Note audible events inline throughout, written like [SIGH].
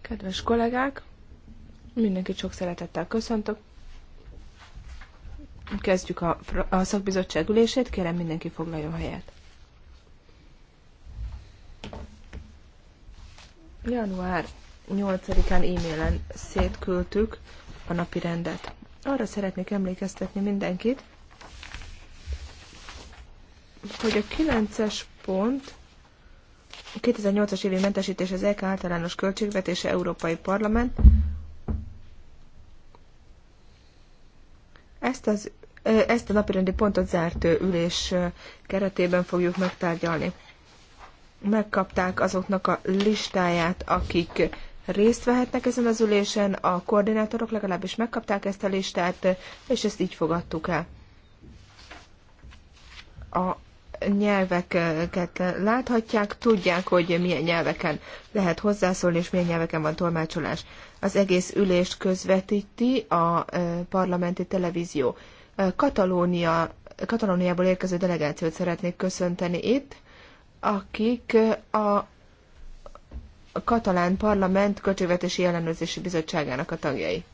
Kedves kollégák, mindenkit sok szeretettel köszöntök. Kezdjük a, a szakbizottság ülését, kérem mindenki foglaljon helyet. Január 8-án e-mailen szétküldtük a napi rendet. Arra szeretnék emlékeztetni mindenkit, hogy a 9-es pont a 2008-as évi mentesítés az EK általános költségvetése Európai Parlament. Ezt az ezt a napirendi pontot zárt ülés keretében fogjuk megtárgyalni. Megkapták azoknak a listáját, akik részt vehetnek ezen az ülésen, a koordinátorok legalábbis megkapták ezt a listát, és ezt így fogadtuk el. A nyelveket láthatják, tudják, hogy milyen nyelveken lehet hozzászólni, és milyen nyelveken van tolmácsolás. Az egész ülést közvetíti a e, parlamenti televízió. E, Katalónia, Katalóniából érkező delegációt szeretnék köszönteni itt, akik a katalán parlament költségvetési ellenőrzési bizottságának a tagjai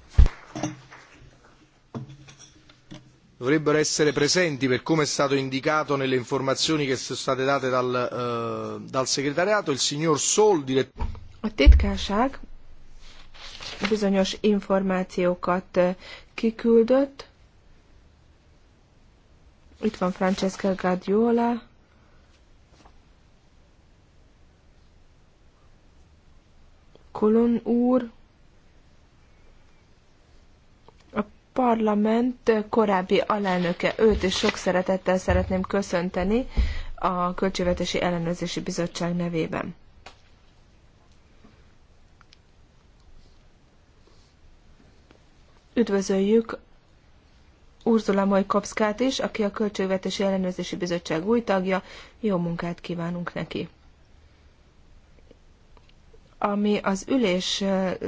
dovrebbero essere presenti per come è stato indicato nelle informazioni che sono state date dal, uh, dal segretariato il signor Sol direttore. A titkárság bizonyos információkat eh, kiküldött. Itt van Francesca Guardiola. Kolon úr, parlament korábbi alelnöke, őt is sok szeretettel szeretném köszönteni a Költségvetési Ellenőrzési Bizottság nevében. Üdvözöljük Urzula Majkopszkát is, aki a Költségvetési Ellenőrzési Bizottság új tagja. Jó munkát kívánunk neki! Ami az üléssel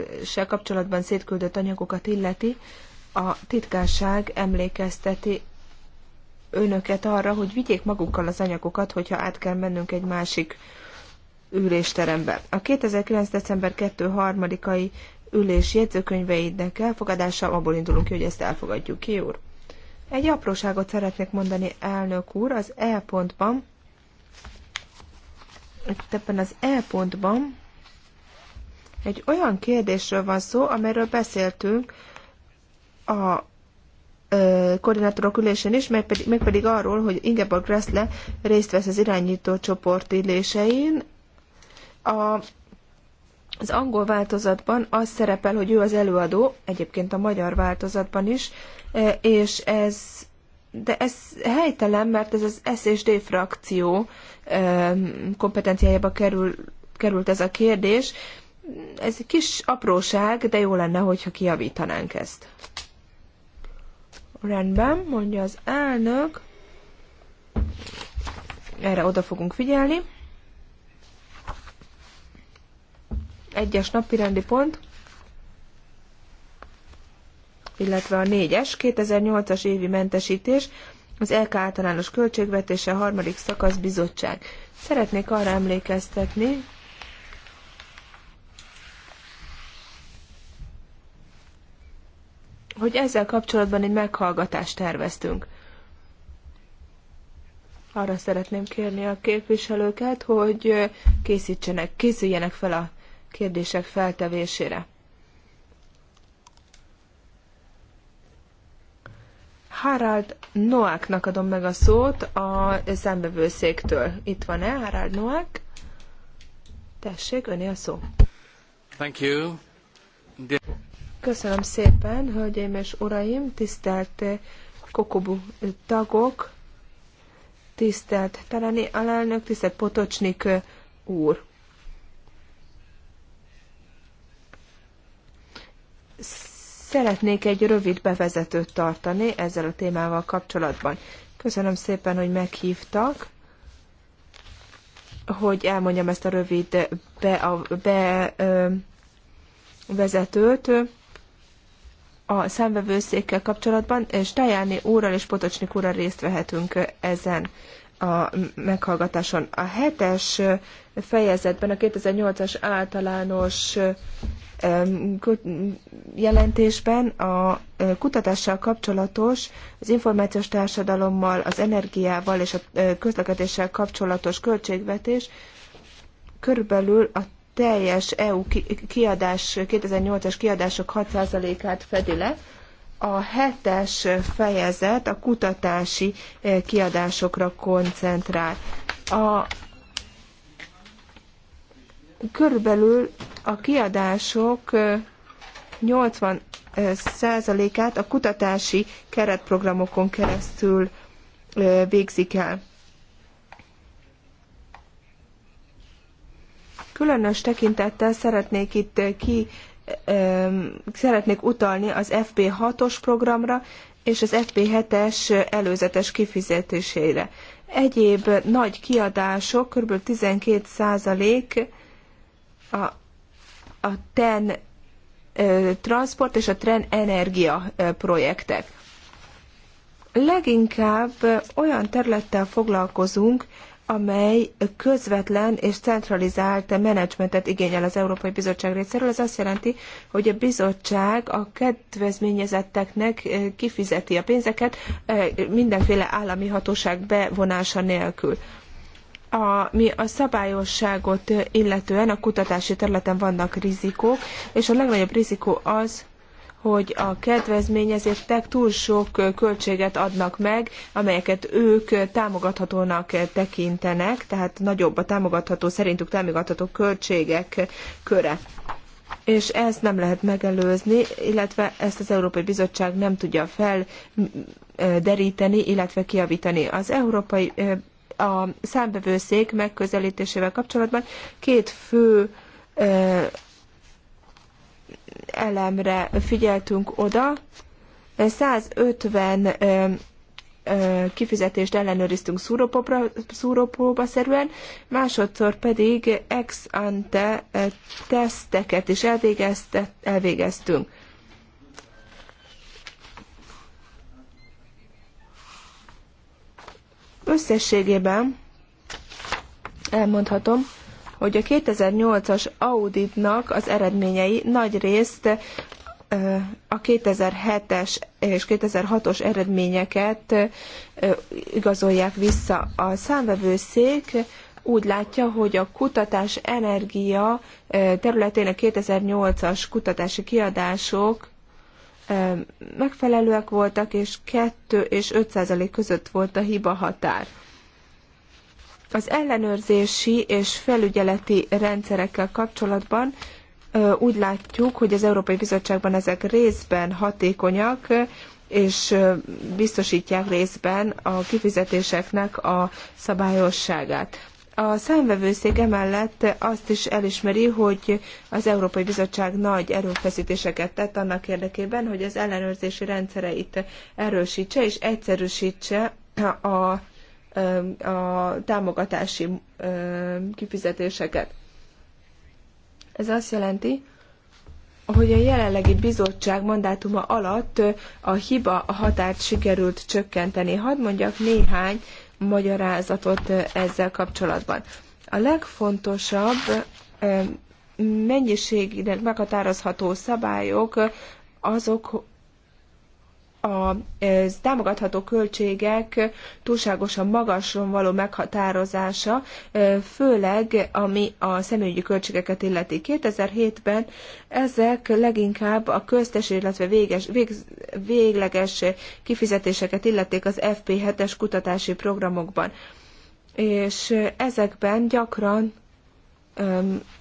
kapcsolatban szétküldött anyagokat illeti, a titkárság emlékezteti önöket arra, hogy vigyék magukkal az anyagokat, hogyha át kell mennünk egy másik ülésterembe. A 2009. december 2.3-ai ülés jegyzőkönyveidnek elfogadása, abból indulunk ki, hogy ezt elfogadjuk ki, úr. Egy apróságot szeretnék mondani, elnök úr, az E pontban, itt ebben az E pontban egy olyan kérdésről van szó, amelyről beszéltünk, a ö, koordinátorok ülésén is, meg pedig, meg pedig arról, hogy Ingeborg Gressle részt vesz az irányító csoport ülésein. A, az angol változatban az szerepel, hogy ő az előadó, egyébként a magyar változatban is, és ez de ez helytelen, mert ez az SSD frakció kompetenciájába kerül, került ez a kérdés. Ez egy kis apróság, de jó lenne, hogyha kiavítanánk ezt. Rendben, mondja az elnök. Erre oda fogunk figyelni. Egyes napi rendi pont, illetve a négyes, 2008-as évi mentesítés, az LK általános költségvetése harmadik szakasz bizottság. Szeretnék arra emlékeztetni, hogy ezzel kapcsolatban egy meghallgatást terveztünk. Arra szeretném kérni a képviselőket, hogy készítsenek, készüljenek fel a kérdések feltevésére. Harald Noáknak adom meg a szót a szembevőszéktől. Itt van-e Harald Noák? Tessék, öné a szó. Thank you. De Köszönöm szépen, hölgyeim és uraim, tisztelt Kokobu tagok, tisztelt Tarani alelnök, tisztelt Potocsnik úr. Szeretnék egy rövid bevezetőt tartani ezzel a témával kapcsolatban. Köszönöm szépen, hogy meghívtak hogy elmondjam ezt a rövid be, a, be ö, vezetőt a számvevőszékkel kapcsolatban, és Tajáni úrral és Potocsnik úrral részt vehetünk ezen a meghallgatáson. A hetes fejezetben a 2008-as általános jelentésben a kutatással kapcsolatos, az információs társadalommal, az energiával és a közlekedéssel kapcsolatos költségvetés körülbelül a teljes EU kiadás, 2008-as kiadások 6%-át fedi le, a hetes fejezet a kutatási e, kiadásokra koncentrál. A körülbelül a kiadások 80 e, e, át a kutatási keretprogramokon keresztül végzik el. Különös tekintettel szeretnék itt ki szeretnék utalni az FP6-os programra és az FP7-es előzetes kifizetésére. Egyéb nagy kiadások, kb. 12% a, a TEN transport és a TREN energia projektek. Leginkább olyan területtel foglalkozunk, amely közvetlen és centralizált menedzsmentet igényel az Európai Bizottság részéről. Ez azt jelenti, hogy a bizottság a kedvezményezetteknek eh, kifizeti a pénzeket eh, mindenféle állami hatóság bevonása nélkül. A, mi a szabályosságot eh, illetően a kutatási területen vannak rizikók, és a legnagyobb rizikó az, hogy a kedvezményezettek túl sok költséget adnak meg, amelyeket ők támogathatónak tekintenek, tehát nagyobb a támogatható, szerintük támogatható költségek köre. És ezt nem lehet megelőzni, illetve ezt az Európai Bizottság nem tudja felderíteni, illetve kiavítani. Az Európai a számbevőszék megközelítésével kapcsolatban két fő elemre figyeltünk oda. 150 kifizetést ellenőriztünk szúrópróba szerűen, másodszor pedig ex ante teszteket is elvégeztünk. Összességében elmondhatom, hogy a 2008-as auditnak az eredményei nagy részt a 2007-es és 2006-os eredményeket igazolják vissza. A számvevőszék úgy látja, hogy a kutatás energia területén a 2008-as kutatási kiadások megfelelőek voltak, és 2 és 5 százalék között volt a hiba határ. Az ellenőrzési és felügyeleti rendszerekkel kapcsolatban úgy látjuk, hogy az Európai Bizottságban ezek részben hatékonyak, és biztosítják részben a kifizetéseknek a szabályosságát. A számvevőszék emellett azt is elismeri, hogy az Európai Bizottság nagy erőfeszítéseket tett annak érdekében, hogy az ellenőrzési rendszereit erősítse és egyszerűsítse a a támogatási kifizetéseket. Ez azt jelenti, hogy a jelenlegi bizottság mandátuma alatt a hiba a határt sikerült csökkenteni. Hadd mondjak néhány magyarázatot ezzel kapcsolatban. A legfontosabb mennyiségnek meghatározható szabályok azok a támogatható költségek túlságosan magasron való meghatározása, főleg ami a személyügyi költségeket illeti. 2007-ben ezek leginkább a köztes, illetve véges, vég, végleges kifizetéseket illették az FP7-es kutatási programokban. És ezekben gyakran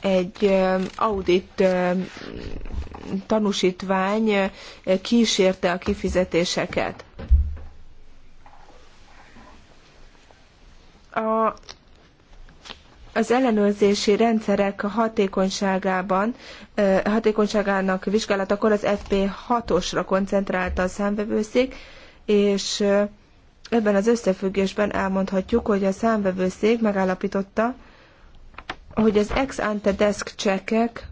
egy audit tanúsítvány kísérte a kifizetéseket. A, az ellenőrzési rendszerek hatékonyságában, hatékonyságának vizsgálatakor az FP6-osra koncentrálta a számvevőszék, és ebben az összefüggésben elmondhatjuk, hogy a számvevőszék megállapította, hogy az ex-ante desk csekek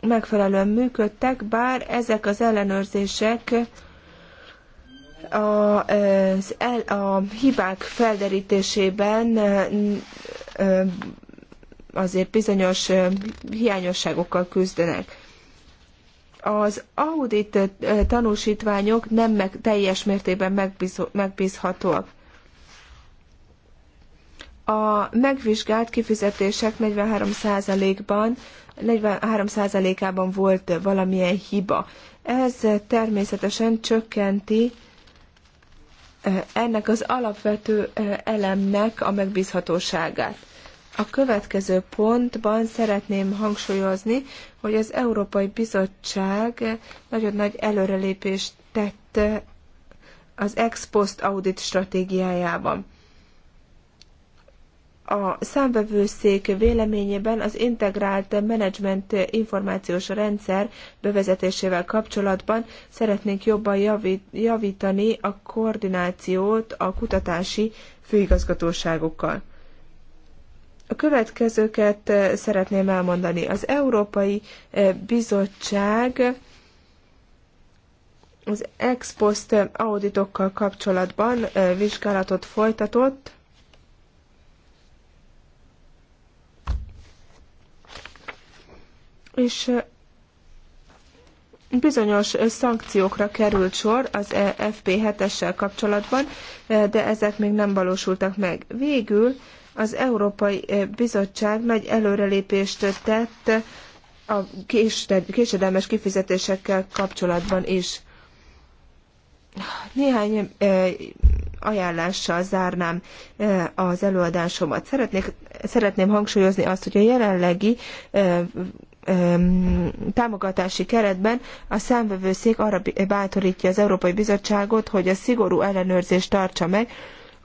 megfelelően működtek, bár ezek az ellenőrzések a, az el, a hibák felderítésében azért bizonyos hiányosságokkal küzdenek. Az audit tanúsítványok nem meg, teljes mértékben megbízhatóak a megvizsgált kifizetések 43%-ban 43%-ában volt valamilyen hiba. Ez természetesen csökkenti ennek az alapvető elemnek a megbízhatóságát. A következő pontban szeretném hangsúlyozni, hogy az Európai Bizottság nagyon nagy előrelépést tett az ex post audit stratégiájában a számvevőszék véleményében az integrált menedzsment információs rendszer bevezetésével kapcsolatban szeretnénk jobban javítani a koordinációt a kutatási főigazgatóságokkal. A következőket eh, szeretném elmondani. Az Európai eh, Bizottság az ex post auditokkal kapcsolatban eh, vizsgálatot folytatott, és bizonyos szankciókra került sor az e FP7-essel kapcsolatban, de ezek még nem valósultak meg. Végül az Európai Bizottság nagy előrelépést tett a késedelmes kifizetésekkel kapcsolatban is. Néhány ajánlással zárnám az előadásomat. Szeretnék, szeretném hangsúlyozni azt, hogy a jelenlegi támogatási keretben a számvevőszék arra bátorítja az Európai Bizottságot, hogy a szigorú ellenőrzést tartsa meg,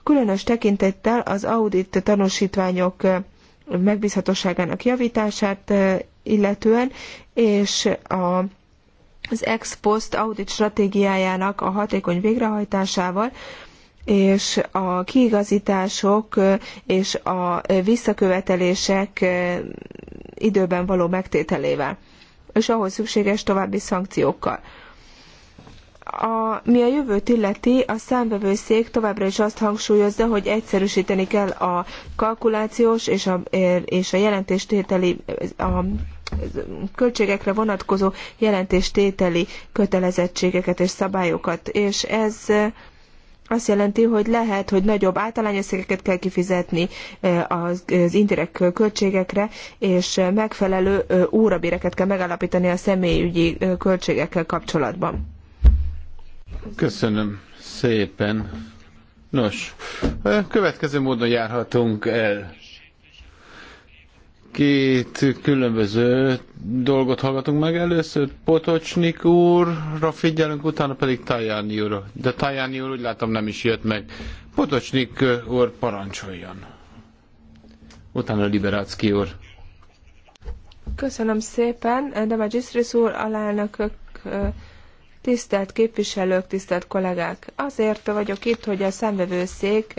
különös tekintettel az audit tanúsítványok megbízhatóságának javítását illetően, és a az ex post audit stratégiájának a hatékony végrehajtásával, és a kiigazítások és a visszakövetelések időben való megtételével, és ahhoz szükséges további szankciókkal. A, mi a jövőt illeti, a számvevőszék továbbra is azt hangsúlyozza, hogy egyszerűsíteni kell a kalkulációs és a, és a jelentéstételi, a költségekre vonatkozó jelentéstételi kötelezettségeket és szabályokat, és ez azt jelenti, hogy lehet, hogy nagyobb általányösszegeket kell kifizetni eh, az, az indirekt költségekre, és eh, megfelelő eh, órabéreket kell megalapítani a személyügyi költségekkel kapcsolatban. Köszönöm szépen. Nos, következő módon járhatunk el. Két különböző dolgot hallgatunk meg. Először Potocsnik úrra figyelünk, utána pedig Tajáni úrra. De Tajáni úr úgy látom nem is jött meg. Potocsnik úr parancsoljon. Utána Liberácki úr. Köszönöm szépen, de Magisztris úr, alelnökök Tisztelt képviselők, tisztelt kollégák! Azért vagyok itt, hogy a szemvevőszék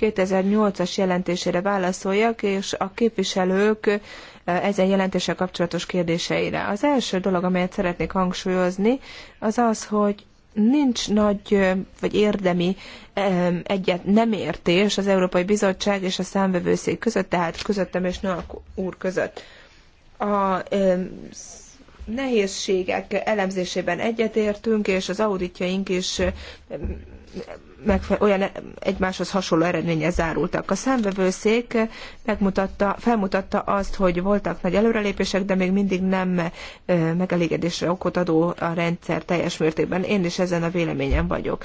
2008-as jelentésére válaszoljak, és a képviselők ezen jelentéssel kapcsolatos kérdéseire. Az első dolog, amelyet szeretnék hangsúlyozni, az az, hogy nincs nagy vagy érdemi egyet nem értés az Európai Bizottság és a számvevőszék között, tehát közöttem és Nalk úr között. A nehézségek elemzésében egyetértünk, és az auditjaink is olyan egymáshoz hasonló eredménye zárultak. A számvevőszék megmutatta, felmutatta azt, hogy voltak nagy előrelépések, de még mindig nem megelégedésre okot adó a rendszer teljes mértékben. Én is ezen a véleményen vagyok.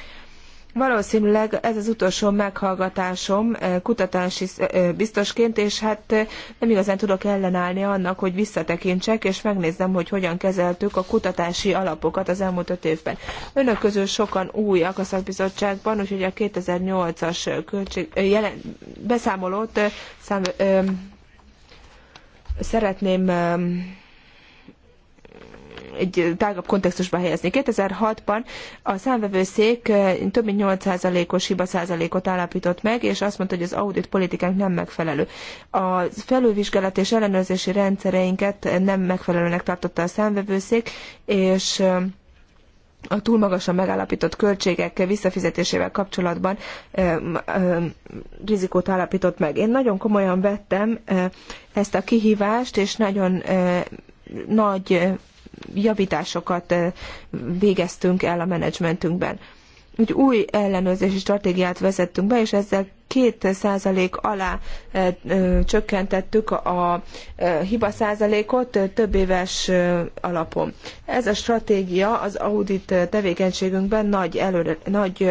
Valószínűleg ez az utolsó meghallgatásom eh, kutatási eh, eh, biztosként, és hát nem igazán tudok ellenállni annak, hogy visszatekintsek, és megnézzem, hogy hogyan kezeltük a kutatási alapokat az elmúlt öt évben. Önök közül sokan újak a szakbizottságban, úgyhogy a 2008-as költség, jelen, beszámolót szám, ö, szeretném egy tágabb kontextusba helyezni. 2006-ban a számvevőszék eh, több mint 8%-os hiba százalékot állapított meg, és azt mondta, hogy az audit politikánk nem megfelelő. A felülvizsgálat és ellenőrzési rendszereinket nem megfelelőnek tartotta a számvevőszék, és eh, a túl magasan megállapított költségek visszafizetésével kapcsolatban ö, eh, ö, rizikót állapított meg. Én nagyon komolyan vettem ö, ezt a kihívást, és nagyon ö, nagy javításokat eh, végeztünk el a menedzsmentünkben. Úgy új ellenőrzési stratégiát vezettünk be, és ezzel 2% alá eh, eh, csökkentettük a hiba százalékot több éves alapon. Ez a stratégia az audit tevékenységünkben nagy, előre, nagy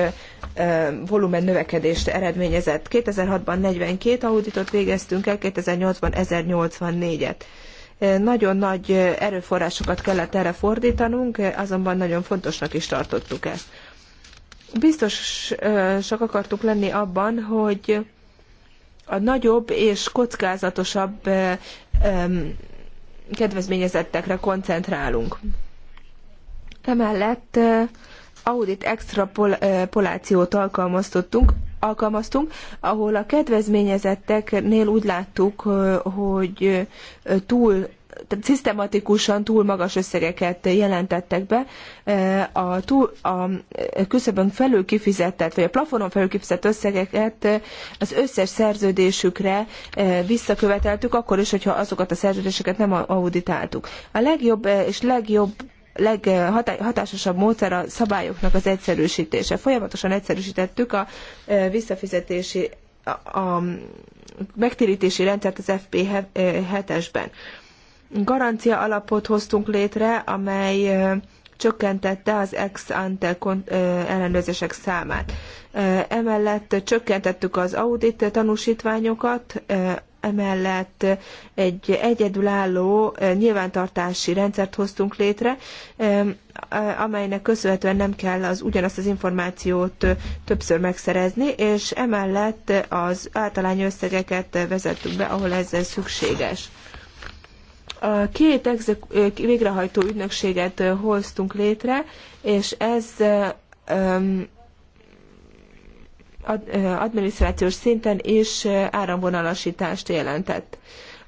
volumen növekedést eredményezett. 2006-ban 42 auditot végeztünk el, 2008-ban 1084-et. Nagyon nagy erőforrásokat kellett erre fordítanunk, azonban nagyon fontosnak is tartottuk ezt. Biztosak akartuk lenni abban, hogy a nagyobb és kockázatosabb kedvezményezettekre koncentrálunk. Emellett audit extrapolációt alkalmaztottunk, alkalmaztunk, ahol a kedvezményezetteknél úgy láttuk, hogy túl tehát szisztematikusan túl magas összegeket jelentettek be. A, túl, a küszöbön felül kifizetett, vagy a plafonon felül kifizetett összegeket az összes szerződésükre visszaköveteltük, akkor is, hogyha azokat a szerződéseket nem auditáltuk. A legjobb és legjobb leghatásosabb módszer a szabályoknak az egyszerűsítése. Folyamatosan egyszerűsítettük a visszafizetési, a, a megtérítési rendszert az FP7-esben. Garancia alapot hoztunk létre, amely csökkentette az ex-ante ellenőrzések számát. Emellett csökkentettük az audit tanúsítványokat, emellett egy egyedülálló eh, nyilvántartási rendszert hoztunk létre, eh, amelynek köszönhetően nem kell az ugyanazt az információt eh, többször megszerezni, és emellett az általány összegeket vezettük be, ahol ez szükséges. A két exek- végrehajtó ügynökséget hoztunk létre, és ez adminisztrációs szinten is áramvonalasítást jelentett.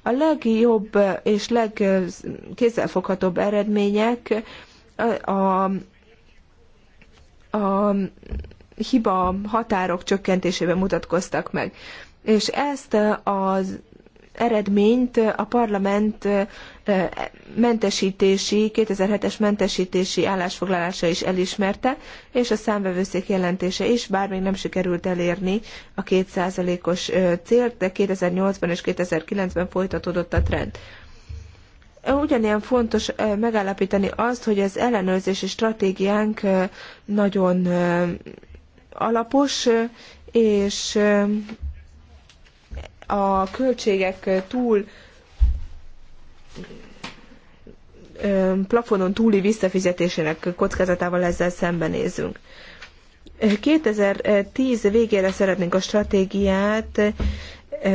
A legjobb és legkézzelfoghatóbb eredmények a, a hiba határok csökkentésében mutatkoztak meg. És ezt az eredményt a parlament mentesítési, 2007-es mentesítési állásfoglalása is elismerte, és a számvevőszék jelentése is, bár még nem sikerült elérni a 2%-os célt, de 2008-ban és 2009-ben folytatódott a trend. Ugyanilyen fontos megállapítani azt, hogy az ellenőrzési stratégiánk nagyon alapos, és a költségek túl plafonon túli visszafizetésének kockázatával ezzel szembenézünk. 2010 végére szeretnénk a stratégiát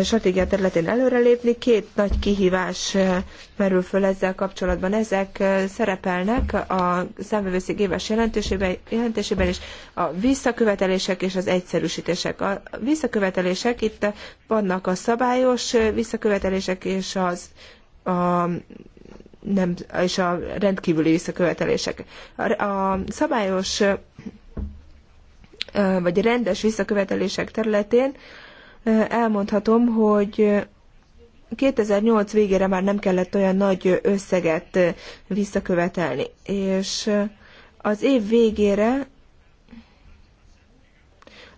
stratégia területén előrelépni. Két nagy kihívás eh, merül föl ezzel kapcsolatban. Ezek eh, szerepelnek a számvevőszék éves jelentésében, jelentésében is a visszakövetelések és az egyszerűsítések. A visszakövetelések itt vannak a szabályos eh, visszakövetelések és az a nem, és a rendkívüli visszakövetelések. A, a szabályos vagy rendes visszakövetelések területén elmondhatom, hogy 2008 végére már nem kellett olyan nagy összeget visszakövetelni, és az év végére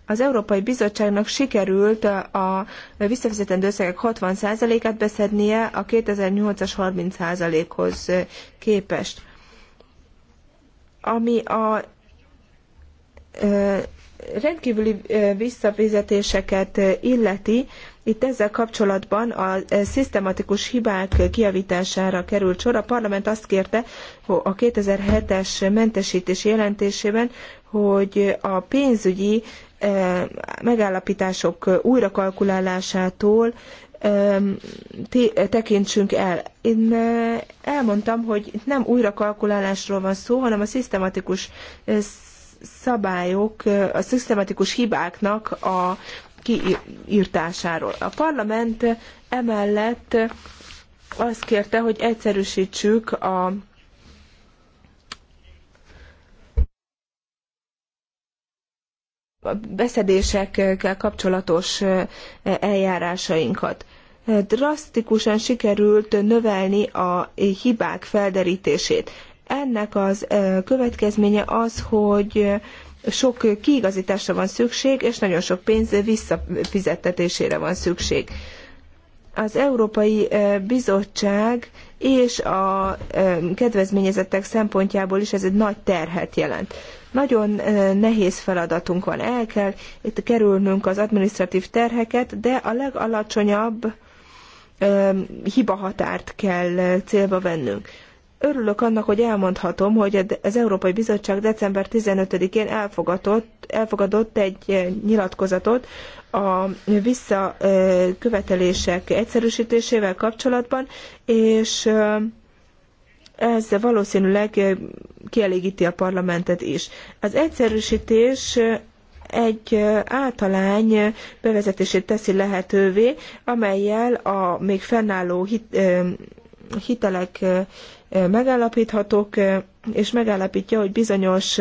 az Európai Bizottságnak sikerült a visszafizetendő összegek 60%-át beszednie a 2008-as 30%-hoz képest. Ami a rendkívüli visszafizetéseket illeti, itt ezzel kapcsolatban a szisztematikus hibák kiavítására került sor. A parlament azt kérte a 2007-es mentesítési jelentésében, hogy a pénzügyi megállapítások újrakalkulálásától tekintsünk el. Én elmondtam, hogy nem újrakalkulálásról van szó, hanem a szisztematikus szabályok, a szisztematikus hibáknak a kiírtásáról. A parlament emellett azt kérte, hogy egyszerűsítsük a beszedésekkel kapcsolatos eljárásainkat. Drasztikusan sikerült növelni a hibák felderítését. Ennek az következménye az, hogy sok kiigazításra van szükség, és nagyon sok pénz visszafizettetésére van szükség. Az Európai Bizottság és a kedvezményezettek szempontjából is ez egy nagy terhet jelent. Nagyon nehéz feladatunk van, el kell itt kerülnünk az administratív terheket, de a legalacsonyabb hibahatárt kell célba vennünk. Örülök annak, hogy elmondhatom, hogy az Európai Bizottság december 15-én elfogadott, elfogadott egy eh, nyilatkozatot a visszakövetelések egyszerűsítésével kapcsolatban, és eh, ez valószínűleg eh, kielégíti a parlamentet is. Az egyszerűsítés egy általány bevezetését teszi lehetővé, amelyel a még fennálló hit, hitelek megállapíthatók, és megállapítja, hogy bizonyos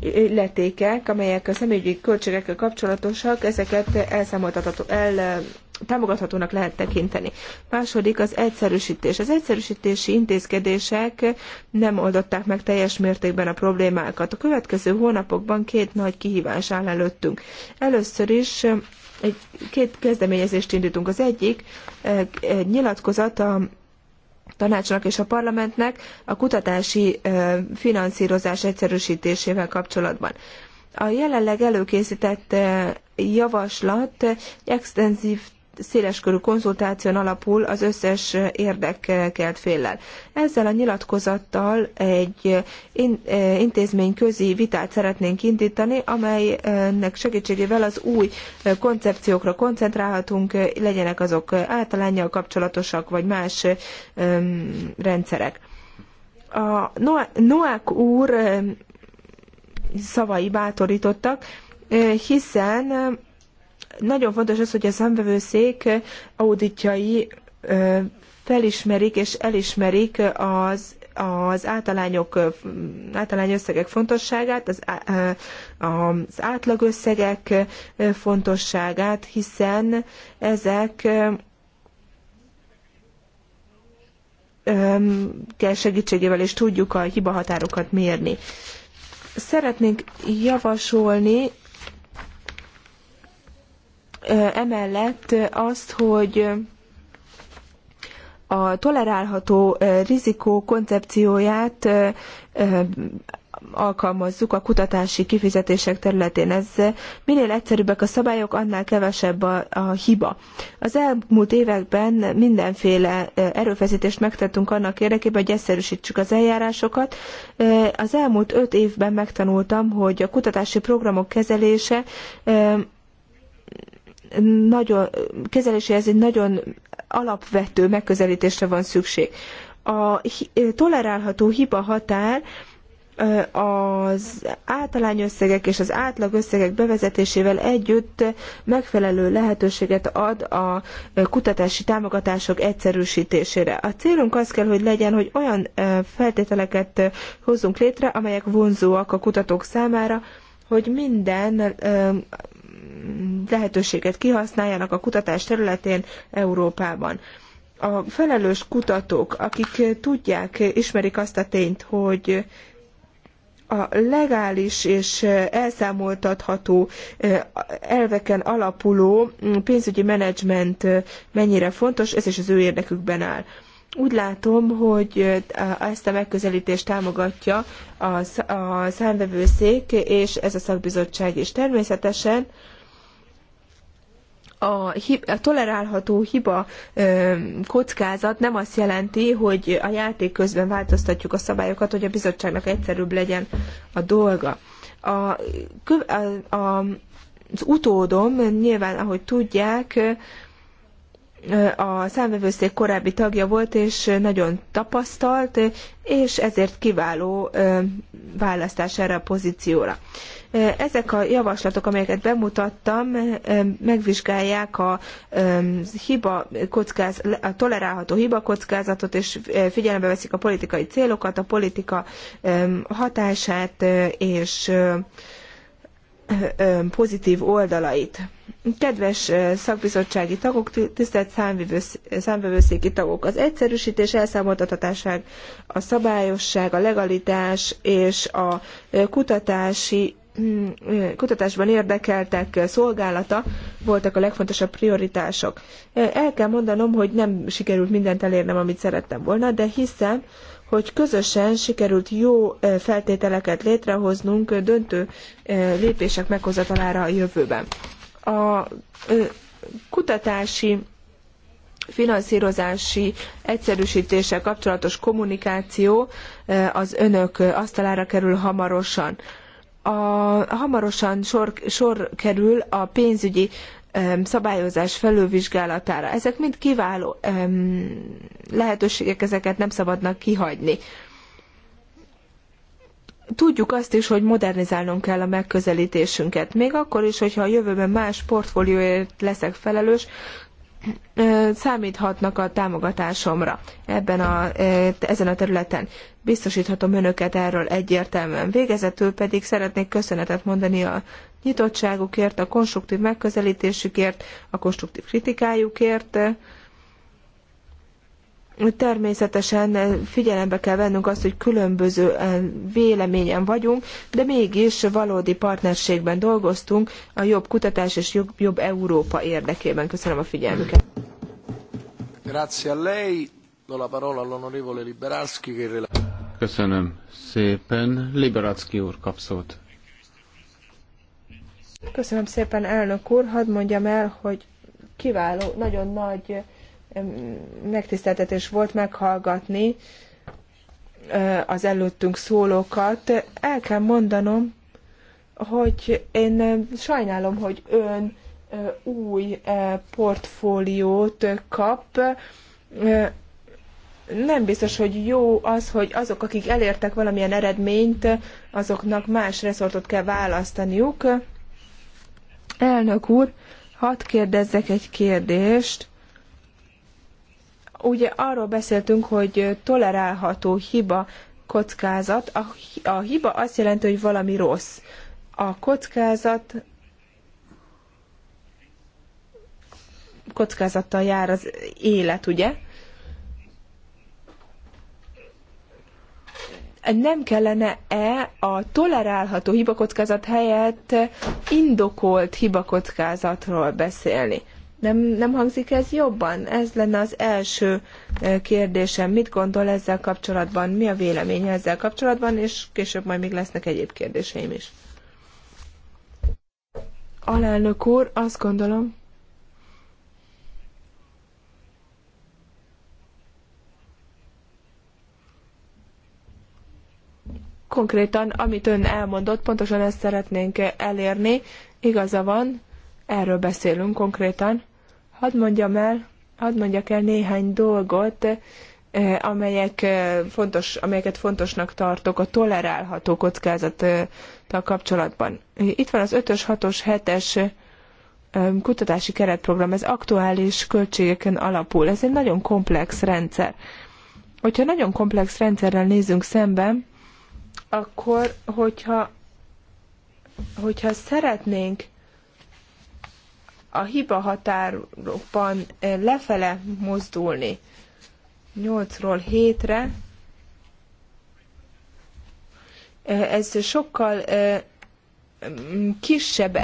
illetékek, amelyek a személyügyi költségekkel kapcsolatosak, ezeket elszámoltatható, el, támogathatónak lehet tekinteni. Második az egyszerűsítés. Az egyszerűsítési intézkedések nem oldották meg teljes mértékben a problémákat. A következő hónapokban két nagy kihívás áll előttünk. Először is egy, két kezdeményezést indítunk. Az egyik egy nyilatkozat a tanácsnak és a parlamentnek a kutatási finanszírozás egyszerűsítésével kapcsolatban. A jelenleg előkészített javaslat extenzív széleskörű konzultáción alapul az összes érdekelt féllel. Ezzel a nyilatkozattal egy eh, eh, intézményközi vitát szeretnénk indítani, amelynek segítségével az új eh, koncepciókra koncentrálhatunk, legyenek azok általánnyal kapcsolatosak, vagy más rendszerek. A Noák úr szavai bátorítottak, hiszen nagyon fontos az, hogy a számvevőszék auditjai felismerik és elismerik az az általányok, általány összegek fontosságát, az, az átlagösszegek fontosságát, hiszen ezek kell segítségével és tudjuk a hibahatárokat mérni. Szeretnénk javasolni emellett azt, hogy a tolerálható rizikó koncepcióját alkalmazzuk a kutatási kifizetések területén. Ez minél egyszerűbbek a szabályok, annál kevesebb a, a hiba. Az elmúlt években mindenféle erőfeszítést megtettünk annak érdekében, hogy egyszerűsítsük az eljárásokat. Az elmúlt öt évben megtanultam, hogy a kutatási programok kezelése nagyon, kezeléséhez egy nagyon alapvető megközelítésre van szükség. A tolerálható hiba határ az általány összegek és az átlag összegek bevezetésével együtt megfelelő lehetőséget ad a kutatási támogatások egyszerűsítésére. A célunk az kell, hogy legyen, hogy olyan feltételeket hozzunk létre, amelyek vonzóak a kutatók számára, hogy minden lehetőséget kihasználjanak a kutatás területén Európában. A felelős kutatók, akik tudják, ismerik azt a tényt, hogy a legális és elszámoltatható eh, elveken alapuló pénzügyi menedzsment eh, mennyire fontos, ez is az ő érdekükben áll. Úgy látom, hogy eh, ezt a megközelítést támogatja a számvevőszék és ez a szakbizottság is. Természetesen a, a tolerálható hiba ö, kockázat nem azt jelenti, hogy a játék közben változtatjuk a szabályokat, hogy a bizottságnak egyszerűbb legyen a dolga. A, a, a, az utódom nyilván, ahogy tudják, a számvevőszék korábbi tagja volt, és nagyon tapasztalt, és ezért kiváló választás erre a pozícióra. Ezek a javaslatok, amelyeket bemutattam, megvizsgálják a, hiba kockáz, a tolerálható hibakockázatot, és figyelembe veszik a politikai célokat, a politika hatását, és pozitív oldalait. Kedves szakbizottsági tagok, tisztelt számvevőszéki tagok, az egyszerűsítés, elszámoltathatáság, a szabályosság, a legalitás és a kutatási hm, kutatásban érdekeltek szolgálata voltak a legfontosabb prioritások. El kell mondanom, hogy nem sikerült mindent elérnem, amit szerettem volna, de hiszem, hogy közösen sikerült jó feltételeket létrehoznunk döntő lépések meghozatalára a jövőben. A kutatási finanszírozási egyszerűsítéssel kapcsolatos kommunikáció az önök asztalára kerül hamarosan. A, hamarosan sor, sor kerül a pénzügyi szabályozás felülvizsgálatára. Ezek mind kiváló lehetőségek, ezeket nem szabadnak kihagyni. Tudjuk azt is, hogy modernizálnunk kell a megközelítésünket. Még akkor is, hogyha a jövőben más portfólióért leszek felelős, számíthatnak a támogatásomra ebben a, ezen a területen. Biztosíthatom önöket erről egyértelműen. Végezetül pedig szeretnék köszönetet mondani a nyitottságukért, a konstruktív megközelítésükért, a konstruktív kritikájukért. Természetesen figyelembe kell vennünk azt, hogy különböző eh, véleményen vagyunk, de mégis valódi partnerségben dolgoztunk a jobb kutatás és jobb, jobb Európa érdekében. Köszönöm a figyelmüket. Grazie a lei. Do la parola all'onorevole Liberalski Köszönöm szépen. Liberacki úr kap szót. Köszönöm szépen, elnök úr. Hadd mondjam el, hogy kiváló, nagyon nagy megtiszteltetés volt meghallgatni az előttünk szólókat. El kell mondanom, hogy én sajnálom, hogy ön új portfóliót kap. Nem biztos, hogy jó az, hogy azok, akik elértek valamilyen eredményt, azoknak más reszortot kell választaniuk. Elnök úr, hadd kérdezzek egy kérdést. Ugye arról beszéltünk, hogy tolerálható hiba kockázat. A, a hiba azt jelenti, hogy valami rossz. A kockázat kockázattal jár az élet, ugye? nem kellene-e a tolerálható hibakockázat helyett indokolt hibakockázatról beszélni? Nem, nem hangzik ez jobban? Ez lenne az első e, kérdésem. Mit gondol ezzel kapcsolatban? Mi a véleménye ezzel kapcsolatban? És később majd még lesznek egyéb kérdéseim is. Alelnök úr, azt gondolom, konkrétan, amit ön elmondott, pontosan ezt szeretnénk elérni. Igaza van, erről beszélünk konkrétan. Hadd mondjam el, hadd mondjak el néhány dolgot, eh, amelyek eh, fontos, amelyeket fontosnak tartok a tolerálható kockázattal kapcsolatban. Itt van az 5-ös, 6-os, 7-es kutatási keretprogram, ez aktuális költségeken alapul. Ez egy nagyon komplex rendszer. Hogyha nagyon komplex rendszerrel nézünk szemben, akkor, hogyha, hogyha szeretnénk a hiba határokban eh, lefele mozdulni, 8-ról 7-re, eh, ez sokkal eh, mm, kisebb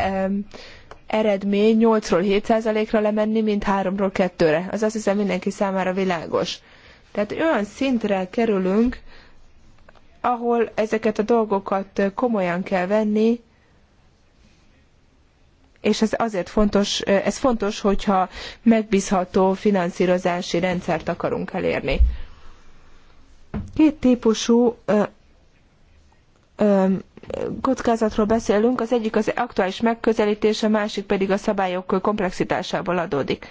eredmény 8-ról 7%-ra lemenni, mint 3-ról 2-re. Az azt hiszem mindenki számára világos. Tehát olyan szintre kerülünk, ahol ezeket a dolgokat komolyan kell venni, és ez azért fontos, ez fontos, hogyha megbízható finanszírozási rendszert akarunk elérni. Két típusú ö, ö, kockázatról beszélünk, az egyik az aktuális megközelítés, a másik pedig a szabályok komplexitásából adódik.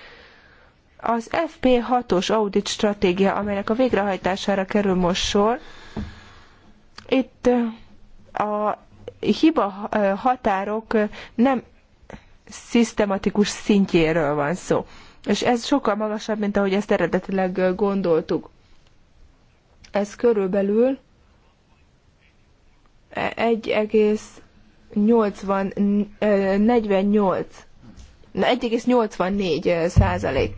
Az FP6-os audit stratégia, amelynek a végrehajtására kerül most sor, itt a hiba határok nem szisztematikus szintjéről van szó. És ez sokkal magasabb, mint ahogy ezt eredetileg gondoltuk. Ez körülbelül 1,84 százalék.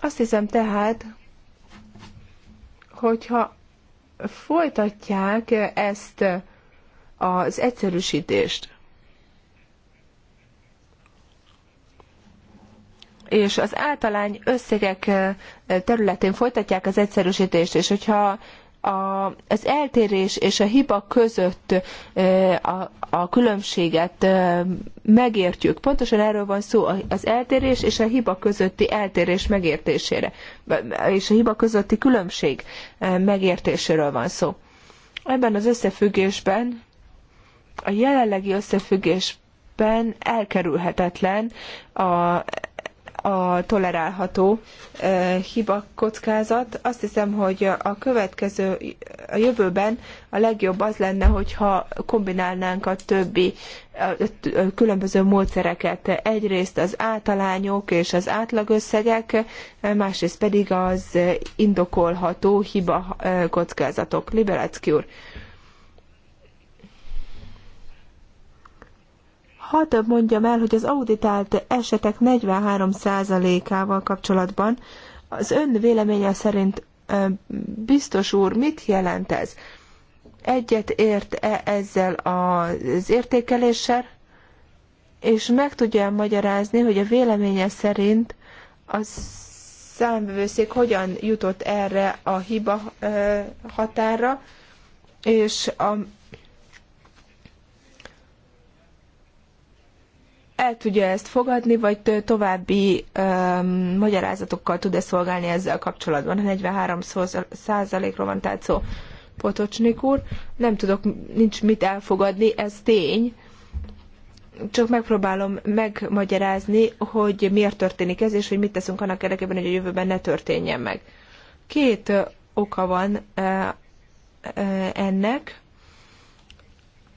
Azt hiszem tehát, hogyha folytatják ezt az egyszerűsítést, és az általány összegek területén folytatják az egyszerűsítést, és hogyha a, az eltérés és a hiba között a, a különbséget megértjük. Pontosan erről van szó, az eltérés és a hiba közötti eltérés megértésére, és a hiba közötti különbség megértéséről van szó. Ebben az összefüggésben, a jelenlegi összefüggésben elkerülhetetlen a a tolerálható hiba kockázat. Azt hiszem, hogy a következő, a jövőben a legjobb az lenne, hogyha kombinálnánk a többi a különböző módszereket. Egyrészt az általányok és az átlagösszegek, másrészt pedig az indokolható hiba kockázatok. Liberácki úr. Hadd mondjam el, hogy az auditált esetek 43%-ával kapcsolatban az ön véleménye szerint biztos úr, mit jelent ez? Egyet ért-e ezzel az értékeléssel? És meg tudja magyarázni, hogy a véleménye szerint a számvevőszék hogyan jutott erre a hiba határa? és a el tudja ezt fogadni, vagy további magyarázatokkal tud-e szolgálni ezzel kapcsolatban. 43 százalékról van tehát szó, Potocsnik úr. Nem tudok, nincs mit elfogadni, ez tény. Csak megpróbálom megmagyarázni, hogy miért történik ez, és hogy mit teszünk annak érdekében, hogy a jövőben ne történjen meg. Két oka van ennek.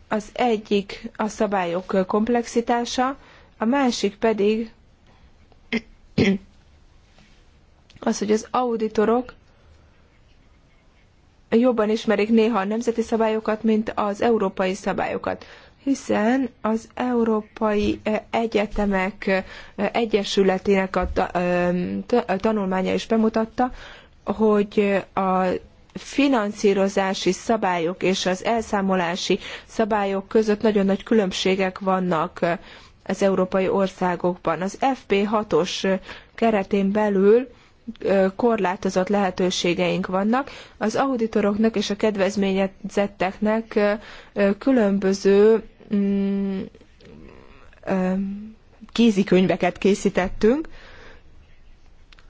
Az egyik a szabályok komplexitása, a másik pedig az, hogy az auditorok jobban ismerik néha a nemzeti szabályokat, mint az európai szabályokat hiszen az Európai eh, Egyetemek eh, Egyesületének a tanulmánya is bemutatta, hogy a finanszírozási szabályok és az elszámolási szabályok között nagyon nagy különbségek vannak az európai országokban. Az FP6-os keretén belül korlátozott lehetőségeink vannak. Az auditoroknak és a kedvezményezetteknek különböző mm, kézikönyveket készítettünk.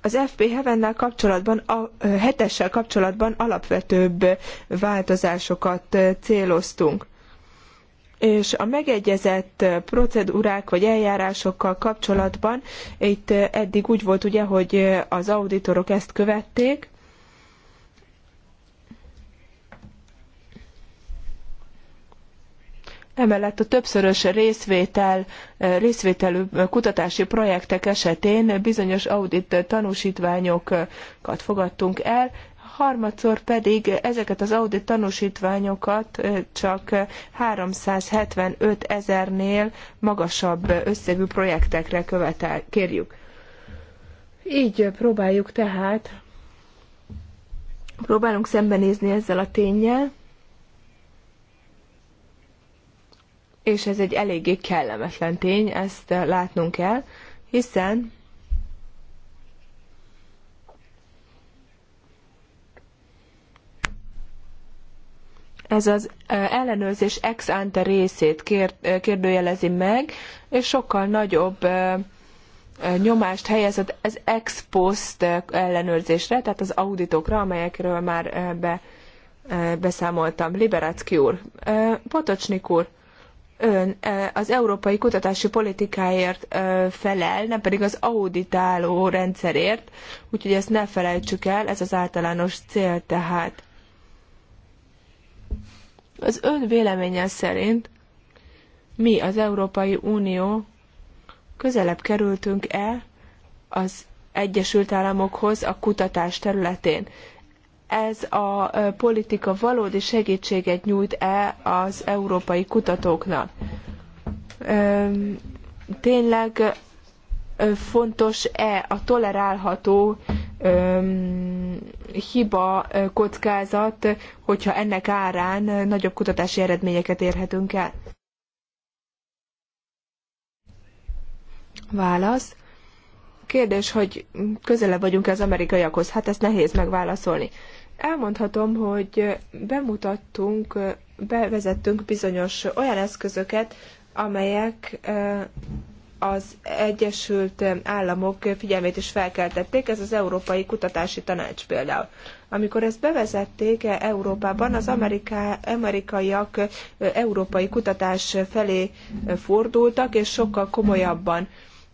Az FP Heaven-nel kapcsolatban, a hetessel kapcsolatban alapvetőbb változásokat céloztunk és a megegyezett procedúrák vagy eljárásokkal kapcsolatban itt eddig úgy volt ugye, hogy az auditorok ezt követték, Emellett a többszörös részvétel, részvételű kutatási projektek esetén bizonyos audit tanúsítványokat fogadtunk el, harmadszor pedig ezeket az audit tanúsítványokat csak 375 ezernél magasabb összegű projektekre követel, kérjük. Így próbáljuk tehát, próbálunk szembenézni ezzel a tényel, és ez egy eléggé kellemetlen tény, ezt látnunk kell, hiszen ez az ellenőrzés ex ante részét kér, kérdőjelezi meg, és sokkal nagyobb nyomást helyezett az ex post ellenőrzésre, tehát az auditokra, amelyekről már be, beszámoltam. Liberacki úr, Potocsnik úr, ön az európai kutatási politikáért felel, nem pedig az auditáló rendszerért, úgyhogy ezt ne felejtsük el, ez az általános cél tehát. Az ön véleménye szerint mi az Európai Unió közelebb kerültünk-e az Egyesült Államokhoz a kutatás területén? Ez a politika valódi segítséget nyújt-e az európai kutatóknak? Tényleg fontos-e a tolerálható hiba kockázat, hogyha ennek árán nagyobb kutatási eredményeket érhetünk el? Válasz. Kérdés, hogy közelebb vagyunk az amerikaiakhoz. Hát ezt nehéz megválaszolni. Elmondhatom, hogy bemutattunk, bevezettünk bizonyos olyan eszközöket, amelyek az Egyesült Államok figyelmét is felkeltették, ez az Európai Kutatási Tanács például. Amikor ezt bevezették e Európában, az Ameriká, amerikaiak európai kutatás felé fordultak, és sokkal komolyabban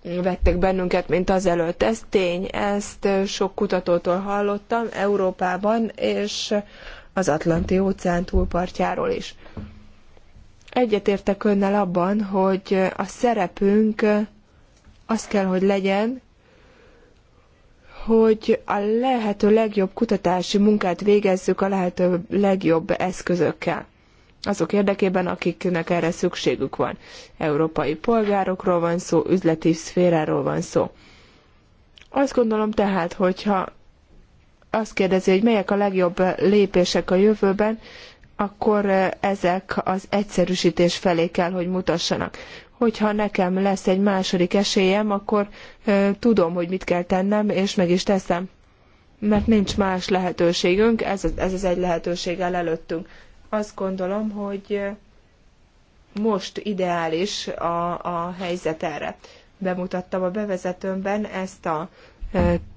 vettek bennünket, mint azelőtt. Ez tény, ezt sok kutatótól hallottam Európában, és az Atlanti óceán túlpartjáról is. Egyetértek önnel abban, hogy a szerepünk az kell, hogy legyen, hogy a lehető legjobb kutatási munkát végezzük a lehető legjobb eszközökkel. Azok érdekében, akiknek erre szükségük van. Európai polgárokról van szó, üzleti szféráról van szó. Azt gondolom tehát, hogyha azt kérdezi, hogy melyek a legjobb lépések a jövőben, akkor eh, ezek az egyszerűsítés felé kell, hogy mutassanak. Hogyha nekem lesz egy második esélyem, akkor eh, tudom, hogy mit kell tennem, és meg is teszem. Mert nincs más lehetőségünk, ez az, ez az egy lehetőség el előttünk. Azt gondolom, hogy eh, most ideális a, a helyzet erre. Bemutattam a bevezetőmben ezt a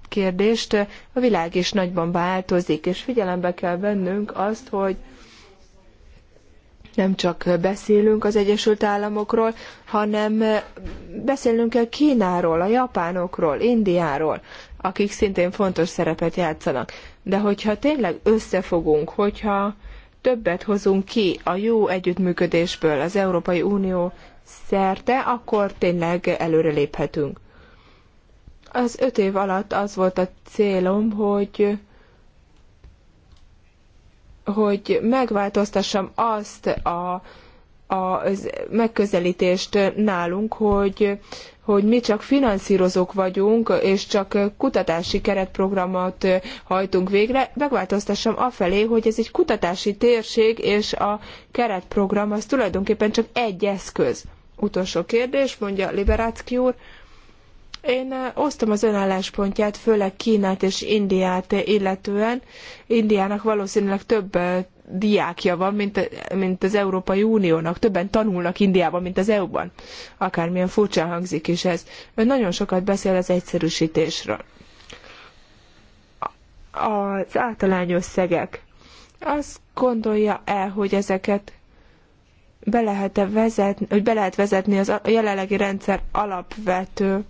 kérdést. A világ is nagyban változik, és figyelembe kell vennünk azt, hogy nem csak beszélünk az Egyesült Államokról, hanem beszélnünk kell Kínáról, a japánokról, Indiáról, akik szintén fontos szerepet játszanak. De hogyha tényleg összefogunk, hogyha többet hozunk ki a jó együttműködésből az Európai Unió szerte, akkor tényleg előreléphetünk. Az öt év alatt az volt a célom, hogy hogy megváltoztassam azt a, a az megközelítést nálunk, hogy, hogy mi csak finanszírozók vagyunk, és csak kutatási keretprogramot hajtunk végre, megváltoztassam afelé, hogy ez egy kutatási térség, és a keretprogram az tulajdonképpen csak egy eszköz. Utolsó kérdés, mondja Liberácki úr. Én eh, osztom az önálláspontját, főleg Kínát és Indiát illetően. Indiának valószínűleg több eh, diákja van, mint, eh, mint az Európai Uniónak. Többen tanulnak Indiában, mint az EU-ban. Akármilyen furcsa hangzik is ez. Ön nagyon sokat beszél az egyszerűsítésről. Az általány összegek. Azt gondolja el, hogy ezeket be lehet, -e vezetni, hogy be lehet vezetni az a jelenlegi rendszer alapvető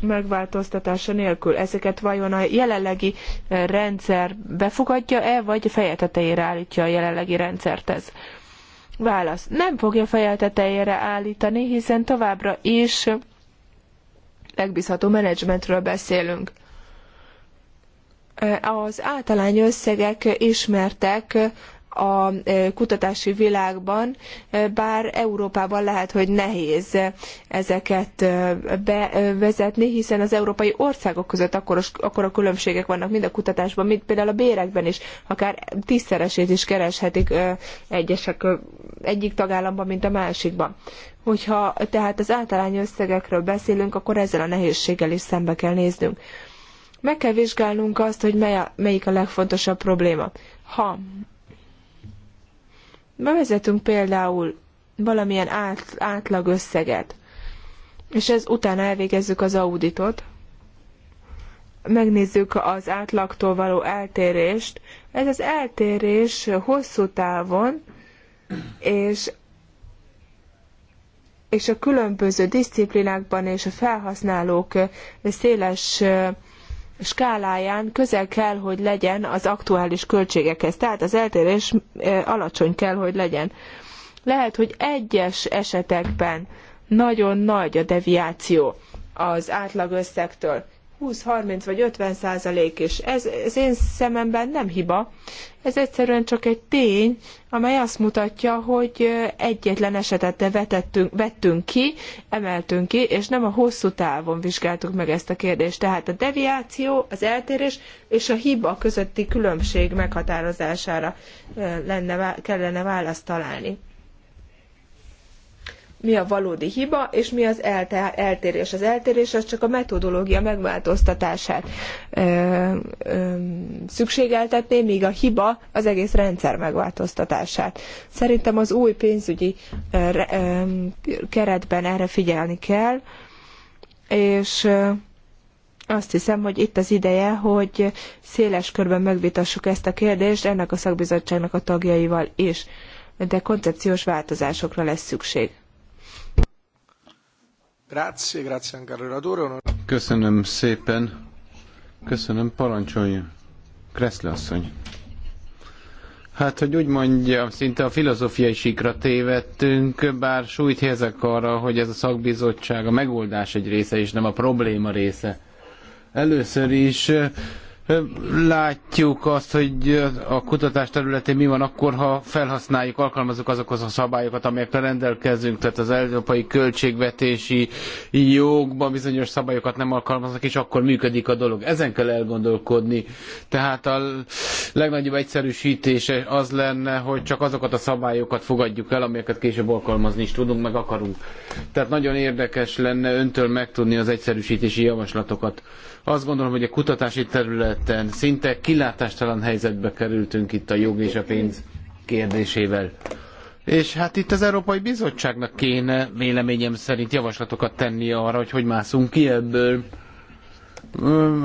megváltoztatása nélkül. Ezeket vajon a jelenlegi eh, rendszer befogadja-e, vagy feje tetejére állítja a jelenlegi rendszert ez? Válasz. Nem fogja feje tetejére állítani, hiszen továbbra is megbízható menedzsmentről beszélünk. Eh, az általány összegek ismertek a kutatási világban, bár Európában lehet, hogy nehéz ezeket bevezetni, hiszen az európai országok között akkoros, akkora különbségek vannak mind a kutatásban, mint például a bérekben is, akár tízszeresét is kereshetik egyesek egyik tagállamban, mint a másikban. Hogyha tehát az általány összegekről beszélünk, akkor ezzel a nehézséggel is szembe kell néznünk. Meg kell vizsgálnunk azt, hogy mely a, melyik a legfontosabb probléma. Ha bevezetünk például valamilyen át, átlag összeget, és ez után elvégezzük az auditot, megnézzük az átlagtól való eltérést. Ez az eltérés hosszú távon, és és a különböző disziplinákban és a felhasználók széles skáláján közel kell, hogy legyen az aktuális költségekhez. Tehát az eltérés alacsony kell, hogy legyen. Lehet, hogy egyes esetekben nagyon nagy a deviáció az átlag összegtől 20-30 vagy 50 százalék is. Ez ez én szememben nem hiba, ez egyszerűen csak egy tény, amely azt mutatja, hogy egyetlen esetet vetettünk, vettünk ki, emeltünk ki, és nem a hosszú távon vizsgáltuk meg ezt a kérdést. Tehát a deviáció, az eltérés és a hiba közötti különbség meghatározására lenne, kellene választ találni mi a valódi hiba, és mi az eltérés. Az eltérés az csak a metodológia megváltoztatását ö, ö, szükségeltetné, míg a hiba az egész rendszer megváltoztatását. Szerintem az új pénzügyi ö, ö, keretben erre figyelni kell, és ö, azt hiszem, hogy itt az ideje, hogy széles körben megvitassuk ezt a kérdést ennek a szakbizottságnak a tagjaival is, de koncepciós változásokra lesz szükség. Grazie, grazie anche al relatore. Köszönöm szépen. Köszönöm, parancsoljon. Kreszle asszony. Hát, hogy úgy mondjam, szinte a filozófiai síkra tévedtünk, bár súlyt helyezek arra, hogy ez a szakbizottság a megoldás egy része, és nem a probléma része. Először is Látjuk azt, hogy a kutatás területén mi van akkor, ha felhasználjuk, alkalmazunk azokhoz a szabályokat, amelyekkel rendelkezünk, tehát az európai költségvetési jogban bizonyos szabályokat nem alkalmaznak, és akkor működik a dolog. Ezen kell elgondolkodni. Tehát a legnagyobb egyszerűsítése az lenne, hogy csak azokat a szabályokat fogadjuk el, amelyeket később alkalmazni is tudunk, meg akarunk. Tehát nagyon érdekes lenne öntől megtudni az egyszerűsítési javaslatokat. Azt gondolom, hogy a kutatási területen szinte kilátástalan helyzetbe kerültünk itt a jog és a pénz kérdésével. És hát itt az Európai Bizottságnak kéne véleményem szerint javaslatokat tennie arra, hogy hogy mászunk ki ebből.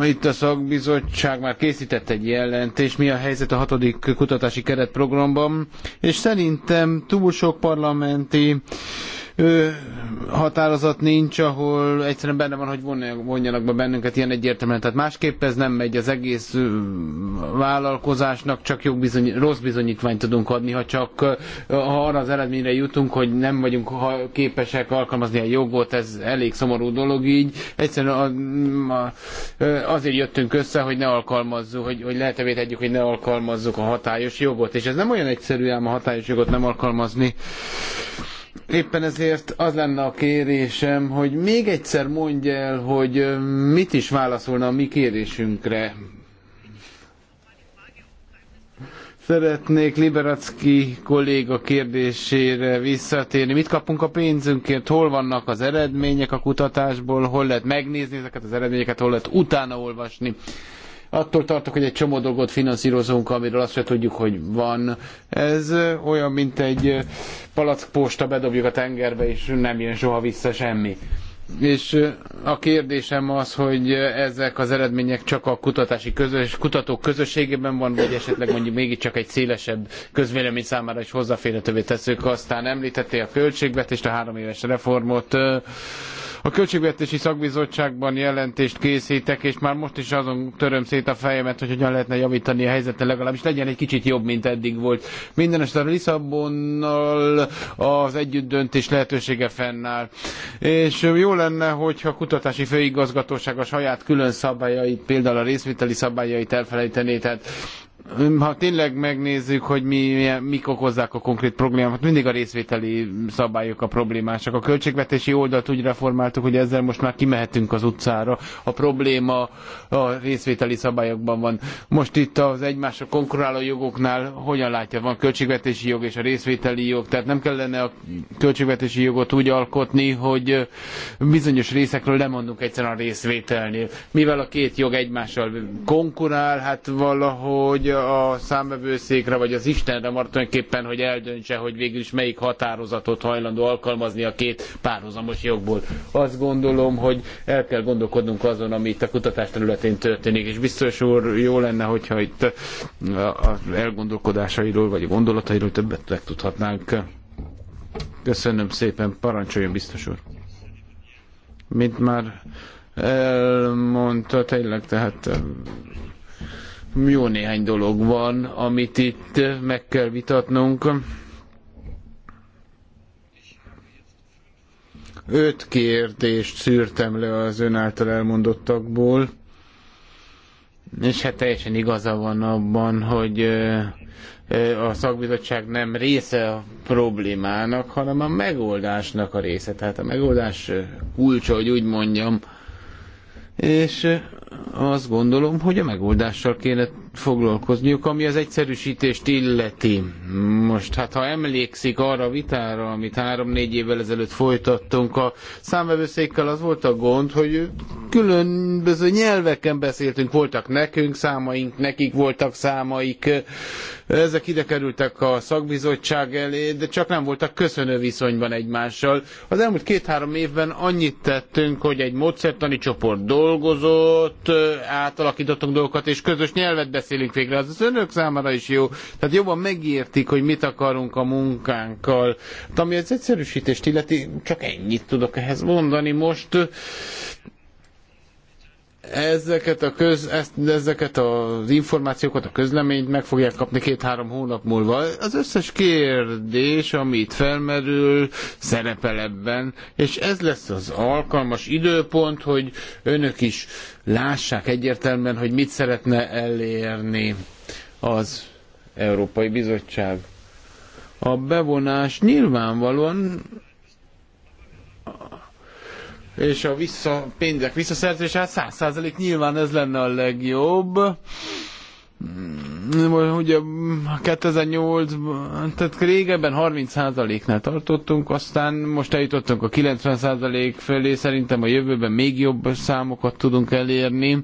Itt a szakbizottság már készített egy jelentést, mi a helyzet a hatodik kutatási keretprogramban, és szerintem túl sok parlamenti határozat nincs, ahol egyszerűen benne van, hogy vonjanak be bennünket ilyen egyértelműen. Tehát másképp ez nem megy az egész vállalkozásnak, csak jó bizony, rossz bizonyítványt tudunk adni, ha csak ha arra az eredményre jutunk, hogy nem vagyunk képesek alkalmazni a jogot, ez elég szomorú dolog így. Egyszerűen azért jöttünk össze, hogy ne alkalmazzuk, hogy, hogy lehetővé tegyük, hogy ne alkalmazzuk a hatályos jogot. És ez nem olyan egyszerű ám a hatályos jogot nem alkalmazni. Éppen ezért az lenne a kérésem, hogy még egyszer mondj el, hogy mit is válaszolna a mi kérésünkre. Szeretnék Liberacki kolléga kérdésére visszatérni. Mit kapunk a pénzünkért? Hol vannak az eredmények a kutatásból? Hol lehet megnézni ezeket az eredményeket? Hol lehet utána olvasni? attól tartok, hogy egy csomó dolgot finanszírozunk, amiről azt se tudjuk, hogy van. Ez olyan, mint egy palackposta, bedobjuk a tengerbe, és nem jön soha vissza semmi. És a kérdésem az, hogy ezek az eredmények csak a kutatási közös, kutatók közösségében van, vagy esetleg mondjuk mégiscsak egy szélesebb közvélemény számára is hozzáférhetővé teszük. Aztán említettél a költségvetést, a három éves reformot a Költségvetési Szakbizottságban jelentést készítek, és már most is azon töröm szét a fejemet, hogy hogyan lehetne javítani a helyzetet, legalábbis legyen egy kicsit jobb, mint eddig volt. Minden esetre Lisszabonnal az együttdöntés lehetősége fennáll. És jó lenne, hogyha a kutatási főigazgatóság a saját külön szabályait, például a részvételi szabályait elfelejtené, tehát ha tényleg megnézzük, hogy mi, mik okozzák a konkrét problémát, hát mindig a részvételi szabályok a problémásak. A költségvetési oldalt úgy reformáltuk, hogy ezzel most már kimehetünk az utcára. A probléma a részvételi szabályokban van. Most itt az egymásra konkuráló jogoknál hogyan látja, van a költségvetési jog és a részvételi jog, tehát nem kellene a költségvetési jogot úgy alkotni, hogy bizonyos részekről lemondunk egyszerűen a részvételnél. Mivel a két jog egymással konkurál, hát valahogy a számvevőszékre vagy az Istenre maradt tulajdonképpen, hogy eldöntse, hogy végül is melyik határozatot hajlandó alkalmazni a két párhuzamos jogból. Azt gondolom, hogy el kell gondolkodnunk azon, ami itt a kutatás területén történik, és biztos úr jó lenne, hogyha itt az elgondolkodásairól vagy a gondolatairól többet megtudhatnánk. Köszönöm szépen, parancsoljon biztos úr. Mint már elmondta, tényleg, tehát jó néhány dolog van, amit itt meg kell vitatnunk. Öt kérdést szűrtem le az ön által elmondottakból, és hát teljesen igaza van abban, hogy a szakbizottság nem része a problémának, hanem a megoldásnak a része. Tehát a megoldás kulcsa, hogy úgy mondjam. És azt gondolom, hogy a megoldással kéne foglalkozniuk, ami az egyszerűsítést illeti. Most hát ha emlékszik arra a vitára, amit három-négy évvel ezelőtt folytattunk a számvevőszékkel, az volt a gond, hogy különböző nyelveken beszéltünk, voltak nekünk számaink, nekik voltak számaik, ezek ide kerültek a szakbizottság elé, de csak nem voltak köszönő viszonyban egymással. Az elmúlt két-három évben annyit tettünk, hogy egy módszertani csoport dolgozott, ott átalakítottunk dolgokat, és közös nyelvet beszélünk végre, az az önök számára is jó. Tehát jobban megértik, hogy mit akarunk a munkánkkal. De ami az egyszerűsítést illeti, csak ennyit tudok ehhez mondani most ezeket, a köz, ezt, ezeket az információkat, a közleményt meg fogják kapni két-három hónap múlva. Az összes kérdés, ami itt felmerül, szerepel ebben, és ez lesz az alkalmas időpont, hogy önök is lássák egyértelműen, hogy mit szeretne elérni az Európai Bizottság. A bevonás nyilvánvalóan és a vissza, pénzek visszaszerzése, hát száz százalék nyilván ez lenne a legjobb. Hmm, ugye 2008 hmm, tehát régebben 30%-nál tartottunk, aztán most eljutottunk a 90% felé, szerintem a jövőben még jobb számokat tudunk elérni.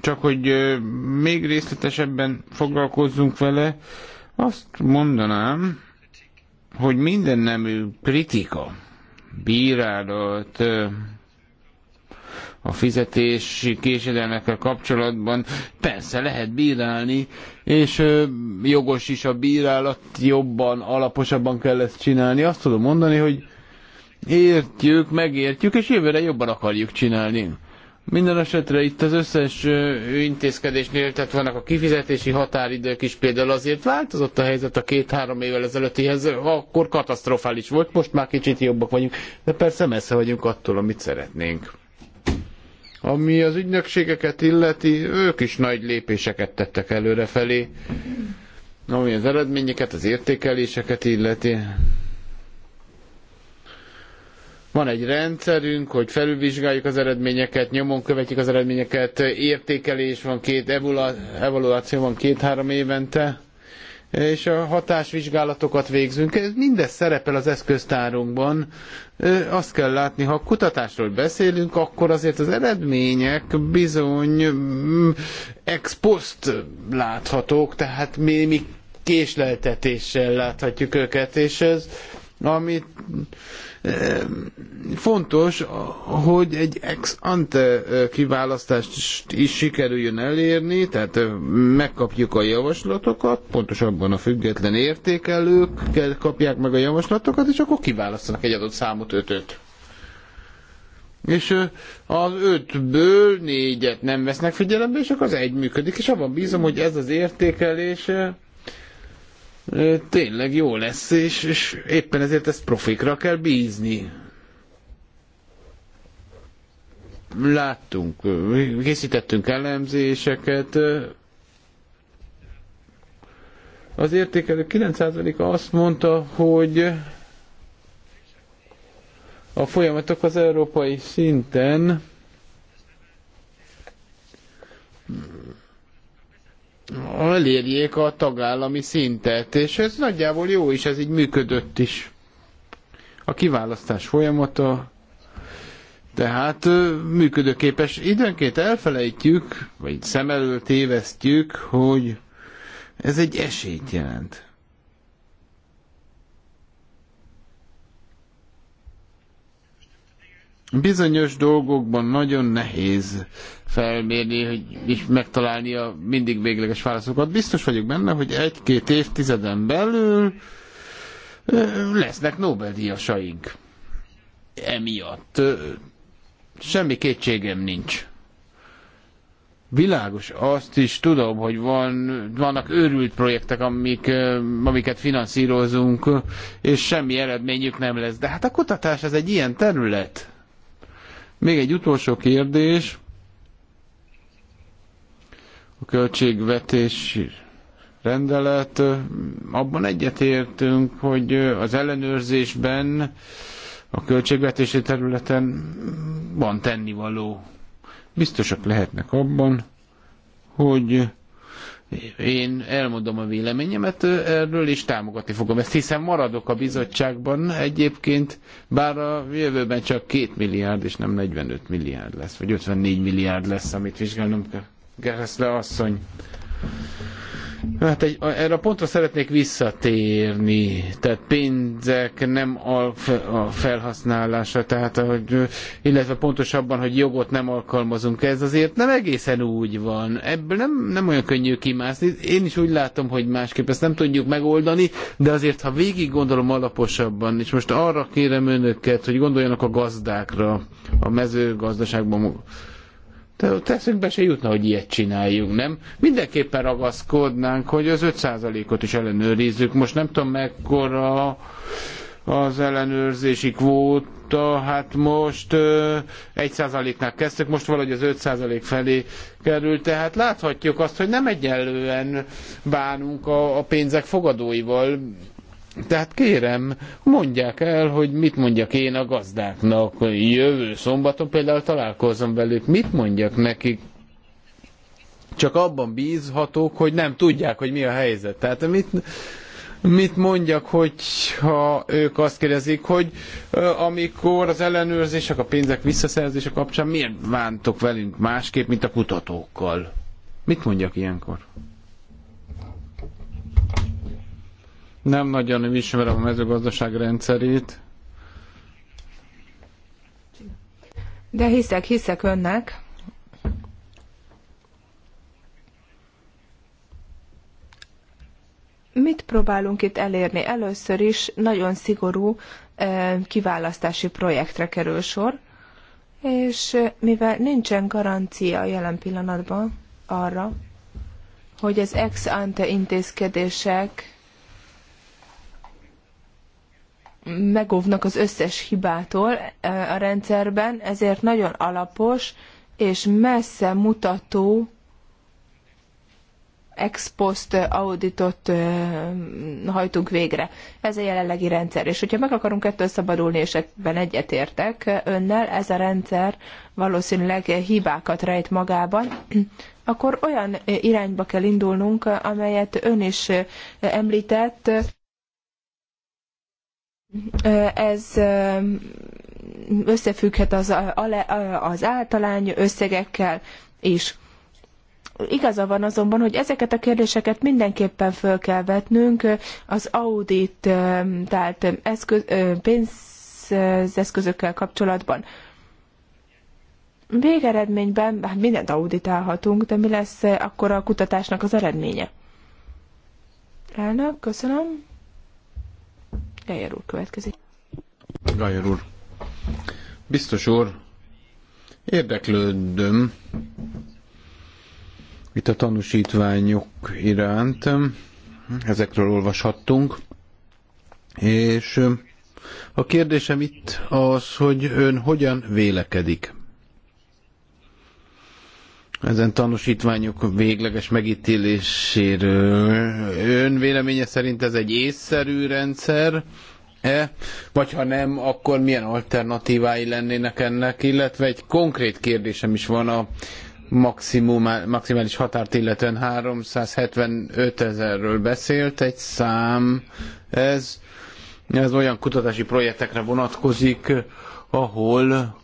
Csak hogy még részletesebben foglalkozzunk vele, azt mondanám, hogy minden nemű kritika, bírálat a fizetési késedelmekkel kapcsolatban persze lehet bírálni, és jogos is a bírálat, jobban, alaposabban kell ezt csinálni. Azt tudom mondani, hogy értjük, megértjük, és jövőre jobban akarjuk csinálni. Minden esetre itt az összes intézkedésnél, tehát vannak a kifizetési határidők is, például azért változott a helyzet a két-három évvel ezelőttihez, akkor katasztrofális volt, most már kicsit jobbak vagyunk, de persze messze vagyunk attól, amit szeretnénk. Ami az ügynökségeket illeti, ők is nagy lépéseket tettek előrefelé, ami az eredményeket, az értékeléseket illeti. Van egy rendszerünk, hogy felülvizsgáljuk az eredményeket, nyomon követjük az eredményeket, értékelés van két, evaluáció van két-három évente, és a hatásvizsgálatokat végzünk. Ez mindez szerepel az eszköztárunkban. Azt kell látni, ha kutatásról beszélünk, akkor azért az eredmények bizony mm, ex post láthatók, tehát mi, mi késleltetéssel láthatjuk őket, és ez amit eh, fontos, hogy egy ex ante eh, kiválasztást is sikerüljön elérni, tehát eh, megkapjuk a javaslatokat, pontosabban a független értékelők kapják meg a javaslatokat, és akkor kiválasztanak egy adott számot ötöt. És az ötből négyet nem vesznek figyelembe, és akkor az egy működik, és abban bízom, hogy ez az értékelése tényleg jó lesz, és, és éppen ezért ezt profikra kell bízni. Láttunk, készítettünk elemzéseket, az értékelő 9%-a azt mondta, hogy a folyamatok az európai szinten elérjék a tagállami szintet, és ez nagyjából jó is, ez így működött is. A kiválasztás folyamata tehát működőképes. Időnként elfelejtjük, vagy szem előtt tévesztjük, hogy ez egy esélyt jelent. bizonyos dolgokban nagyon nehéz felmérni, hogy is megtalálni a mindig végleges válaszokat. Biztos vagyok benne, hogy egy-két évtizeden belül lesznek Nobel-díjasaink. Emiatt semmi kétségem nincs. Világos, azt is tudom, hogy van, vannak őrült projektek, amik, amiket finanszírozunk, és semmi eredményük nem lesz. De hát a kutatás ez egy ilyen terület még egy utolsó kérdés. A költségvetés rendelet. Abban egyetértünk, hogy az ellenőrzésben a költségvetési területen van tennivaló. Biztosak lehetnek abban, hogy én elmondom a véleményemet erről, és támogatni fogom ezt, hiszen maradok a bizottságban egyébként, bár a jövőben csak 2 milliárd, és nem 45 milliárd lesz, vagy 54 milliárd lesz, amit vizsgálnom kell. Gereszle asszony. Hát egy, erre a pontra szeretnék visszatérni, tehát pénzek nem a felhasználása, tehát hogy, illetve pontosabban, hogy jogot nem alkalmazunk, ez azért nem egészen úgy van. Ebből nem, nem olyan könnyű kimászni. Én is úgy látom, hogy másképp ezt nem tudjuk megoldani, de azért, ha végig gondolom alaposabban, és most arra kérem önöket, hogy gondoljanak a gazdákra, a mezőgazdaságban eszünkbe se jutna, hogy ilyet csináljunk, nem? Mindenképpen ragaszkodnánk, hogy az 5%-ot is ellenőrizzük. Most nem tudom mekkora az ellenőrzési kvóta, hát most ö, 1%-nál kezdtük, most valahogy az 5% felé került, tehát láthatjuk azt, hogy nem egyenlően bánunk a, a pénzek fogadóival. Tehát kérem, mondják el, hogy mit mondjak én a gazdáknak. Jövő szombaton például találkozom velük, mit mondjak nekik? Csak abban bízhatók, hogy nem tudják, hogy mi a helyzet. Tehát mit, mit mondjak, hogy ha ők azt kérdezik, hogy amikor az ellenőrzések, a pénzek visszaszerzése kapcsán miért bántok velünk másképp, mint a kutatókkal? Mit mondjak ilyenkor? Nem nagyon ismerem a mezőgazdaság rendszerét. De hiszek, hiszek önnek. Mit próbálunk itt elérni? Először is nagyon szigorú eh, kiválasztási projektre kerül sor, és eh, mivel nincsen garancia jelen pillanatban arra, hogy az ex ante intézkedések megóvnak az összes hibától e, a rendszerben, ezért nagyon alapos és messze mutató ex post auditot e, hajtunk végre. Ez a jelenlegi rendszer. És hogyha meg akarunk ettől szabadulni, és ebben egyetértek önnel, ez a rendszer valószínűleg hibákat rejt magában, akkor olyan irányba kell indulnunk, amelyet ön is e, említett, ez összefügghet az, az általány összegekkel is. Igaza van azonban, hogy ezeket a kérdéseket mindenképpen föl kell vetnünk az audit, tehát eszköz, pénzeszközökkel kapcsolatban. Végeredményben hát mindent auditálhatunk, de mi lesz akkor a kutatásnak az eredménye? Elnök, köszönöm. Gájer úr következik. Gájer úr. Biztos úr, érdeklődöm itt a tanúsítványok iránt. Ezekről olvashattunk. És a kérdésem itt az, hogy ön hogyan vélekedik ezen tanúsítványok végleges megítéléséről. Ön véleménye szerint ez egy észszerű rendszer? E, vagy ha nem, akkor milyen alternatívái lennének ennek, illetve egy konkrét kérdésem is van a maximum, maximális határt, illetően 375 ezerről beszélt egy szám. Ez, ez olyan kutatási projektekre vonatkozik, ahol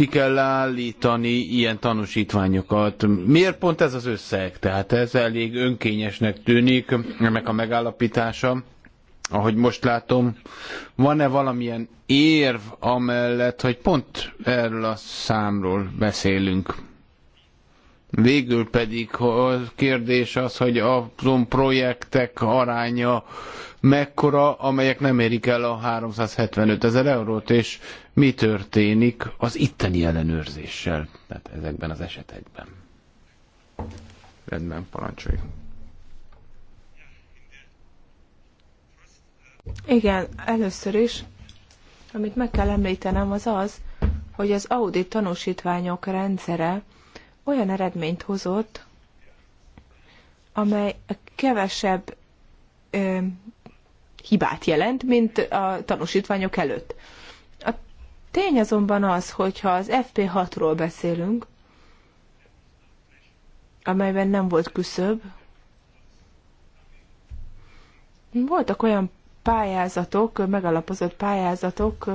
ki kell állítani ilyen tanúsítványokat. Miért pont ez az összeg? Tehát ez elég önkényesnek tűnik, ennek a megállapítása ahogy most látom, van-e valamilyen érv amellett, hogy pont erről a számról beszélünk? Végül pedig a kérdés az, hogy azon projektek aránya mekkora, amelyek nem érik el a 375 ezer eurót, és mi történik az itteni ellenőrzéssel, tehát ezekben az esetekben. Rendben, parancsolj. Igen, először is, amit meg kell említenem, az az, hogy az audit tanúsítványok rendszere olyan eredményt hozott, amely kevesebb ö, hibát jelent, mint a tanúsítványok előtt. Tény azonban az, hogyha az FP6-ról beszélünk, amelyben nem volt küszöb, voltak olyan pályázatok, megalapozott pályázatok,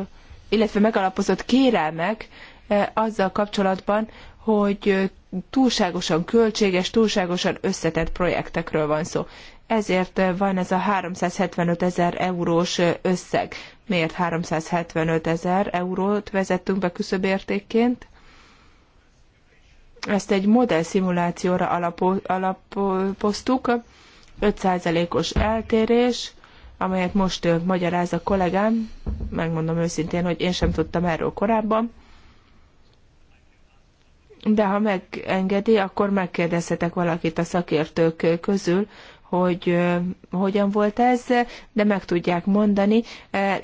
illetve megalapozott kérelmek eh, azzal kapcsolatban, hogy eh, túlságosan költséges, túlságosan összetett projektekről van szó ezért eh, van ez a 375 ezer eurós eh, összeg. Miért 375 ezer eurót vezettünk be küszöbértékként? Ezt egy modell szimulációra alapoztuk. 5%-os eltérés, amelyet most eh, magyaráz a kollégám. Megmondom őszintén, hogy én sem tudtam erről korábban. De ha megengedi, akkor megkérdezhetek valakit a szakértők közül, hogy hogyan volt ez, de meg tudják mondani.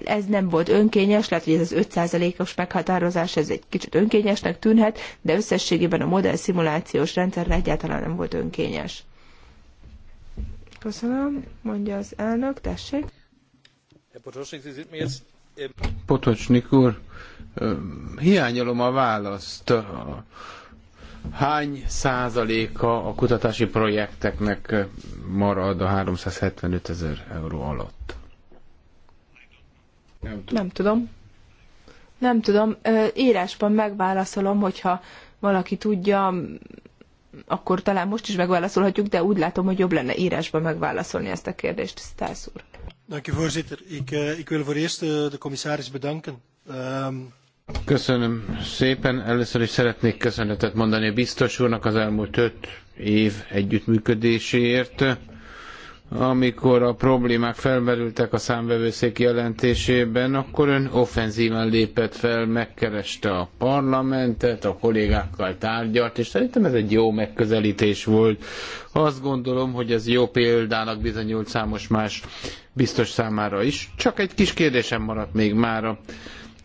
Ez nem volt önkényes, lehet, hogy ez az 5%-os meghatározás, ez egy kicsit önkényesnek tűnhet, de összességében a modell szimulációs rendszer egyáltalán nem volt önkényes. Köszönöm, mondja az elnök, tessék. Potocsnik úr, hiányolom a választ hány százaléka a kutatási projekteknek marad a 375 ezer euró alatt? Nem tudom. Nem tudom. Nem tudom. Írásban megválaszolom, hogyha valaki tudja, akkor talán most is megválaszolhatjuk, de úgy látom, hogy jobb lenne írásban megválaszolni ezt a kérdést, Stász úr. Dank u voorzitter. Ik, uh, ik wil voor eerst uh, de commissaris bedanken. Ehm, Köszönöm szépen. Először is szeretnék köszönetet mondani a biztos úrnak az elmúlt öt év együttműködéséért. Amikor a problémák felmerültek a számvevőszék jelentésében, akkor ön offenzíven lépett fel, megkereste a parlamentet, a kollégákkal tárgyalt, és szerintem ez egy jó megközelítés volt. Azt gondolom, hogy ez jó példának bizonyult számos más biztos számára is. Csak egy kis kérdésem maradt még mára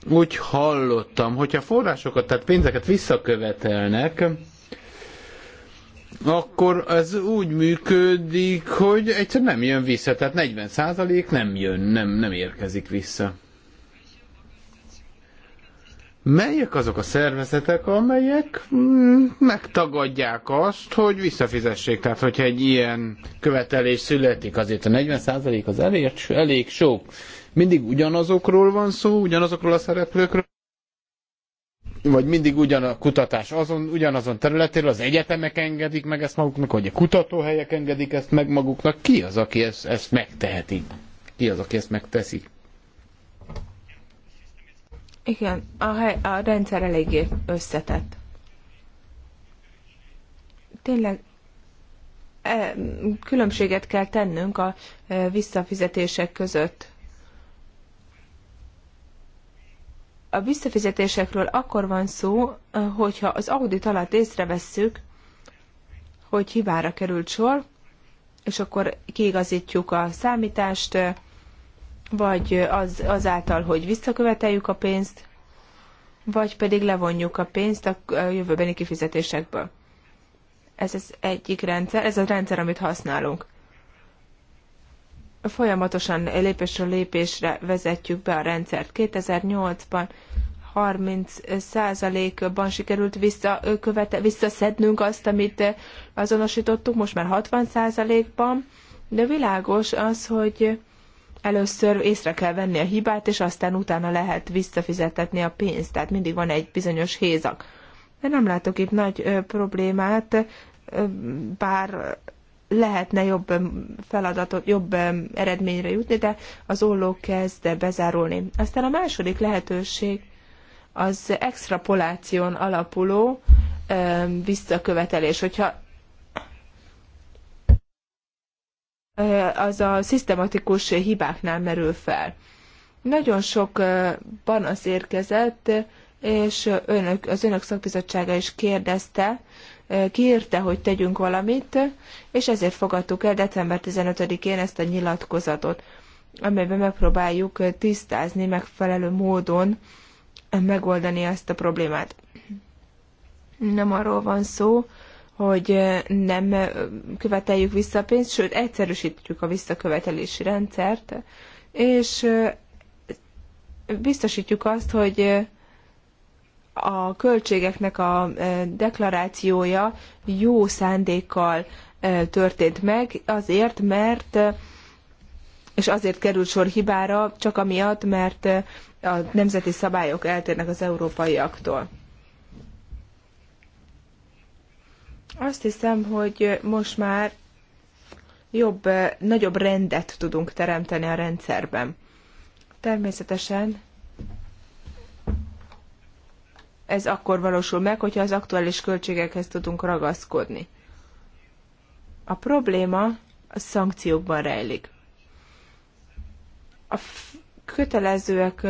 úgy hallottam, hogyha forrásokat, tehát pénzeket visszakövetelnek, akkor ez úgy működik, hogy egyszer nem jön vissza, tehát 40% nem jön, nem, nem érkezik vissza. Melyek azok a szervezetek, amelyek mm, megtagadják azt, hogy visszafizessék? Tehát, hogyha egy ilyen követelés születik, azért a 40% az elég, elég sok. Mindig ugyanazokról van szó, ugyanazokról a szereplőkről, vagy mindig ugyan a kutatás azon, ugyanazon területéről, az egyetemek engedik meg ezt maguknak, vagy a kutatóhelyek engedik ezt meg maguknak. Ki az, aki ezt, ezt megteheti? Ki az, aki ezt megteszi? Igen, a, hely, a rendszer eléggé összetett. Tényleg e, különbséget kell tennünk a e, visszafizetések között. a visszafizetésekről akkor van szó, hogyha az audit alatt észrevesszük, hogy hibára került sor, és akkor kiigazítjuk a számítást, vagy az, azáltal, hogy visszaköveteljük a pénzt, vagy pedig levonjuk a pénzt a jövőbeni kifizetésekből. Ez az egyik rendszer, ez a rendszer, amit használunk folyamatosan lépésről lépésre vezetjük be a rendszert. 2008-ban 30%-ban sikerült visszakövete, visszaszednünk azt, amit azonosítottuk, most már 60%-ban, de világos az, hogy először észre kell venni a hibát, és aztán utána lehet visszafizetetni a pénzt, tehát mindig van egy bizonyos hézak. De nem látok itt nagy problémát, bár lehetne jobb feladatot, jobb eredményre jutni, de az olló kezd bezárulni. Aztán a második lehetőség az extrapoláción alapuló visszakövetelés. Hogyha az a szisztematikus hibáknál merül fel. Nagyon sok panasz érkezett, és önök, az önök szakbizottsága is kérdezte, kiírta, hogy tegyünk valamit, és ezért fogadtuk el december 15-én ezt a nyilatkozatot, amelyben megpróbáljuk tisztázni megfelelő módon megoldani ezt a problémát. Nem arról van szó, hogy nem követeljük vissza a pénzt, sőt, egyszerűsítjük a visszakövetelési rendszert, és biztosítjuk azt, hogy a költségeknek a e, deklarációja jó szándékkal e, történt meg, azért, mert e, és azért került sor hibára, csak amiatt, mert a nemzeti szabályok eltérnek az európaiaktól. Azt hiszem, hogy most már jobb, nagyobb rendet tudunk teremteni a rendszerben. Természetesen ez akkor valósul meg, hogyha az aktuális költségekhez tudunk ragaszkodni. A probléma a szankciókban rejlik. A kötelezőek,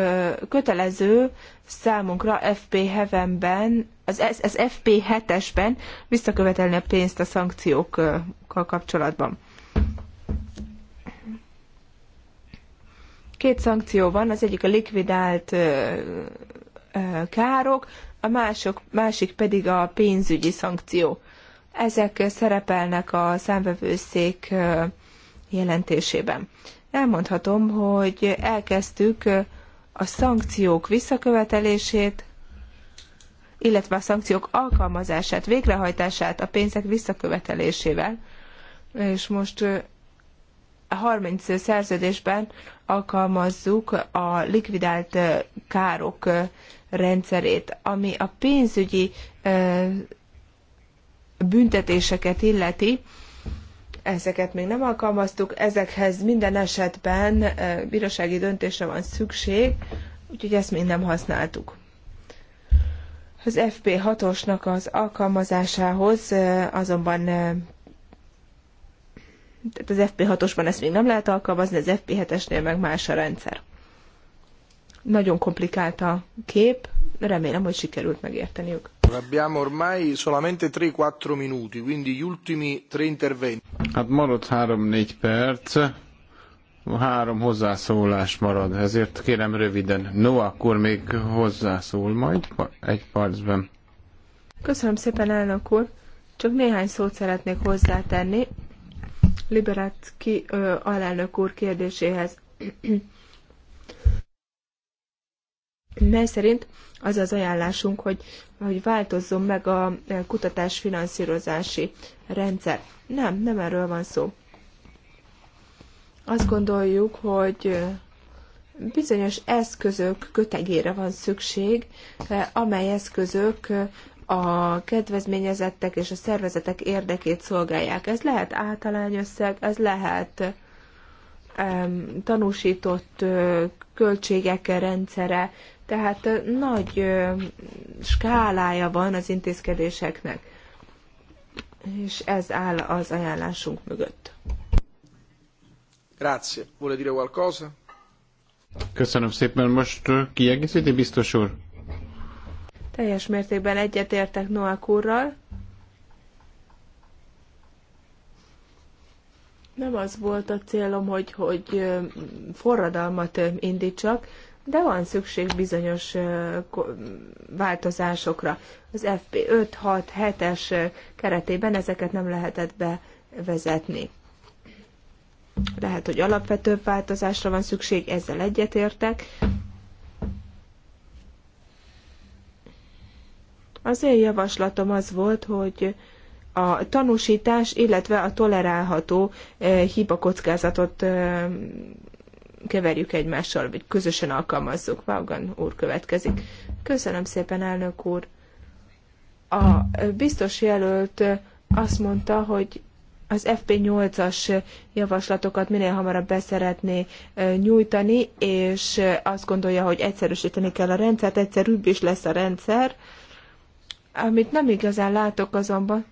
kötelező számunkra fp hevenben ben az, az FP7-esben visszakövetelni a pénzt a szankciókkal kapcsolatban. Két szankció van, az egyik a likvidált károk, a mások, másik pedig a pénzügyi szankció. Ezek szerepelnek a számvevőszék jelentésében. Elmondhatom, hogy elkezdtük a szankciók visszakövetelését, illetve a szankciók alkalmazását, végrehajtását a pénzek visszakövetelésével, és most a 30 szerződésben alkalmazzuk a likvidált károk rendszerét, ami a pénzügyi büntetéseket illeti, ezeket még nem alkalmaztuk, ezekhez minden esetben bírósági döntésre van szükség, úgyhogy ezt még nem használtuk. Az FP6-osnak az alkalmazásához azonban tehát az FP6-osban ezt még nem lehet alkalmazni, az FP7-esnél meg más a rendszer. Nagyon komplikált a kép, remélem, hogy sikerült megérteniük. Abbiamo ormai solamente 3-4 minuti, quindi gli ultimi tre interventi. Hát maradt 3-4 perc, három hozzászólás marad, ezért kérem röviden. No, akkor még hozzászól majd egy percben. Köszönöm szépen, elnök úr. Csak néhány szót szeretnék hozzátenni Liberácki alelnök úr kérdéséhez mely szerint az az ajánlásunk, hogy, hogy változzon meg a e, kutatás finanszírozási rendszer. Nem, nem erről van szó. Azt gondoljuk, hogy e, bizonyos eszközök kötegére van szükség, e, amely eszközök a kedvezményezettek és a szervezetek érdekét szolgálják. Ez lehet általány összeg, ez lehet tanúsított költségek rendszere, tehát nagy skálája van az intézkedéseknek, és ez áll az ajánlásunk mögött. Grazie. Vuole dire qualcosa? Köszönöm szépen. Most kiegészíti, biztos úr? Teljes mértékben egyetértek Noak úrral. Nem az volt a célom, hogy, hogy forradalmat indítsak, de van szükség bizonyos változásokra. Az FP 5-6-7-es keretében ezeket nem lehetett bevezetni. Lehet, hogy alapvetőbb változásra van szükség, ezzel egyetértek. Az én javaslatom az volt, hogy a tanúsítás, illetve a tolerálható hibakockázatot keverjük egymással, vagy közösen alkalmazzuk. Vaughan úr következik. Köszönöm szépen, elnök úr. A biztos jelölt azt mondta, hogy az FP8-as javaslatokat minél hamarabb beszeretné nyújtani, és azt gondolja, hogy egyszerűsíteni kell a rendszert, egyszerűbb is lesz a rendszer. Amit nem igazán látok azonban,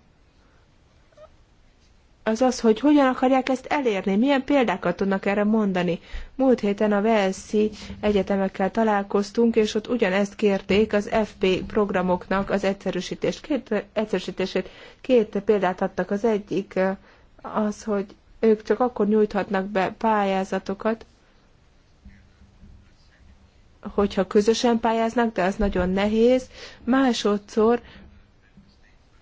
az az, hogy hogyan akarják ezt elérni, milyen példákat tudnak erre mondani. Múlt héten a Velszi egyetemekkel találkoztunk, és ott ugyanezt kérték az FP programoknak az egyszerűsítést. Két, egyszerűsítését. Két példát adtak. Az egyik eh, az, hogy ők csak akkor nyújthatnak be pályázatokat, hogyha közösen pályáznak, de az nagyon nehéz. Másodszor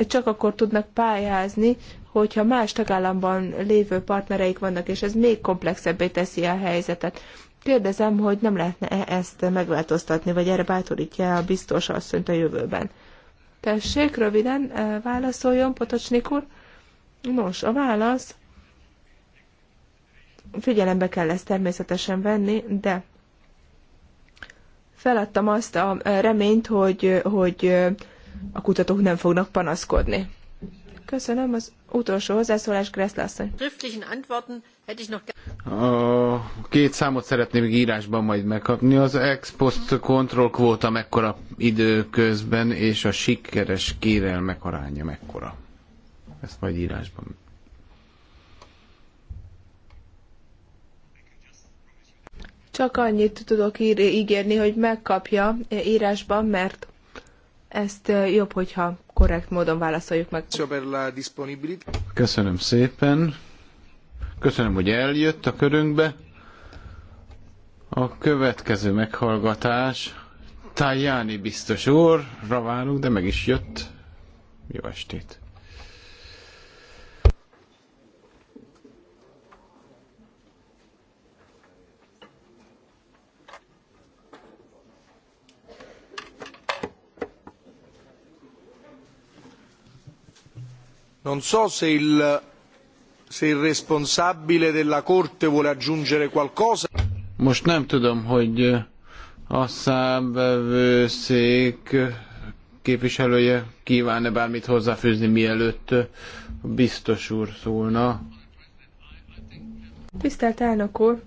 csak akkor tudnak pályázni, hogyha más tagállamban lévő partnereik vannak, és ez még komplexebbé teszi a helyzetet. Kérdezem, hogy nem lehetne -e ezt megváltoztatni, vagy erre bátorítja a biztos asszonyt a jövőben. Tessék, röviden eh, válaszoljon, Potocsnik úr. Nos, a válasz figyelembe kell ezt természetesen venni, de feladtam azt a eh, reményt, hogy, hogy eh, a kutatók nem fognak panaszkodni. Köszönöm az utolsó hozzászólás, Kreszle asszony. A két számot szeretném még írásban majd megkapni. Az ex post control kvóta mekkora időközben, és a sikeres kérelmek aránya mekkora. Ezt majd írásban. Csak annyit tudok ígérni, hogy megkapja e, írásban, mert ezt jobb, hogyha korrekt módon válaszoljuk meg. Köszönöm szépen. Köszönöm, hogy eljött a körünkbe. A következő meghallgatás Tajani biztos úrra várunk, de meg is jött. Jó estét! non so se il, responsabile della Corte vuole aggiungere qualcosa. Most nem tudom, hogy a számvevőszék képviselője kíván-e bármit hozzáfűzni, mielőtt biztos úr szólna. Tisztelt elnök úr,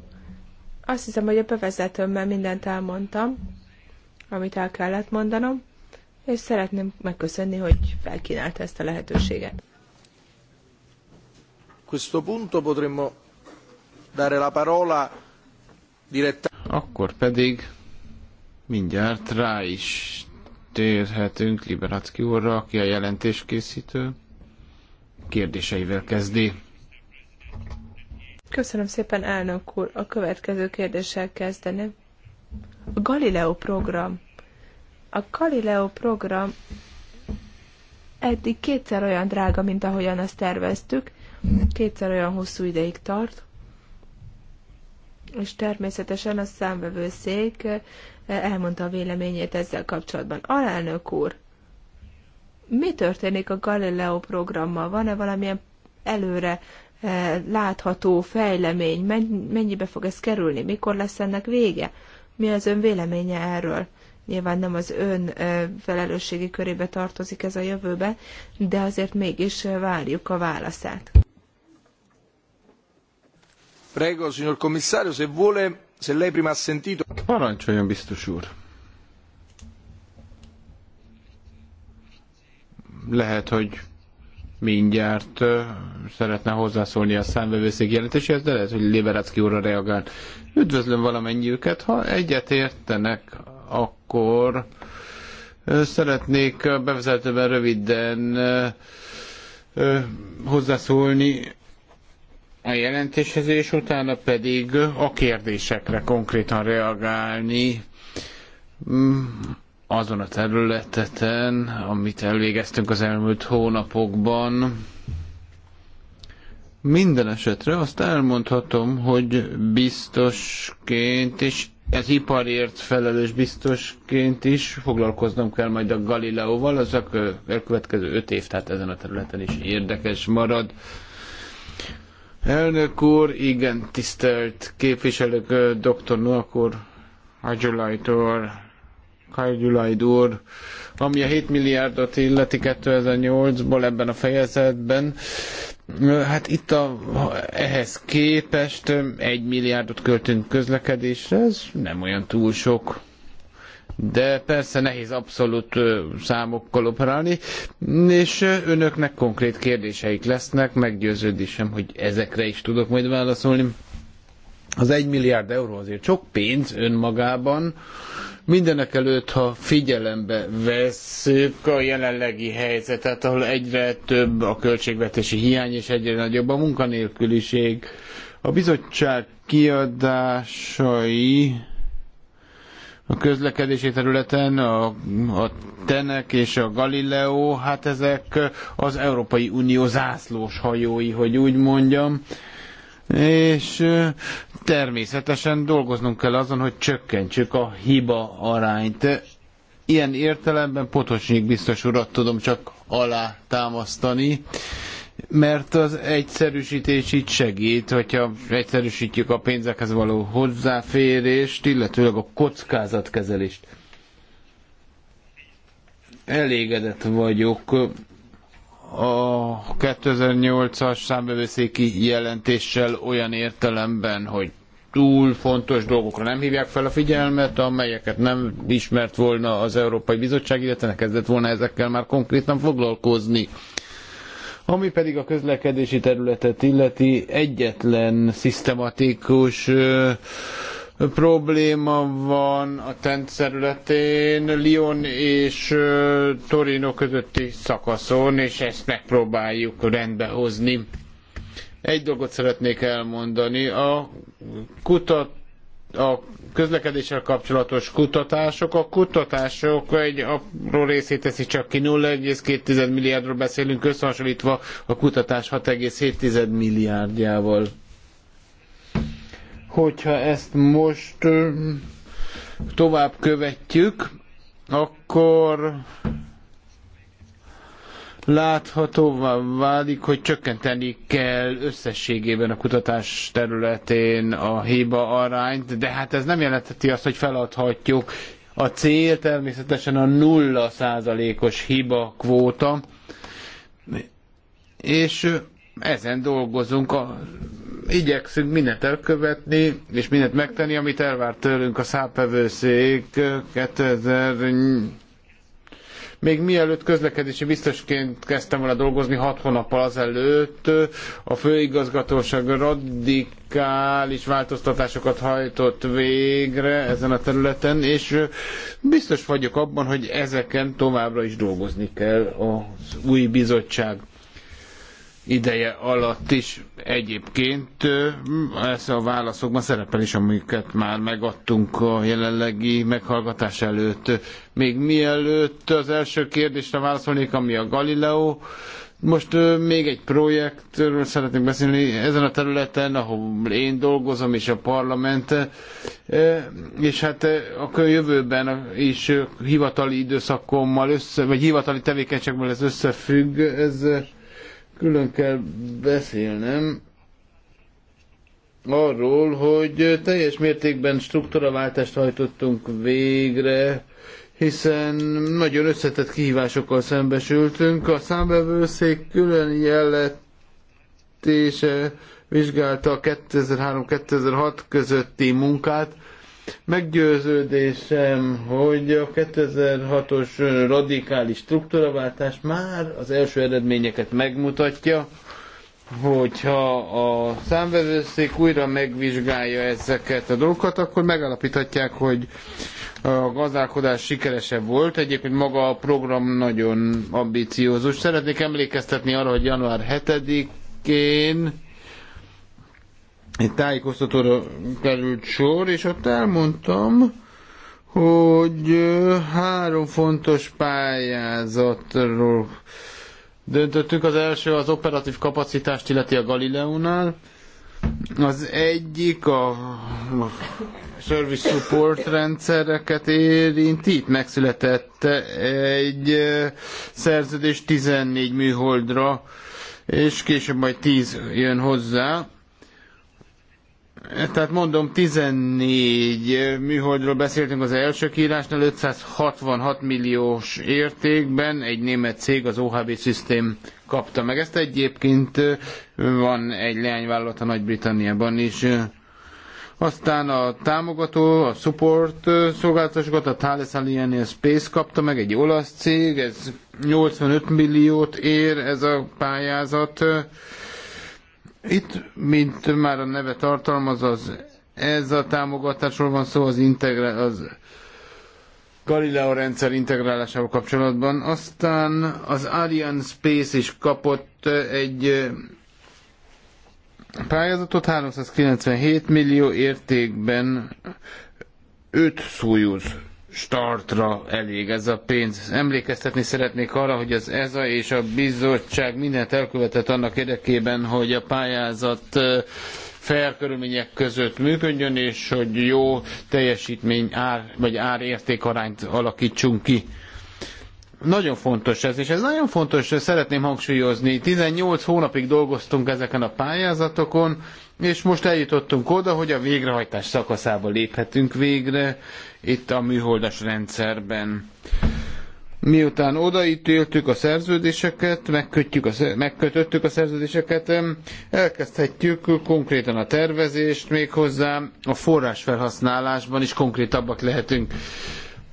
azt hiszem, hogy a bevezetőmmel mindent elmondtam, amit el kellett mondanom, és szeretném megköszönni, hogy felkínálta ezt a lehetőséget questo punto potremmo dare la parola direttamente. Akkor pedig mindjárt rá is térhetünk Liberacki úrra, aki a jelentéskészítő kérdéseivel kezdi. Köszönöm szépen, elnök úr. A következő kérdéssel kezdeném. A Galileo program. A Galileo program eddig kétszer olyan drága, mint ahogyan azt terveztük, kétszer olyan hosszú ideig tart, és természetesen a szék eh, elmondta a véleményét ezzel kapcsolatban. Alelnök úr, mi történik a Galileo programmal? Van-e valamilyen előre eh, látható fejlemény? Mennyibe fog ez kerülni? Mikor lesz ennek vége? Mi az ön véleménye erről? Nyilván nem az ön eh, felelősségi körébe tartozik ez a jövőbe, de azért mégis várjuk a válaszát. Prego, signor commissario, se vuole, se lei prima ha sentito... Parancsoljon, biztos úr. Lehet, hogy mindjárt szeretne hozzászólni a számvevőszék jelentéséhez, de lehet, hogy Liberácki úrra reagál. Üdvözlöm valamennyiüket, ha egyet értenek, akkor szeretnék bevezetőben röviden hozzászólni a jelentéshez, és utána pedig a kérdésekre konkrétan reagálni mm, azon a területeten, amit elvégeztünk az elmúlt hónapokban. Minden esetre azt elmondhatom, hogy biztosként és ez iparért felelős biztosként is foglalkoznom kell majd a Galileóval, az a következő öt év, tehát ezen a területen is érdekes marad. Elnök úr, igen, tisztelt képviselők, dr. Nuak úr, Hajulajt úr, Hajulajt úr, ami a 7 milliárdot illeti 2008-ból ebben a fejezetben, Hát itt a, ehhez képest egy milliárdot költünk közlekedésre, ez nem olyan túl sok de persze nehéz abszolút számokkal operálni, és önöknek konkrét kérdéseik lesznek, meggyőződésem, hogy ezekre is tudok majd válaszolni. Az egy milliárd euró azért sok pénz önmagában, mindenek előtt, ha figyelembe vesszük a jelenlegi helyzetet, ahol egyre több a költségvetési hiány és egyre nagyobb a munkanélküliség, a bizottság kiadásai a közlekedési területen, a, a Tenek és a Galileo, hát ezek az Európai Unió zászlós hajói, hogy úgy mondjam. És természetesen dolgoznunk kell azon, hogy csökkentsük a hiba arányt. Ilyen értelemben Potosnyik biztos urat tudom csak alátámasztani. támasztani mert az egyszerűsítés itt segít, hogyha egyszerűsítjük a pénzekhez való hozzáférést, illetőleg a kockázatkezelést. Elégedett vagyok a 2008-as számbevőszéki jelentéssel olyan értelemben, hogy túl fontos dolgokra nem hívják fel a figyelmet, amelyeket nem ismert volna az Európai Bizottság, illetve kezdett volna ezekkel már konkrétan foglalkozni ami pedig a közlekedési területet illeti, egyetlen szisztematikus probléma van a TENT területén, Lyon és Torino közötti szakaszon, és ezt megpróbáljuk rendbehozni. Egy dolgot szeretnék elmondani. A kutat a közlekedéssel kapcsolatos kutatások. A kutatások egy apró részét teszi csak ki, 0,2 milliárdról beszélünk, összehasonlítva a kutatás 6,7 milliárdjával. Hogyha ezt most tovább követjük, akkor láthatóvá válik, hogy csökkenteni kell összességében a kutatás területén a hiba arányt, de hát ez nem jelentheti azt, hogy feladhatjuk. A cél természetesen a nulla százalékos hiba kvóta, és ezen dolgozunk, a, igyekszünk mindent elkövetni, és mindent megtenni, amit elvárt tőlünk a szápevőszék 2000 még mielőtt közlekedési biztosként kezdtem volna dolgozni, hat hónappal azelőtt a főigazgatóság radikális változtatásokat hajtott végre ezen a területen, és biztos vagyok abban, hogy ezeken továbbra is dolgozni kell az új bizottság ideje alatt is. Egyébként ez a válaszokban szerepel is, amiket már megadtunk a jelenlegi meghallgatás előtt. Még mielőtt az első kérdésre válaszolnék, ami a Galileo, most még egy projektről szeretnék beszélni ezen a területen, ahol én dolgozom, és a parlament, és hát a jövőben is hivatali időszakommal, össze, vagy hivatali tevékenységemmel ez összefügg, ez külön kell beszélnem arról, hogy teljes mértékben struktúraváltást hajtottunk végre, hiszen nagyon összetett kihívásokkal szembesültünk. A számbevőszék külön jelentése vizsgálta a 2003-2006 közötti munkát, Meggyőződésem, hogy a 2006-os radikális struktúraváltás már az első eredményeket megmutatja, hogyha a számvevőszék újra megvizsgálja ezeket a dolgokat, akkor megalapíthatják, hogy a gazdálkodás sikeresebb volt. Egyébként maga a program nagyon ambiciózus. Szeretnék emlékeztetni arra, hogy január 7-én egy tájékoztatóra került sor, és ott elmondtam, hogy három fontos pályázatról döntöttünk. Az első az operatív kapacitást illeti a Galileónál. Az egyik a service support rendszereket érint. Itt megszületett egy szerződés 14 műholdra, és később majd 10 jön hozzá tehát mondom, 14 műholdról beszéltünk az első kiírásnál, 566 milliós értékben egy német cég, az OHB System kapta meg. Ezt egyébként van egy leányvállalat a Nagy-Britanniában is. Aztán a támogató, a support szolgáltatásokat a Thales Alien Space kapta meg, egy olasz cég, ez 85 milliót ér ez a pályázat itt, mint már a neve tartalmaz, az ez a támogatásról van szó az, integre, az Galileo rendszer integrálásával kapcsolatban. Aztán az Ariane Space is kapott egy pályázatot 397 millió értékben 5 Soyuz startra elég ez a pénz. Emlékeztetni szeretnék arra, hogy az EZA és a bizottság mindent elkövetett annak érdekében, hogy a pályázat fair körülmények között működjön, és hogy jó teljesítmény ár, vagy árértékarányt alakítsunk ki. Nagyon fontos ez, és ez nagyon fontos, szeretném hangsúlyozni. 18 hónapig dolgoztunk ezeken a pályázatokon, és most eljutottunk oda, hogy a végrehajtás szakaszába léphetünk végre itt a műholdas rendszerben. Miután odaítéltük a szerződéseket, megkötjük a, megkötöttük a szerződéseket, elkezdhetjük konkrétan a tervezést, méghozzá a forrásfelhasználásban is konkrétabbak lehetünk.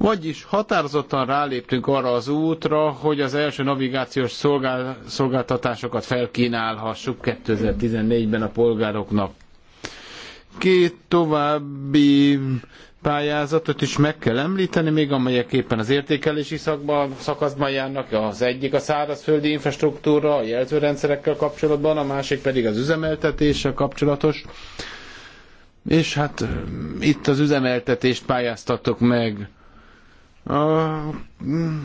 Vagyis határozottan ráléptünk arra az útra, hogy az első navigációs szolgáltatásokat felkínálhassuk 2014-ben a polgároknak. Két további pályázatot is meg kell említeni, még amelyek éppen az értékelési szakban, szakaszban járnak. Az egyik a szárazföldi infrastruktúra, a jelzőrendszerekkel kapcsolatban, a másik pedig az üzemeltetéssel kapcsolatos. És hát itt az üzemeltetést pályáztatok meg Mm,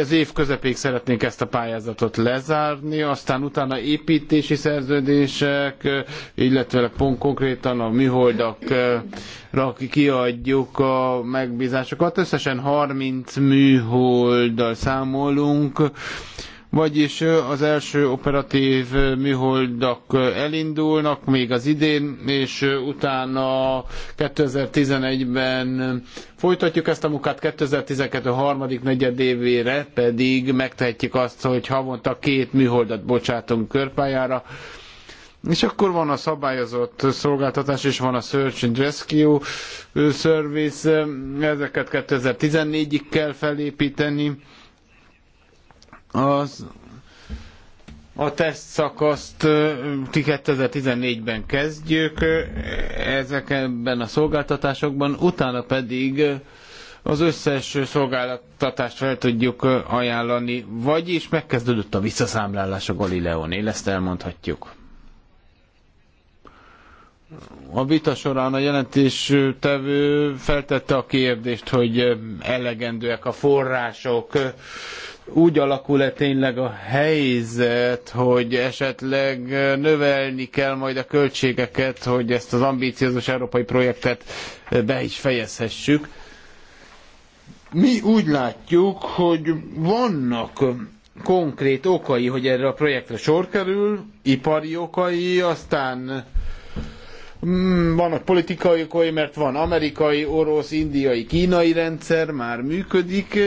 az év közepéig szeretnénk ezt a pályázatot lezárni, aztán utána építési szerződések, illetve konkrétan a műholdakra eh, kiadjuk a megbízásokat. Összesen 30 műholddal számolunk, vagyis az első operatív műholdak elindulnak még az idén, és utána 2011-ben folytatjuk ezt a munkát, 2012 harmadik negyedévére pedig megtehetjük azt, hogy havonta két műholdat bocsátunk körpályára, és akkor van a szabályozott szolgáltatás, és van a Search and Rescue Service, ezeket 2014-ig kell felépíteni, az a teszt szakaszt 2014-ben kezdjük ezekben a szolgáltatásokban, utána pedig az összes szolgáltatást fel tudjuk ajánlani, vagyis megkezdődött a visszaszámlálás a Galileónél, ezt elmondhatjuk. A vita során a jelentéstevő feltette a kérdést, hogy elegendőek a források úgy alakul-e tényleg a helyzet, hogy esetleg növelni kell majd a költségeket, hogy ezt az ambíciózus európai projektet be is fejezhessük. Mi úgy látjuk, hogy vannak konkrét okai, hogy erre a projektre sor kerül, ipari okai, aztán mm, vannak politikai okai, mert van amerikai, orosz, indiai, kínai rendszer, már működik,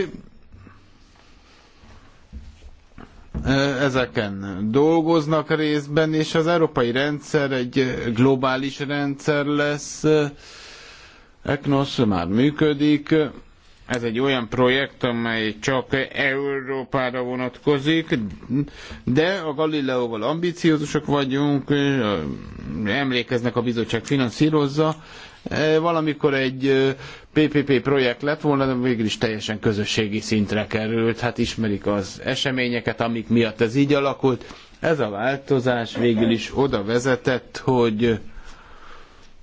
ezeken dolgoznak részben, és az európai rendszer egy globális rendszer lesz. ECNOS már működik. Ez egy olyan projekt, amely csak Európára vonatkozik, de a Galileóval ambiciózusak vagyunk, emlékeznek a bizottság finanszírozza, valamikor egy PPP projekt lett volna, de végül is teljesen közösségi szintre került. Hát ismerik az eseményeket, amik miatt ez így alakult. Ez a változás végül is oda vezetett, hogy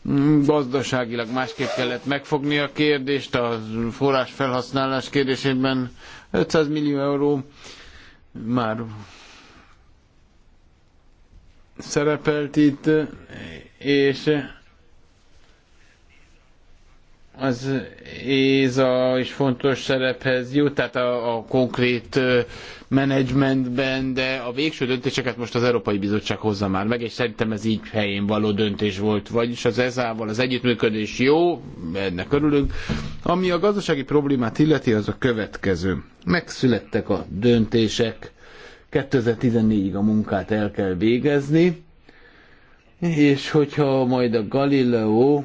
mm, gazdaságilag másképp kellett megfogni a kérdést, a forrás felhasználás kérdésében 500 millió euró már szerepelt itt, és az ÉZA is fontos szerephez jut, tehát a, a konkrét menedzsmentben, de a végső döntéseket most az Európai Bizottság hozza már meg, és szerintem ez így helyén való döntés volt. Vagyis az EZA-val az együttműködés jó, ennek örülünk. Ami a gazdasági problémát illeti, az a következő. Megszülettek a döntések, 2014-ig a munkát el kell végezni, és hogyha majd a Galileo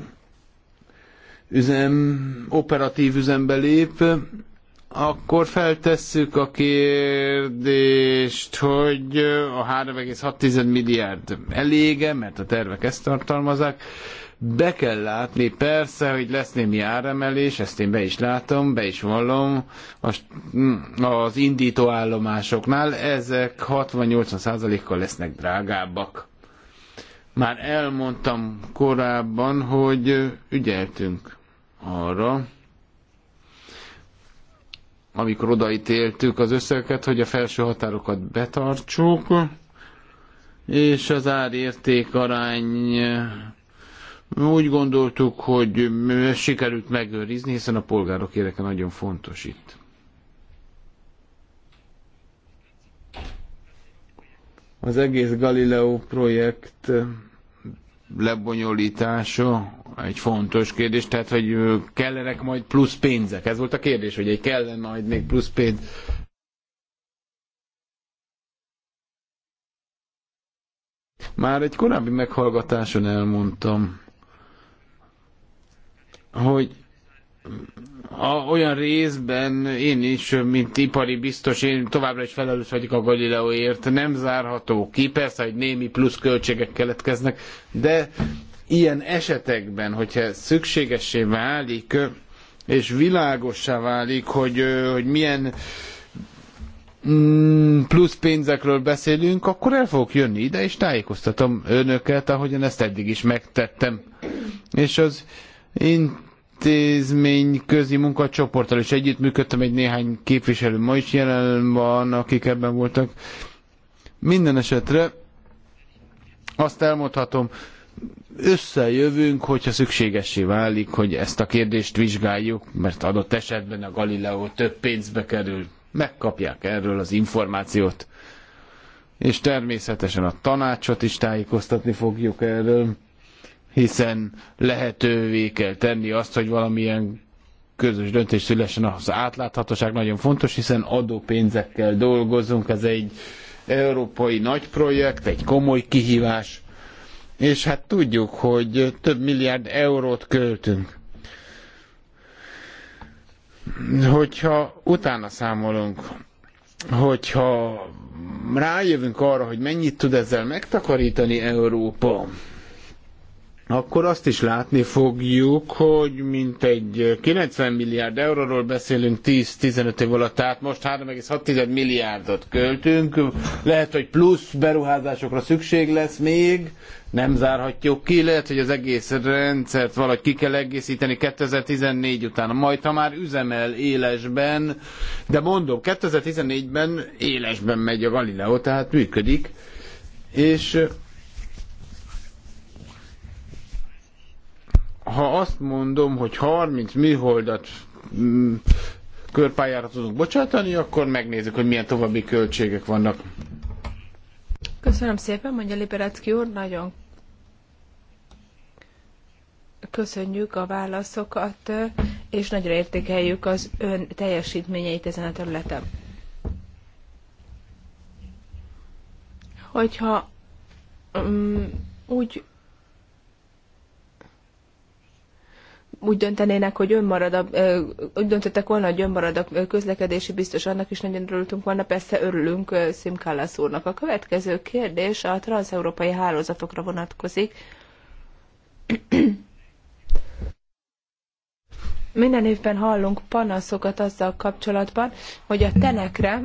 üzem, operatív üzembe lép, akkor feltesszük a kérdést, hogy a 3,6 milliárd elége, mert a tervek ezt tartalmazák, be kell látni, persze, hogy lesz némi áremelés, ezt én be is látom, be is vallom, az, mm, az indító állomásoknál ezek 60-80%-kal lesznek drágábbak. Már elmondtam korábban, hogy ügyeltünk arra, amikor odaítéltük az összegeket, hogy a felső határokat betartsuk, és az árérték arány úgy gondoltuk, hogy sikerült megőrizni, hiszen a polgárok éreke nagyon fontos itt. Az egész Galileo projekt lebonyolítása egy fontos kérdés, tehát hogy kellenek majd plusz pénzek. Ez volt a kérdés, hogy egy kellene majd még plusz pénz. Már egy korábbi meghallgatáson elmondtam, hogy a, olyan részben én is, mint ipari biztos, én továbbra is felelős vagyok a Galileoért, nem zárható ki, persze, hogy némi plusz költségek keletkeznek, de ilyen esetekben, hogyha szükségessé válik, és világossá válik, hogy, hogy milyen mm, plusz pénzekről beszélünk, akkor el fogok jönni ide, és tájékoztatom önöket, ahogyan ezt eddig is megtettem. És az én intézmény közi munkacsoporttal is együttműködtem, egy néhány képviselő ma is jelen van, akik ebben voltak. Minden esetre azt elmondhatom, összejövünk, hogyha szükségessé válik, hogy ezt a kérdést vizsgáljuk, mert adott esetben a Galileo több pénzbe kerül. Megkapják erről az információt. És természetesen a tanácsot is tájékoztatni fogjuk erről hiszen lehetővé kell tenni azt, hogy valamilyen közös döntés szülessen. Az átláthatóság nagyon fontos, hiszen adópénzekkel dolgozunk, ez egy európai nagy projekt, egy komoly kihívás, és hát tudjuk, hogy több milliárd eurót költünk. Hogyha utána számolunk, hogyha rájövünk arra, hogy mennyit tud ezzel megtakarítani Európa, akkor azt is látni fogjuk, hogy mintegy 90 milliárd euróról beszélünk 10-15 év alatt, tehát most 3,6 milliárdot költünk, lehet, hogy plusz beruházásokra szükség lesz még, nem zárhatjuk ki, lehet, hogy az egész rendszert valahogy ki kell egészíteni 2014 után, majd ha már üzemel élesben, de mondom, 2014-ben élesben megy a Galileo, tehát működik, és ha azt mondom, hogy 30 műholdat mm, körpályára tudunk bocsátani, akkor megnézzük, hogy milyen további költségek vannak. Köszönöm szépen, mondja Liberecki úr, nagyon köszönjük a válaszokat, és nagyra értékeljük az ön teljesítményeit ezen a területen. Hogyha um, úgy úgy döntenének, hogy önmarad a, úgy döntöttek volna, hogy önmarad a közlekedési biztos, annak is nagyon örültünk volna, persze örülünk Szim Kallász úrnak. A következő kérdés a transeurópai hálózatokra vonatkozik. [CLEARS THROAT] Minden évben hallunk panaszokat azzal kapcsolatban, hogy a tenekre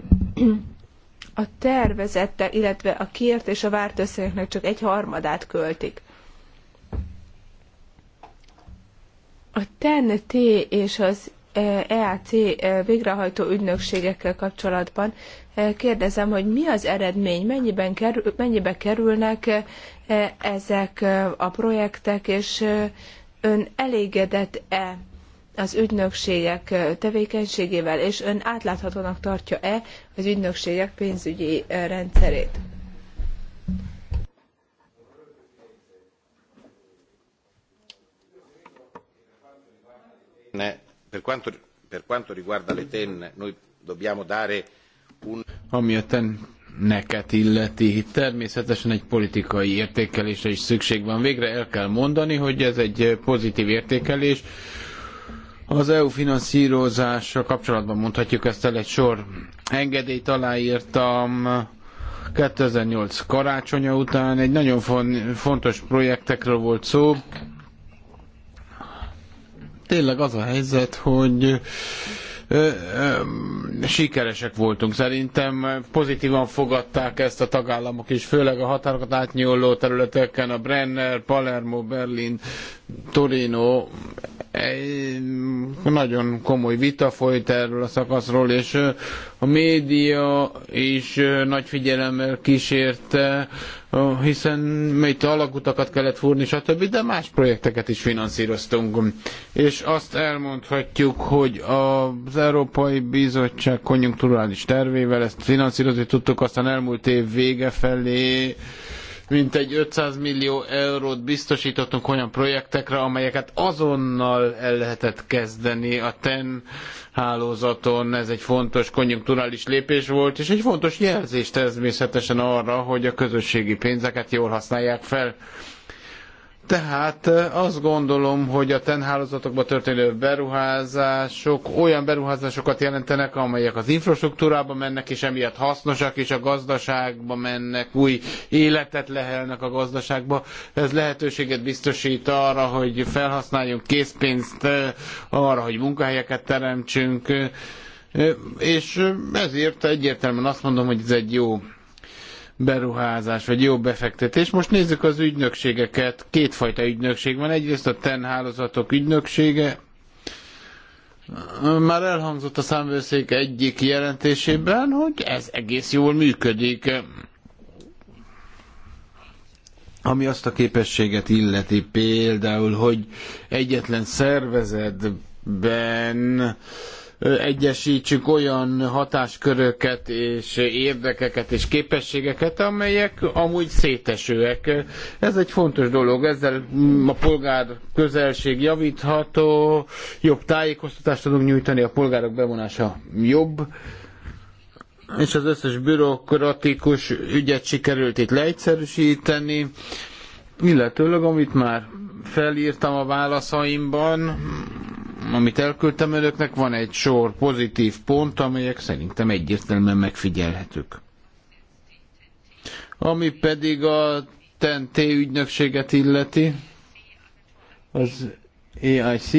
a tervezette, illetve a kért és a várt összegeknek csak egy harmadát költik. A TEN-T és az EAC e e, végrehajtó ügynökségekkel kapcsolatban e, kérdezem, hogy mi az eredmény, mennyiben kerül, mennyibe kerülnek ezek a projektek, és ön elégedett-e az ügynökségek tevékenységével, és ön átláthatónak tartja-e az ügynökségek pénzügyi rendszerét? per quanto, riguarda le TEN, noi dobbiamo dare un... Ami a TEN illeti. Természetesen egy politikai értékelésre is szükség van. Végre el kell mondani, hogy ez egy pozitív értékelés. Az EU finanszírozása kapcsolatban mondhatjuk ezt el egy sor engedélyt aláírtam 2008 karácsonya után. Egy nagyon fontos projektekről volt szó, tényleg az a helyzet, hogy sikeresek voltunk. Szerintem pozitívan fogadták ezt a tagállamok is, főleg a határokat átnyúló területeken, a Brenner, Palermo, Berlin, Torino nagyon komoly vita folyt erről a szakaszról, és a média is nagy figyelemmel kísérte, hiszen itt alagutakat kellett fúrni, stb., de más projekteket is finanszíroztunk. És azt elmondhatjuk, hogy az Európai Bizottság konjunkturális tervével ezt finanszírozni tudtuk, aztán elmúlt év vége felé mintegy 500 millió eurót biztosítottunk olyan projektekre, amelyeket azonnal el lehetett kezdeni a TEN hálózaton. Ez egy fontos konjunkturális lépés volt, és egy fontos jelzés természetesen arra, hogy a közösségi pénzeket jól használják fel. Tehát azt gondolom, hogy a TEN történő beruházások olyan beruházásokat jelentenek, amelyek az infrastruktúrába mennek, és emiatt hasznosak, és a gazdaságba mennek, új életet lehelnek a gazdaságba. Ez lehetőséget biztosít arra, hogy felhasználjunk készpénzt arra, hogy munkahelyeket teremtsünk, és ezért egyértelműen azt mondom, hogy ez egy jó beruházás, vagy jó befektetés. Most nézzük az ügynökségeket. Kétfajta ügynökség van. Egyrészt a TEN hálózatok ügynöksége, már elhangzott a számvőszék egyik jelentésében, hogy ez egész jól működik. Ami azt a képességet illeti például, hogy egyetlen szervezetben egyesítsük olyan hatásköröket és érdekeket és képességeket, amelyek amúgy szétesőek. Ez egy fontos dolog, ezzel mm, a polgár közelség javítható, jobb tájékoztatást tudunk nyújtani, a polgárok bevonása jobb, és az összes bürokratikus ügyet sikerült itt leegyszerűsíteni, illetőleg amit már felírtam a válaszaimban, amit elküldtem önöknek, van egy sor pozitív pont, amelyek szerintem egyértelműen megfigyelhetők. Ami pedig a TNT ügynökséget illeti, az EIC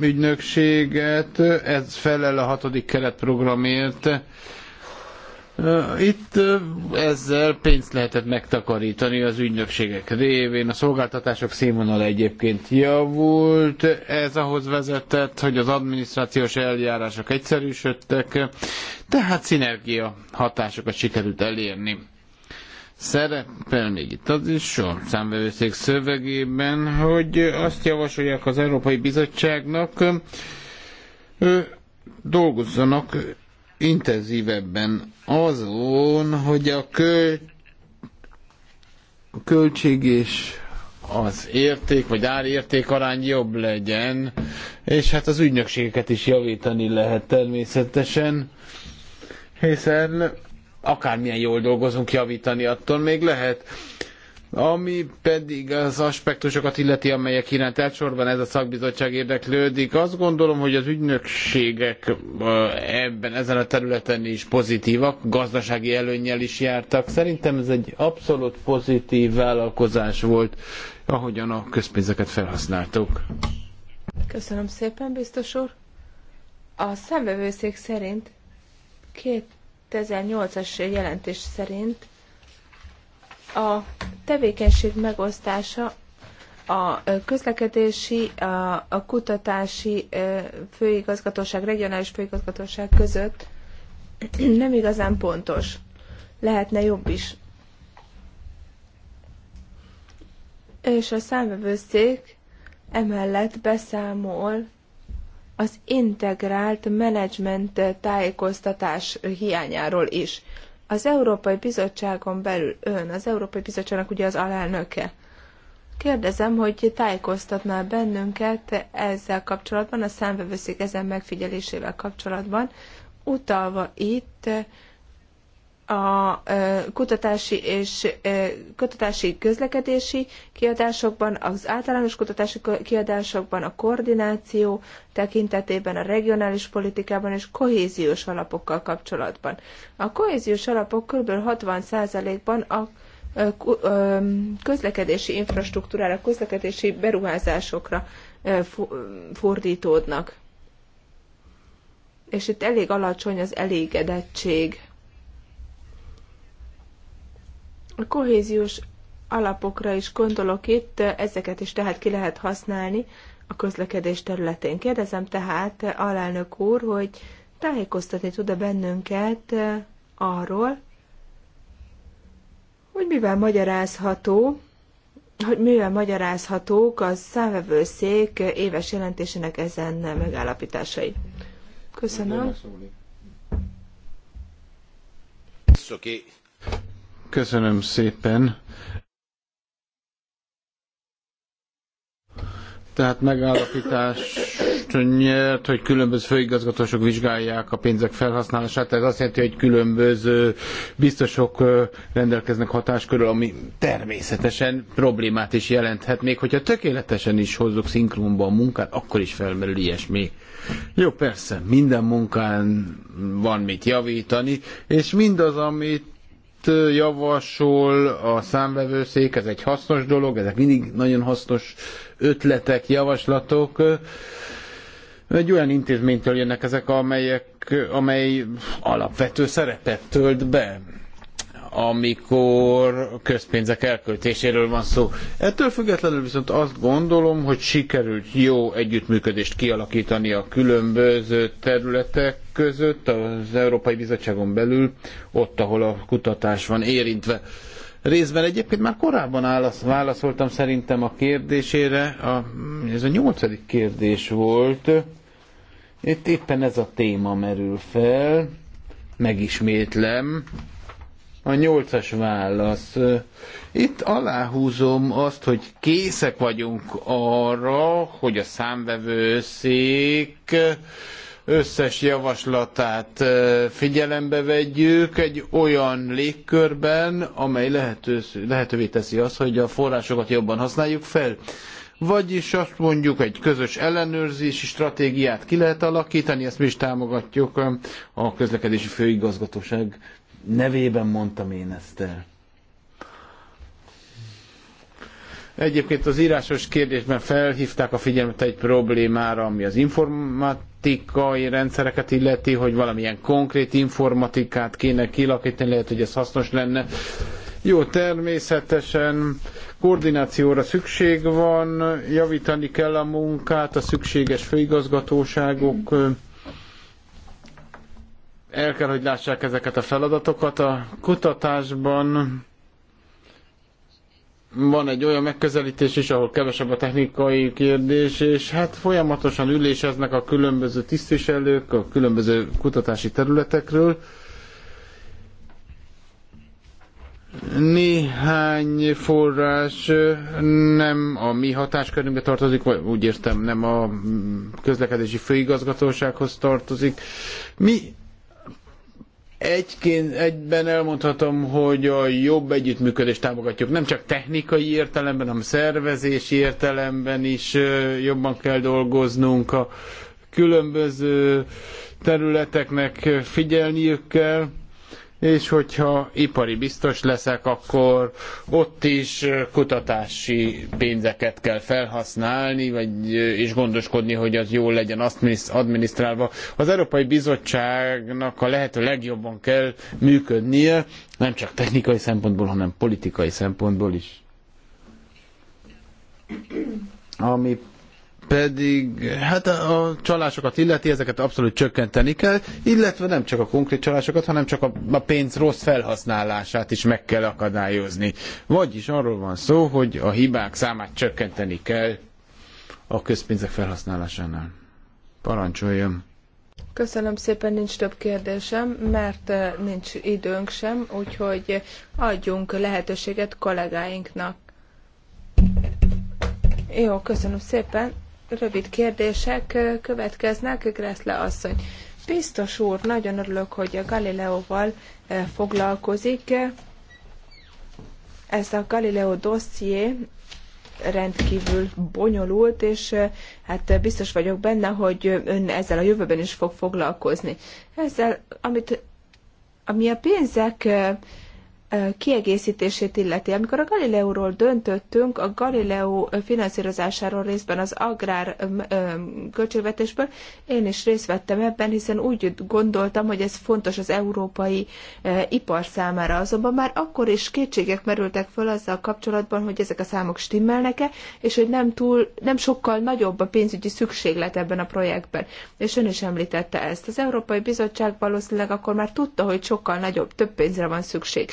ügynökséget, ez felel a hatodik keretprogramért, itt ezzel pénzt lehetett megtakarítani az ügynökségek révén, a szolgáltatások színvonal egyébként javult, ez ahhoz vezetett, hogy az adminisztrációs eljárások egyszerűsödtek, tehát szinergia hatásokat sikerült elérni. Szerepel még itt az is a számvevőszék szövegében, hogy azt javasolják az Európai Bizottságnak, dolgozzanak intenzívebben azon, hogy a köl... költség és az érték, vagy árérték arány jobb legyen, és hát az ügynökségeket is javítani lehet természetesen, hiszen akármilyen jól dolgozunk, javítani attól még lehet. Ami pedig az aspektusokat illeti, amelyek iránt elsősorban ez a szakbizottság érdeklődik, azt gondolom, hogy az ügynökségek ebben, ezen a területen is pozitívak, gazdasági előnnyel is jártak. Szerintem ez egy abszolút pozitív vállalkozás volt, ahogyan a közpénzeket felhasználtuk. Köszönöm szépen, biztos úr. A szemvevőszék szerint 2008-as jelentés szerint a tevékenység megosztása a közlekedési, a, a kutatási főigazgatóság, regionális főigazgatóság között [CLEARS THROAT] nem igazán pontos. Lehetne jobb is. És a számvevőszék emellett beszámol az integrált menedzsment tájékoztatás hiányáról is. Az Európai Bizottságon belül ön, az Európai Bizottságnak ugye az alelnöke. Kérdezem, hogy tájékoztatná bennünket ezzel kapcsolatban, a számvevőszék ezen megfigyelésével kapcsolatban, utalva itt a kutatási és kutatási közlekedési kiadásokban, az általános kutatási kiadásokban, a koordináció tekintetében, a regionális politikában és kohéziós alapokkal kapcsolatban. A kohéziós alapok kb. 60%-ban a közlekedési infrastruktúrára, közlekedési beruházásokra fordítódnak. És itt elég alacsony az elégedettség A kohéziós alapokra is gondolok itt, ezeket is tehát ki lehet használni a közlekedés területén. Kérdezem tehát alelnök úr, hogy tájékoztatni tud-e bennünket arról, hogy mivel magyarázható, hogy mivel magyarázhatók a számvevőszék éves jelentésének ezen megállapításai. Köszönöm. Köszönöm szépen. Tehát megállapítást nyert, hogy különböző főigazgatósok vizsgálják a pénzek felhasználását. Ez azt jelenti, hogy különböző biztosok rendelkeznek hatáskörül, ami természetesen problémát is jelenthet. Még hogyha tökéletesen is hozzuk szinkronba a munkát, akkor is felmerül ilyesmi. Jó, persze, minden munkán van mit javítani, és mindaz, amit javasol a számvevőszék, ez egy hasznos dolog, ezek mindig nagyon hasznos ötletek, javaslatok. Egy olyan intézménytől jönnek ezek, amelyek, amely alapvető szerepet tölt be amikor közpénzek elköltéséről van szó. Ettől függetlenül viszont azt gondolom, hogy sikerült jó együttműködést kialakítani a különböző területek között, az Európai Bizottságon belül, ott, ahol a kutatás van érintve. Részben egyébként már korábban válaszoltam szerintem a kérdésére, a, ez a nyolcadik kérdés volt, itt éppen ez a téma merül fel, megismétlem, a nyolcas válasz. Itt aláhúzom azt, hogy készek vagyunk arra, hogy a számvevőszék összes javaslatát figyelembe vegyük egy olyan légkörben, amely lehető, lehetővé teszi azt, hogy a forrásokat jobban használjuk fel. Vagyis azt mondjuk, egy közös ellenőrzési stratégiát ki lehet alakítani, ezt mi is támogatjuk a közlekedési főigazgatóság nevében mondtam én ezt el. Egyébként az írásos kérdésben felhívták a figyelmet egy problémára, ami az informatikai rendszereket illeti, hogy valamilyen konkrét informatikát kéne kilakítani, lehet, hogy ez hasznos lenne. Jó, természetesen koordinációra szükség van, javítani kell a munkát, a szükséges főigazgatóságok el kell, hogy lássák ezeket a feladatokat. A kutatásban van egy olyan megközelítés is, ahol kevesebb a technikai kérdés, és hát folyamatosan üléseznek a különböző tisztviselők a különböző kutatási területekről. Néhány forrás nem a mi hatáskörünkbe tartozik, vagy úgy értem, nem a közlekedési főigazgatósághoz tartozik. Mi Egyként, egyben elmondhatom, hogy a jobb együttműködést támogatjuk. Nem csak technikai értelemben, hanem szervezési értelemben is jobban kell dolgoznunk. A különböző területeknek figyelniük kell és hogyha ipari biztos leszek, akkor ott is kutatási pénzeket kell felhasználni, vagy, és gondoskodni, hogy az jól legyen azt adminisztrálva. Az Európai Bizottságnak a lehető legjobban kell működnie, nem csak technikai szempontból, hanem politikai szempontból is. Ami pedig hát a csalásokat illeti, ezeket abszolút csökkenteni kell, illetve nem csak a konkrét csalásokat, hanem csak a, a pénz rossz felhasználását is meg kell akadályozni. Vagyis arról van szó, hogy a hibák számát csökkenteni kell a közpénzek felhasználásánál. Parancsoljam! Köszönöm szépen, nincs több kérdésem, mert eh, nincs időnk sem, úgyhogy adjunk lehetőséget kollégáinknak. Jó, köszönöm szépen rövid kérdések következnek, Greszle asszony. Biztos úr, nagyon örülök, hogy a Galileóval foglalkozik. Ez a Galileo dosszié rendkívül bonyolult, és hát biztos vagyok benne, hogy ön ezzel a jövőben is fog foglalkozni. Ezzel, amit, ami a pénzek kiegészítését illeti. Amikor a Galileóról döntöttünk, a Galileó finanszírozásáról részben az agrár költségvetésből, én is részt vettem ebben, hiszen úgy gondoltam, hogy ez fontos az európai ipar számára. Azonban már akkor is kétségek merültek fel azzal kapcsolatban, hogy ezek a számok stimmelnek-e, és hogy nem, túl, nem sokkal nagyobb a pénzügyi szükséglet ebben a projektben. És ön is említette ezt. Az Európai Bizottság valószínűleg akkor már tudta, hogy sokkal nagyobb, több pénzre van szükség.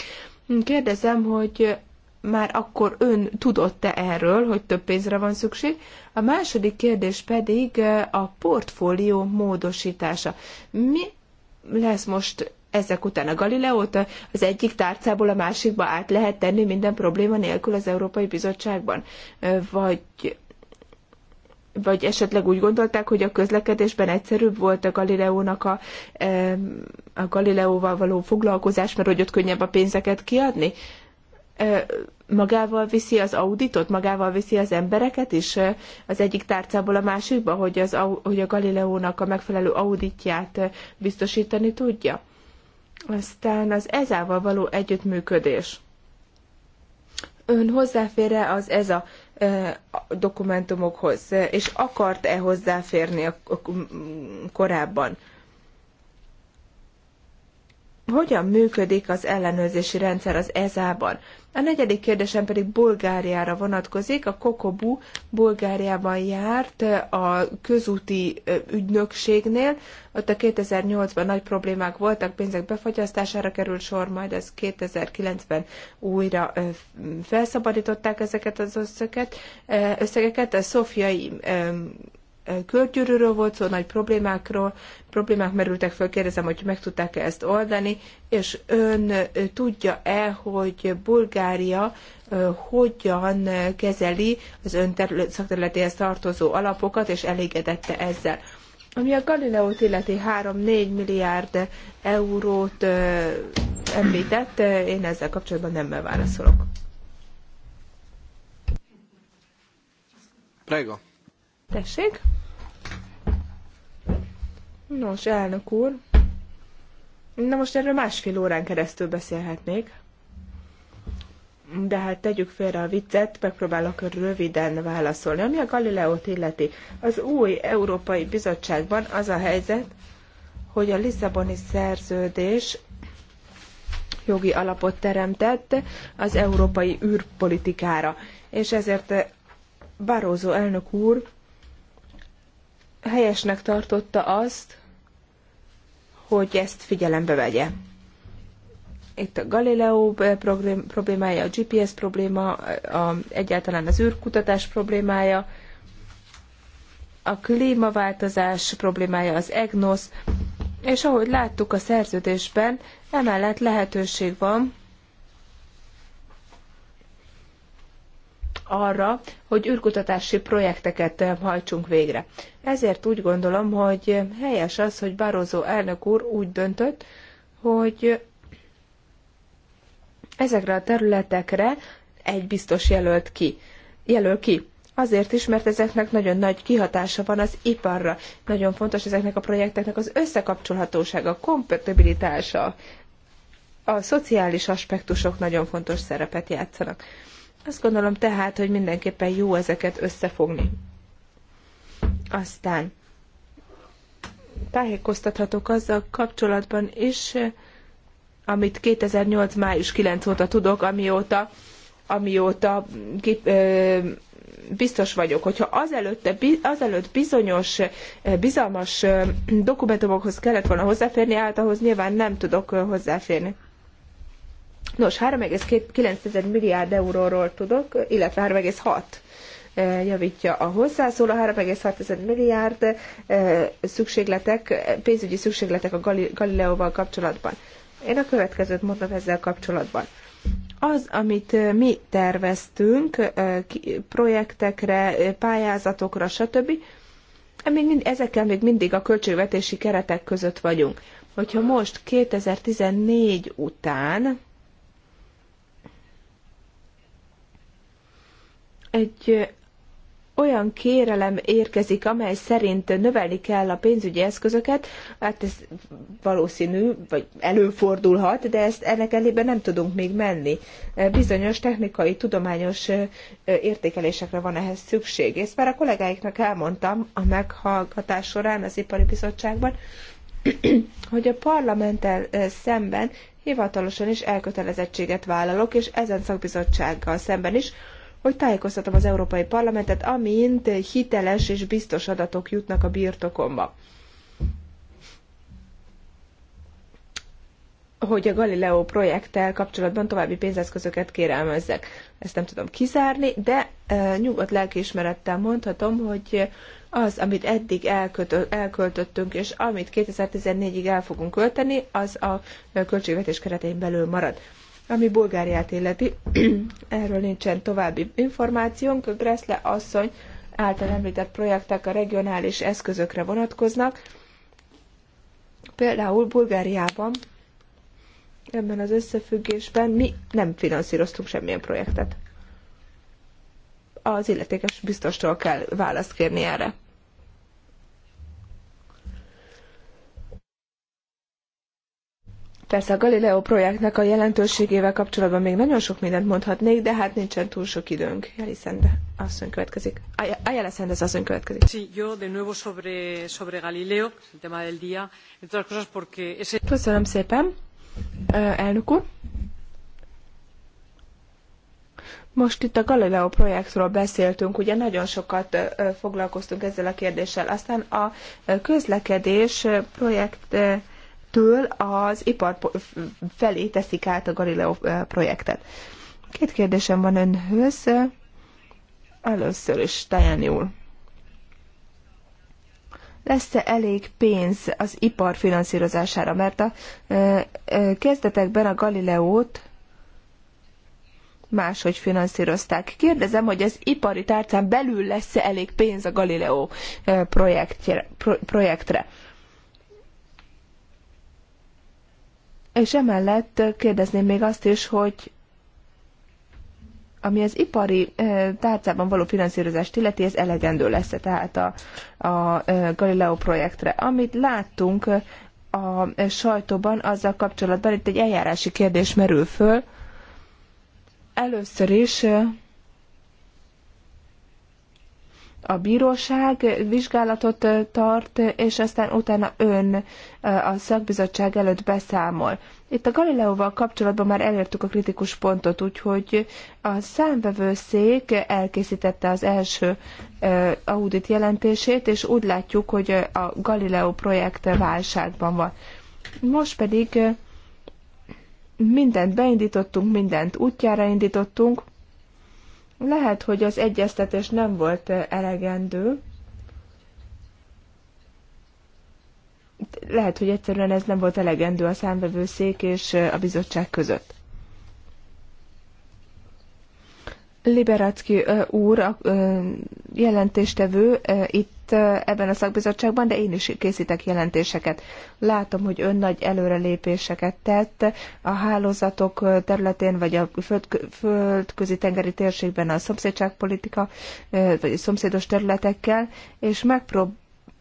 Kérdezem, hogy már akkor ön tudott-e erről, hogy több pénzre van szükség? A második kérdés pedig eh, a portfólió módosítása. Mi lesz most ezek után a Galileót az egyik tárcából a másikba át lehet tenni minden probléma nélkül az Európai Bizottságban? Eh, vagy vagy esetleg úgy gondolták, hogy a közlekedésben egyszerűbb volt a Galileónak a, a Galileóval való foglalkozás, mert hogy ott könnyebb a pénzeket kiadni? Magával viszi az auditot, magával viszi az embereket is az egyik tárcából a másikba, hogy, az, hogy a Galileónak a megfelelő auditját biztosítani tudja? Aztán az ezával való együttműködés. Ön hozzáfér az ez a dokumentumokhoz, és akart-e hozzáférni a korábban. Hogyan működik az ellenőrzési rendszer az ezában? ban A negyedik kérdésem pedig Bulgáriára vonatkozik. A Kokobu Bulgáriában járt eh, a közúti eh, ügynökségnél. Ott a 2008-ban nagy problémák voltak, pénzek befagyasztására került sor, majd ez 2009-ben újra eh, felszabadították ezeket az összeget, összegeket. A szofiai körgyűrűről volt szó, nagy problémákról, problémák merültek föl, kérdezem, hogy meg tudták-e ezt oldani, és ön tudja-e, hogy Bulgária hogyan kezeli az ön szakterületéhez tartozó alapokat, és elégedette ezzel. Ami a Galileót illeti 3-4 milliárd eurót említett, én ezzel kapcsolatban nem válaszolok. Prego. Tessék? Nos, elnök úr, na most erről másfél órán keresztül beszélhetnék. De hát tegyük félre a viccet, megpróbálok röviden válaszolni. Ami a Galileót illeti, az új Európai Bizottságban az a helyzet, hogy a Lisszaboni szerződés jogi alapot teremtett az európai űrpolitikára, és ezért Barózó elnök úr helyesnek tartotta azt, hogy ezt figyelembe vegye. Itt a Galileo problémája, a GPS probléma, a, egyáltalán az űrkutatás problémája, a klímaváltozás problémája, az EGNOS, és ahogy láttuk a szerződésben, emellett lehetőség van arra, hogy űrkutatási projekteket eh, hajtsunk végre. Ezért úgy gondolom, hogy helyes az, hogy Barozó elnök úr úgy döntött, hogy ezekre a területekre egy biztos jelölt ki. Jelöl ki. Azért is, mert ezeknek nagyon nagy kihatása van az iparra. Nagyon fontos ezeknek a projekteknek az összekapcsolhatósága, a kompatibilitása, a szociális aspektusok nagyon fontos szerepet játszanak. Azt gondolom tehát, hogy mindenképpen jó ezeket összefogni. Aztán tájékoztathatok azzal kapcsolatban is, amit 2008. május 9 óta tudok, amióta, amióta kip, ö, biztos vagyok, hogyha azelőtte, azelőtt bizonyos, bizalmas dokumentumokhoz kellett volna hozzáférni, általhoz nyilván nem tudok hozzáférni. Nos, 3,9 milliárd euróról tudok, illetve 3,6 eh, javítja a A 3,6 milliárd eh, szükségletek, pénzügyi szükségletek a Galileóval kapcsolatban. Én a következőt mondom ezzel kapcsolatban. Az, amit eh, mi terveztünk projektekre, pályázatokra, stb., még mind, ezekkel még mindig a költségvetési keretek között vagyunk. Hogyha most 2014 után egy olyan kérelem érkezik, amely szerint növelni kell a pénzügyi eszközöket, hát ez valószínű, vagy előfordulhat, de ezt ennek elében nem tudunk még menni. Bizonyos technikai, tudományos értékelésekre van ehhez szükség. Ezt már a kollégáiknak elmondtam a meghallgatás során az Ipari Bizottságban, [CLEARS THROAT] hogy a parlamenttel szemben hivatalosan is elkötelezettséget vállalok, és ezen szakbizottsággal szemben is, hogy tájékoztatom az Európai Parlamentet, amint hiteles és biztos adatok jutnak a birtokomba. hogy a Galileo projekttel kapcsolatban további pénzeszközöket kérelmezzek. Ezt nem tudom kizárni, de e, nyugodt lelkiismerettel mondhatom, hogy az, amit eddig elkötö, elköltöttünk, és amit 2014-ig el fogunk költeni, az a költségvetés keretein belül marad. Ami Bulgáriát illeti, [CLEARS THROAT] erről nincsen további információnk. Gressle asszony által említett projektek a regionális eszközökre vonatkoznak. Például Bulgáriában ebben az összefüggésben mi nem finanszíroztunk semmilyen projektet. Az illetékes biztostól kell választ kérni erre. Persze a Galileo projektnek a jelentőségével kapcsolatban még nagyon sok mindent mondhatnék, de hát nincsen túl sok időnk. Jeli Szende asszony következik. Ajala Szende asszony következik. Sí, yo de nuevo sobre, sobre Galileo, el tema del día, entre porque... Ese... Köszönöm szépen, elnök úr. Most itt a Galileo projektről beszéltünk, ugye nagyon sokat foglalkoztunk ezzel a kérdéssel. Aztán a közlekedés projekt től az ipar felé teszik át a Galileo projektet. Két kérdésem van önhöz. Először is, Tajani jól. Lesz-e elég pénz az ipar finanszírozására? Mert a kezdetekben a Galileót máshogy finanszírozták. Kérdezem, hogy az ipari tárcán belül lesz-e elég pénz a Galileo projektje, projektre. És emellett kérdezném még azt is, hogy ami az ipari tárcában való finanszírozást illeti, ez elegendő lesz -e, tehát a, a Galileo projektre. Amit láttunk a sajtóban azzal kapcsolatban, itt egy eljárási kérdés merül föl. Először is a bíróság vizsgálatot tart, és aztán utána ön a szakbizottság előtt beszámol. Itt a Galileóval kapcsolatban már elértük a kritikus pontot, úgyhogy a számvevőszék elkészítette az első audit jelentését, és úgy látjuk, hogy a Galileo projekt válságban van. Most pedig mindent beindítottunk, mindent útjára indítottunk, lehet, hogy az egyeztetés nem volt eh, elegendő. Lehet, hogy egyszerűen ez nem volt elegendő a számvevőszék és eh, a bizottság között. Liberacki úr, a jelentéstevő itt ebben a szakbizottságban, de én is készítek jelentéseket. Látom, hogy ön nagy előrelépéseket tett a hálózatok területén, vagy a földközi tengeri térségben a szomszédságpolitika, vagy a szomszédos területekkel, és megprób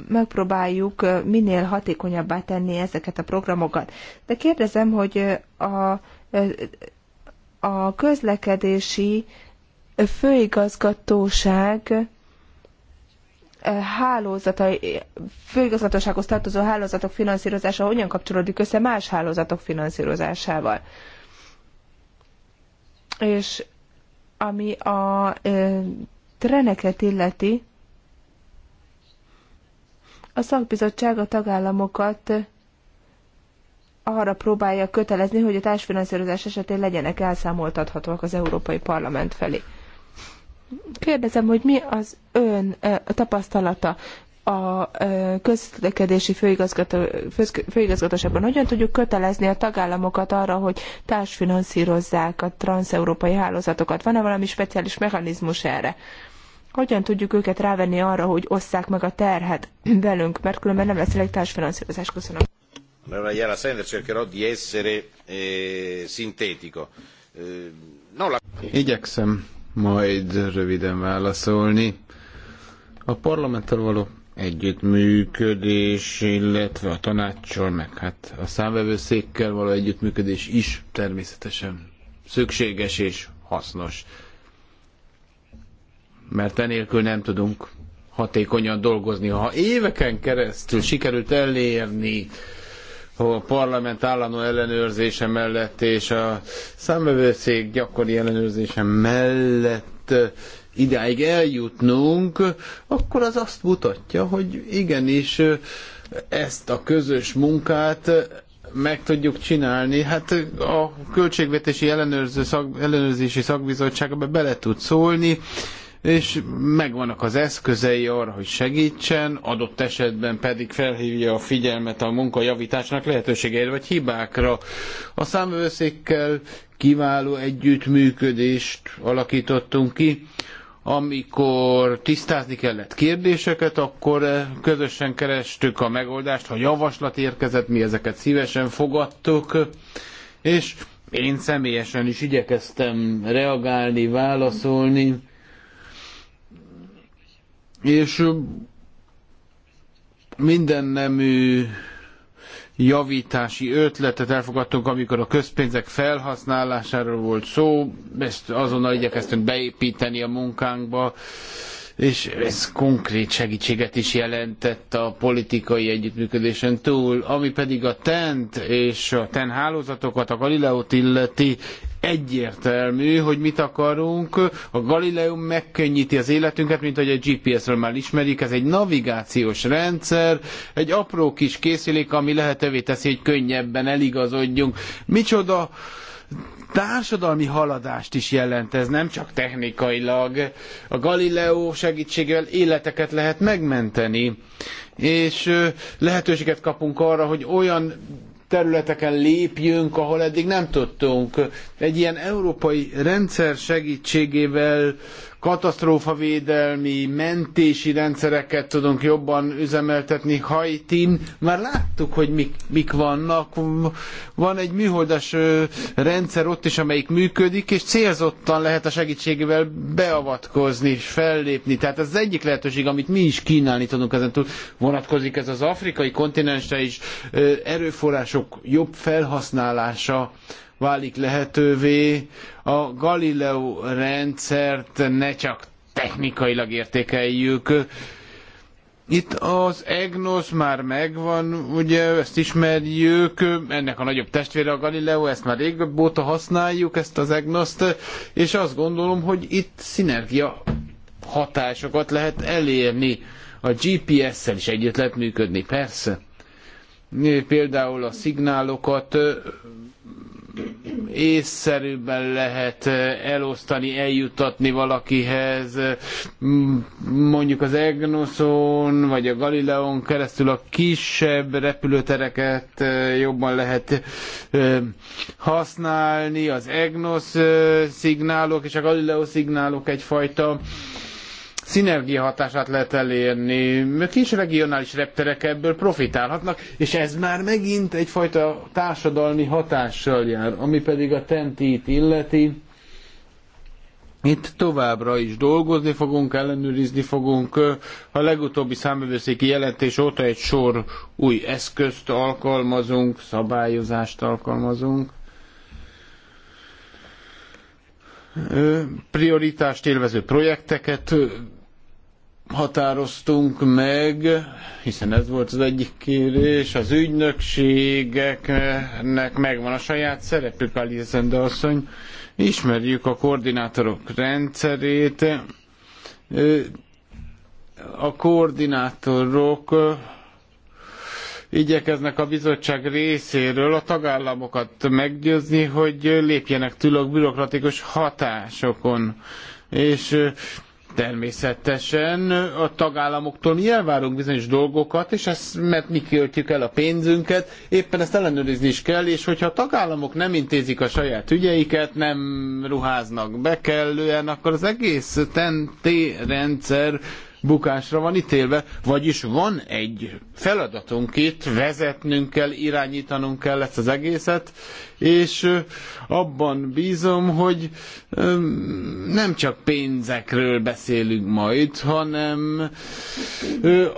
megpróbáljuk minél hatékonyabbá tenni ezeket a programokat. De kérdezem, hogy a, a közlekedési főigazgatóság eh, hálózatai, főigazgatósághoz tartozó hálózatok finanszírozása hogyan kapcsolódik össze más hálózatok finanszírozásával. És ami a e, treneket illeti, a szakbizottság a tagállamokat eh, arra próbálja kötelezni, hogy a társfinanszírozás esetén legyenek elszámoltathatóak az Európai Parlament felé. Kérdezem, hogy mi az ön tapasztalata a közlekedési főigazgató, főigazgatóságban hogyan tudjuk kötelezni a tagállamokat arra, hogy társfinanszírozzák a transeurópai hálózatokat? Van-e valami speciális mechanizmus erre? Hogyan tudjuk őket rávenni arra, hogy osszák meg a terhet velünk, mert különben nem lesz elég társfinanszírozás? Köszönöm. Allora, Jara Sender, cercherò di essere eh, sintetico. Eh, no, la... Igyekszem majd röviden válaszolni. A parlamenttel való együttműködés, illetve a tanácssal, meg hát a számvevőszékkel való együttműködés is természetesen szükséges és hasznos. Mert enélkül nem tudunk hatékonyan dolgozni. Ha éveken keresztül sikerült elérni a parlament állandó ellenőrzése mellett és a számövőszék gyakori ellenőrzése mellett idáig eljutnunk, akkor az azt mutatja, hogy igenis ezt a közös munkát meg tudjuk csinálni. Hát a Költségvetési Ellenőrző szak, Ellenőrzési szakbizottságba bele tud szólni, és megvannak az eszközei arra, hogy segítsen, adott esetben pedig felhívja a figyelmet a munkajavításnak lehetőségeire vagy hibákra. A számvőszékkel kiváló együttműködést alakítottunk ki, amikor tisztázni kellett kérdéseket, akkor eh, közösen kerestük a megoldást, ha javaslat érkezett, mi ezeket szívesen fogadtuk, és én személyesen is igyekeztem reagálni, válaszolni, és minden nemű javítási ötletet elfogadtunk, amikor a közpénzek felhasználásáról volt szó, ezt azonnal igyekeztünk beépíteni a munkánkba, és ez konkrét segítséget is jelentett a politikai együttműködésen túl, ami pedig a TENT és a TEN hálózatokat, a Galileót illeti, egyértelmű, hogy mit akarunk. A Galileo megkönnyíti az életünket, mint hogy a GPS-ről már ismerik. Ez egy navigációs rendszer, egy apró kis készülék, ami lehetővé teszi, hogy könnyebben eligazodjunk. Micsoda társadalmi haladást is jelent ez, nem csak technikailag. A Galileo segítségével életeket lehet megmenteni, és lehetőséget kapunk arra, hogy olyan területeken lépjünk, ahol eddig nem tudtunk. Egy ilyen európai rendszer segítségével katasztrófavédelmi, mentési rendszereket tudunk jobban üzemeltetni Haitin. Már láttuk, hogy mik, mik vannak. Van egy műholdas rendszer ott is, amelyik működik, és célzottan lehet a segítségével beavatkozni és fellépni. Tehát ez az egyik lehetőség, amit mi is kínálni tudunk ezen túl. Vonatkozik ez az afrikai kontinensre is erőforrások jobb felhasználása válik lehetővé, a Galileo rendszert ne csak technikailag értékeljük, itt az EGNOS már megvan, ugye ezt ismerjük, ennek a nagyobb testvére a Galileo, ezt már régebb óta használjuk, ezt az EGNOS-t, és azt gondolom, hogy itt szinergia hatásokat lehet elérni. A GPS-szel is együtt lehet működni, persze. Például a szignálokat észszerűbben lehet eh, elosztani, eljuttatni valakihez, mm, mondjuk az Egnoson vagy a Galileon keresztül a kisebb repülőtereket eh, jobban lehet eh, használni, az Egnos szignálok és a Galileo szignálok egyfajta szinergiahatását lehet elérni. Kis regionális repterek ebből profitálhatnak, és ez már megint egyfajta társadalmi hatással jár, ami pedig a tentít illeti. Itt továbbra is dolgozni fogunk, ellenőrizni fogunk. A legutóbbi számövőszéki jelentés óta egy sor új eszközt alkalmazunk, szabályozást alkalmazunk. Prioritást élvező projekteket határoztunk meg, hiszen ez volt az egyik kérés, az ügynökségeknek megvan a saját szerepük, Alizende asszony, ismerjük a koordinátorok rendszerét, a koordinátorok igyekeznek a bizottság részéről a tagállamokat meggyőzni, hogy lépjenek túl a bürokratikus hatásokon. És Természetesen a tagállamoktól mi elvárunk bizonyos dolgokat, és ezt, mert mi költjük el a pénzünket, éppen ezt ellenőrizni is kell, és hogyha a tagállamok nem intézik a saját ügyeiket, nem ruháznak be kellően, akkor az egész TEN-T rendszer bukásra van ítélve, vagyis van egy feladatunk itt, vezetnünk kell, irányítanunk kell ezt az egészet, és abban bízom, hogy nem csak pénzekről beszélünk majd, hanem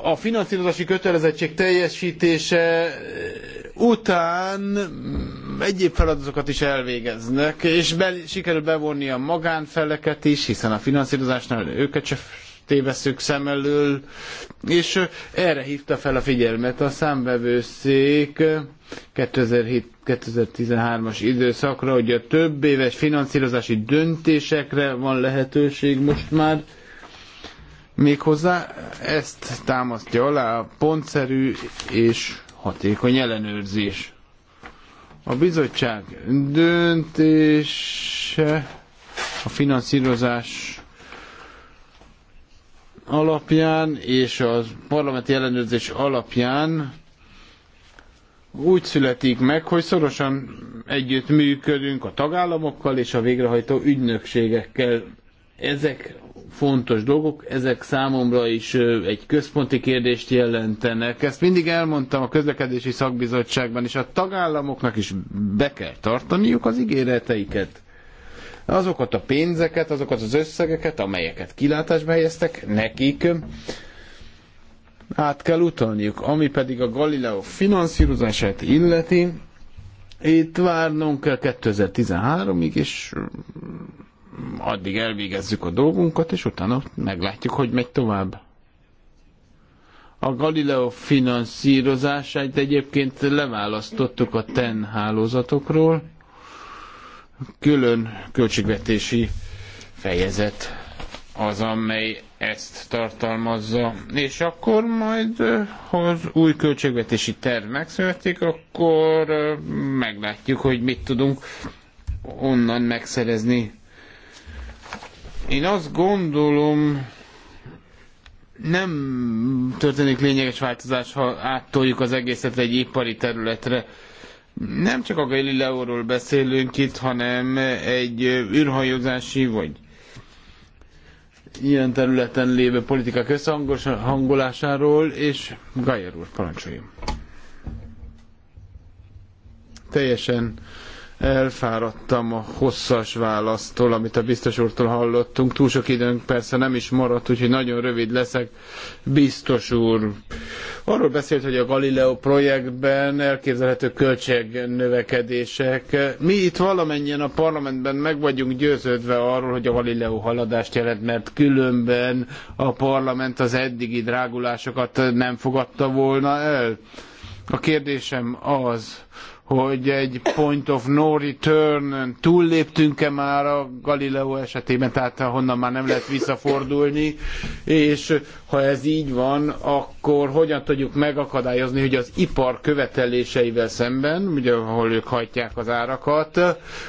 a finanszírozási kötelezettség teljesítése után egyéb feladatokat is elvégeznek, és be, sikerül bevonni a magánfeleket is, hiszen a finanszírozásnál őket se tévesszük szem elől, és erre hívta fel a figyelmet a számbevőszék 2007-2013-as időszakra, hogy a több éves finanszírozási döntésekre van lehetőség most már, méghozzá ezt támasztja alá a pontszerű és hatékony ellenőrzés. A bizottság döntése a finanszírozás alapján és a parlamenti ellenőrzés alapján úgy születik meg, hogy szorosan együtt működünk a tagállamokkal és a végrehajtó ügynökségekkel. Ezek fontos dolgok, ezek számomra is egy központi kérdést jelentenek. Ezt mindig elmondtam a közlekedési szakbizottságban, és a tagállamoknak is be kell tartaniuk az ígéreteiket azokat a pénzeket, azokat az összegeket, amelyeket kilátásba helyeztek, nekik át kell utalniuk. Ami pedig a Galileo finanszírozását illeti, itt várnunk kell 2013-ig, és mm, addig elvégezzük a dolgunkat, és utána meglátjuk, hogy megy tovább. A Galileo finanszírozását egyébként leválasztottuk a TEN hálózatokról, külön költségvetési fejezet az, amely ezt tartalmazza. És akkor majd, ha az új költségvetési terv megszületik, akkor meglátjuk, hogy mit tudunk onnan megszerezni. Én azt gondolom, nem történik lényeges változás, ha áttoljuk az egészet egy ipari területre nem csak a Galileóról beszélünk itt, hanem egy űrhajózási vagy ilyen területen lévő politika hangolásáról és Gajer úr, parancsoljon. Teljesen elfáradtam a hosszas választól, amit a biztos úrtól hallottunk. Túl sok időnk persze nem is maradt, úgyhogy nagyon rövid leszek. Biztos úr, arról beszélt, hogy a Galileo projektben elképzelhető költségnövekedések. Mi itt valamennyien a parlamentben meg vagyunk győződve arról, hogy a Galileo haladást jelent, mert különben a parlament az eddigi drágulásokat nem fogadta volna el. A kérdésem az, hogy egy point of no return túlléptünk-e már a Galileo esetében, tehát honnan már nem lehet visszafordulni, és ha ez így van, akkor hogyan tudjuk megakadályozni, hogy az ipar követeléseivel szemben, ugye ahol ők hajtják az árakat,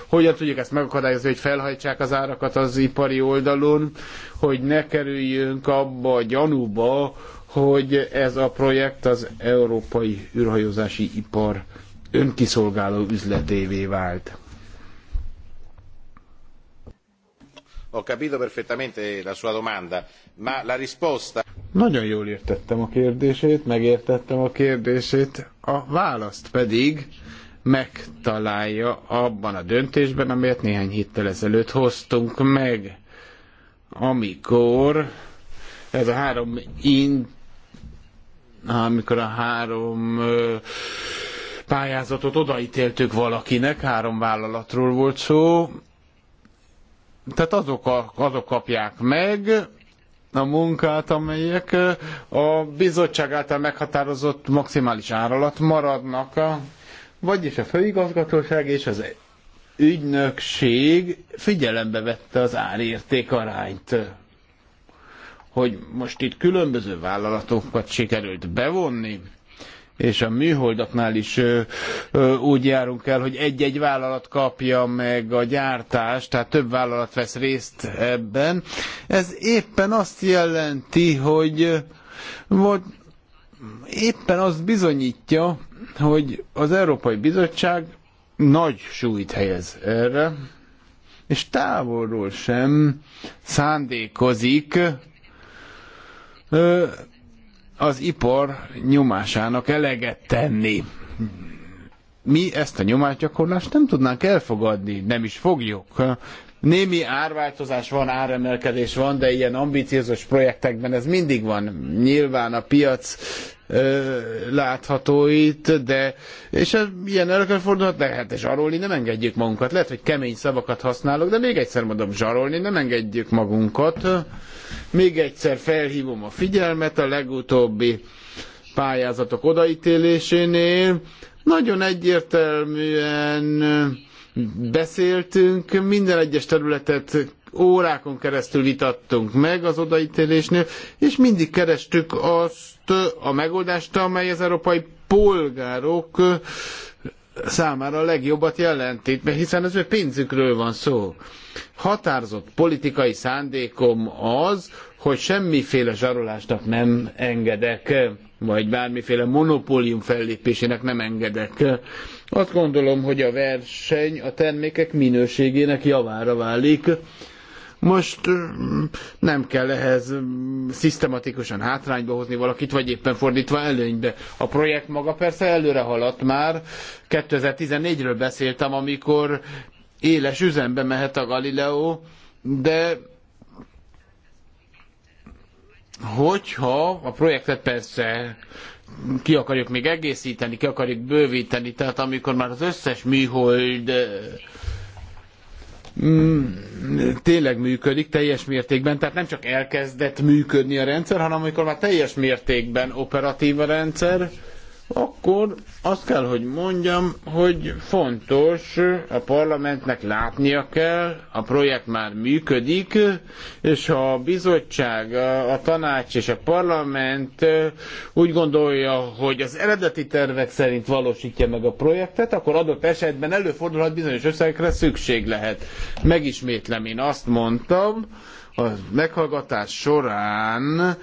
hogyan tudjuk ezt megakadályozni, hogy felhajtsák az árakat az ipari oldalon, hogy ne kerüljünk abba a gyanúba, hogy ez a projekt az európai űrhajózási ipar önkiszolgáló üzletévé vált. Ho capito perfettamente la sua domanda, ma la risposta... Nagyon jól értettem a kérdését, megértettem a kérdését, a választ pedig megtalálja abban a döntésben, amelyet néhány héttel ezelőtt hoztunk meg, amikor ez a három in, amikor a három pályázatot odaítéltük valakinek, három vállalatról volt szó, tehát azok, a, azok kapják meg a munkát, amelyek a bizottság által meghatározott maximális ár alatt maradnak, vagyis a főigazgatóság és az ügynökség figyelembe vette az árérték arányt hogy most itt különböző vállalatokat sikerült bevonni, és a műholdaknál is ö, ö, úgy járunk el, hogy egy-egy vállalat kapja meg a gyártást, tehát több vállalat vesz részt ebben. Ez éppen azt jelenti, hogy volt, éppen azt bizonyítja, hogy az Európai Bizottság nagy súlyt helyez erre, és távolról sem szándékozik ö, az ipar nyomásának eleget tenni. Mi ezt a nyomásgyakorlást nem tudnánk elfogadni, nem is fogjuk. Némi árváltozás van, áremelkedés van, de ilyen ambiciózus projektekben ez mindig van. Nyilván a piac ö, látható itt, de és ez ilyen előfordulhat, de hát zsarolni nem engedjük magunkat. Lehet, hogy kemény szavakat használok, de még egyszer mondom, zsarolni nem engedjük magunkat. Még egyszer felhívom a figyelmet a legutóbbi pályázatok odaítélésénél. Nagyon egyértelműen beszéltünk, minden egyes területet órákon keresztül vitattunk meg az odaítélésnél, és mindig kerestük azt a megoldást, amely az európai polgárok számára a legjobbat jelenti, mert hiszen az ő pénzükről van szó. Határozott politikai szándékom az, hogy semmiféle zsarolásnak nem engedek, vagy bármiféle monopólium fellépésének nem engedek. Azt gondolom, hogy a verseny a termékek minőségének javára válik. Most nem kell ehhez szisztematikusan hátrányba hozni valakit, vagy éppen fordítva előnybe. A projekt maga persze előre haladt már. 2014-ről beszéltem, amikor éles üzembe mehet a Galileo, de hogyha a projektet persze ki akarjuk még egészíteni, ki akarjuk bővíteni, tehát amikor már az összes műhold eh, mm, tényleg működik teljes mértékben, tehát nem csak elkezdett működni a rendszer, hanem amikor már teljes mértékben operatív a rendszer, akkor azt kell, hogy mondjam, hogy fontos, a parlamentnek látnia kell, a projekt már működik, és ha a bizottság, a tanács és a parlament úgy gondolja, hogy az eredeti tervek szerint valósítja meg a projektet, akkor adott esetben előfordulhat bizonyos összegekre szükség lehet. Megismétlem, én azt mondtam, a meghallgatás során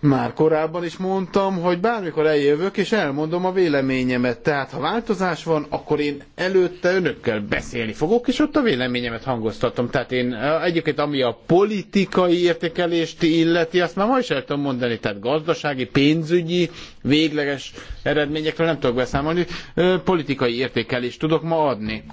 már korábban is mondtam, hogy bármikor eljövök és elmondom a véleményemet. Tehát ha változás van, akkor én előtte önökkel beszélni fogok, és ott a véleményemet hangoztatom. Tehát én egyébként ami a politikai értékelést illeti, azt már ma is el tudom mondani. Tehát gazdasági, pénzügyi, végleges eredményekről nem tudok beszámolni. Politikai értékelést tudok ma adni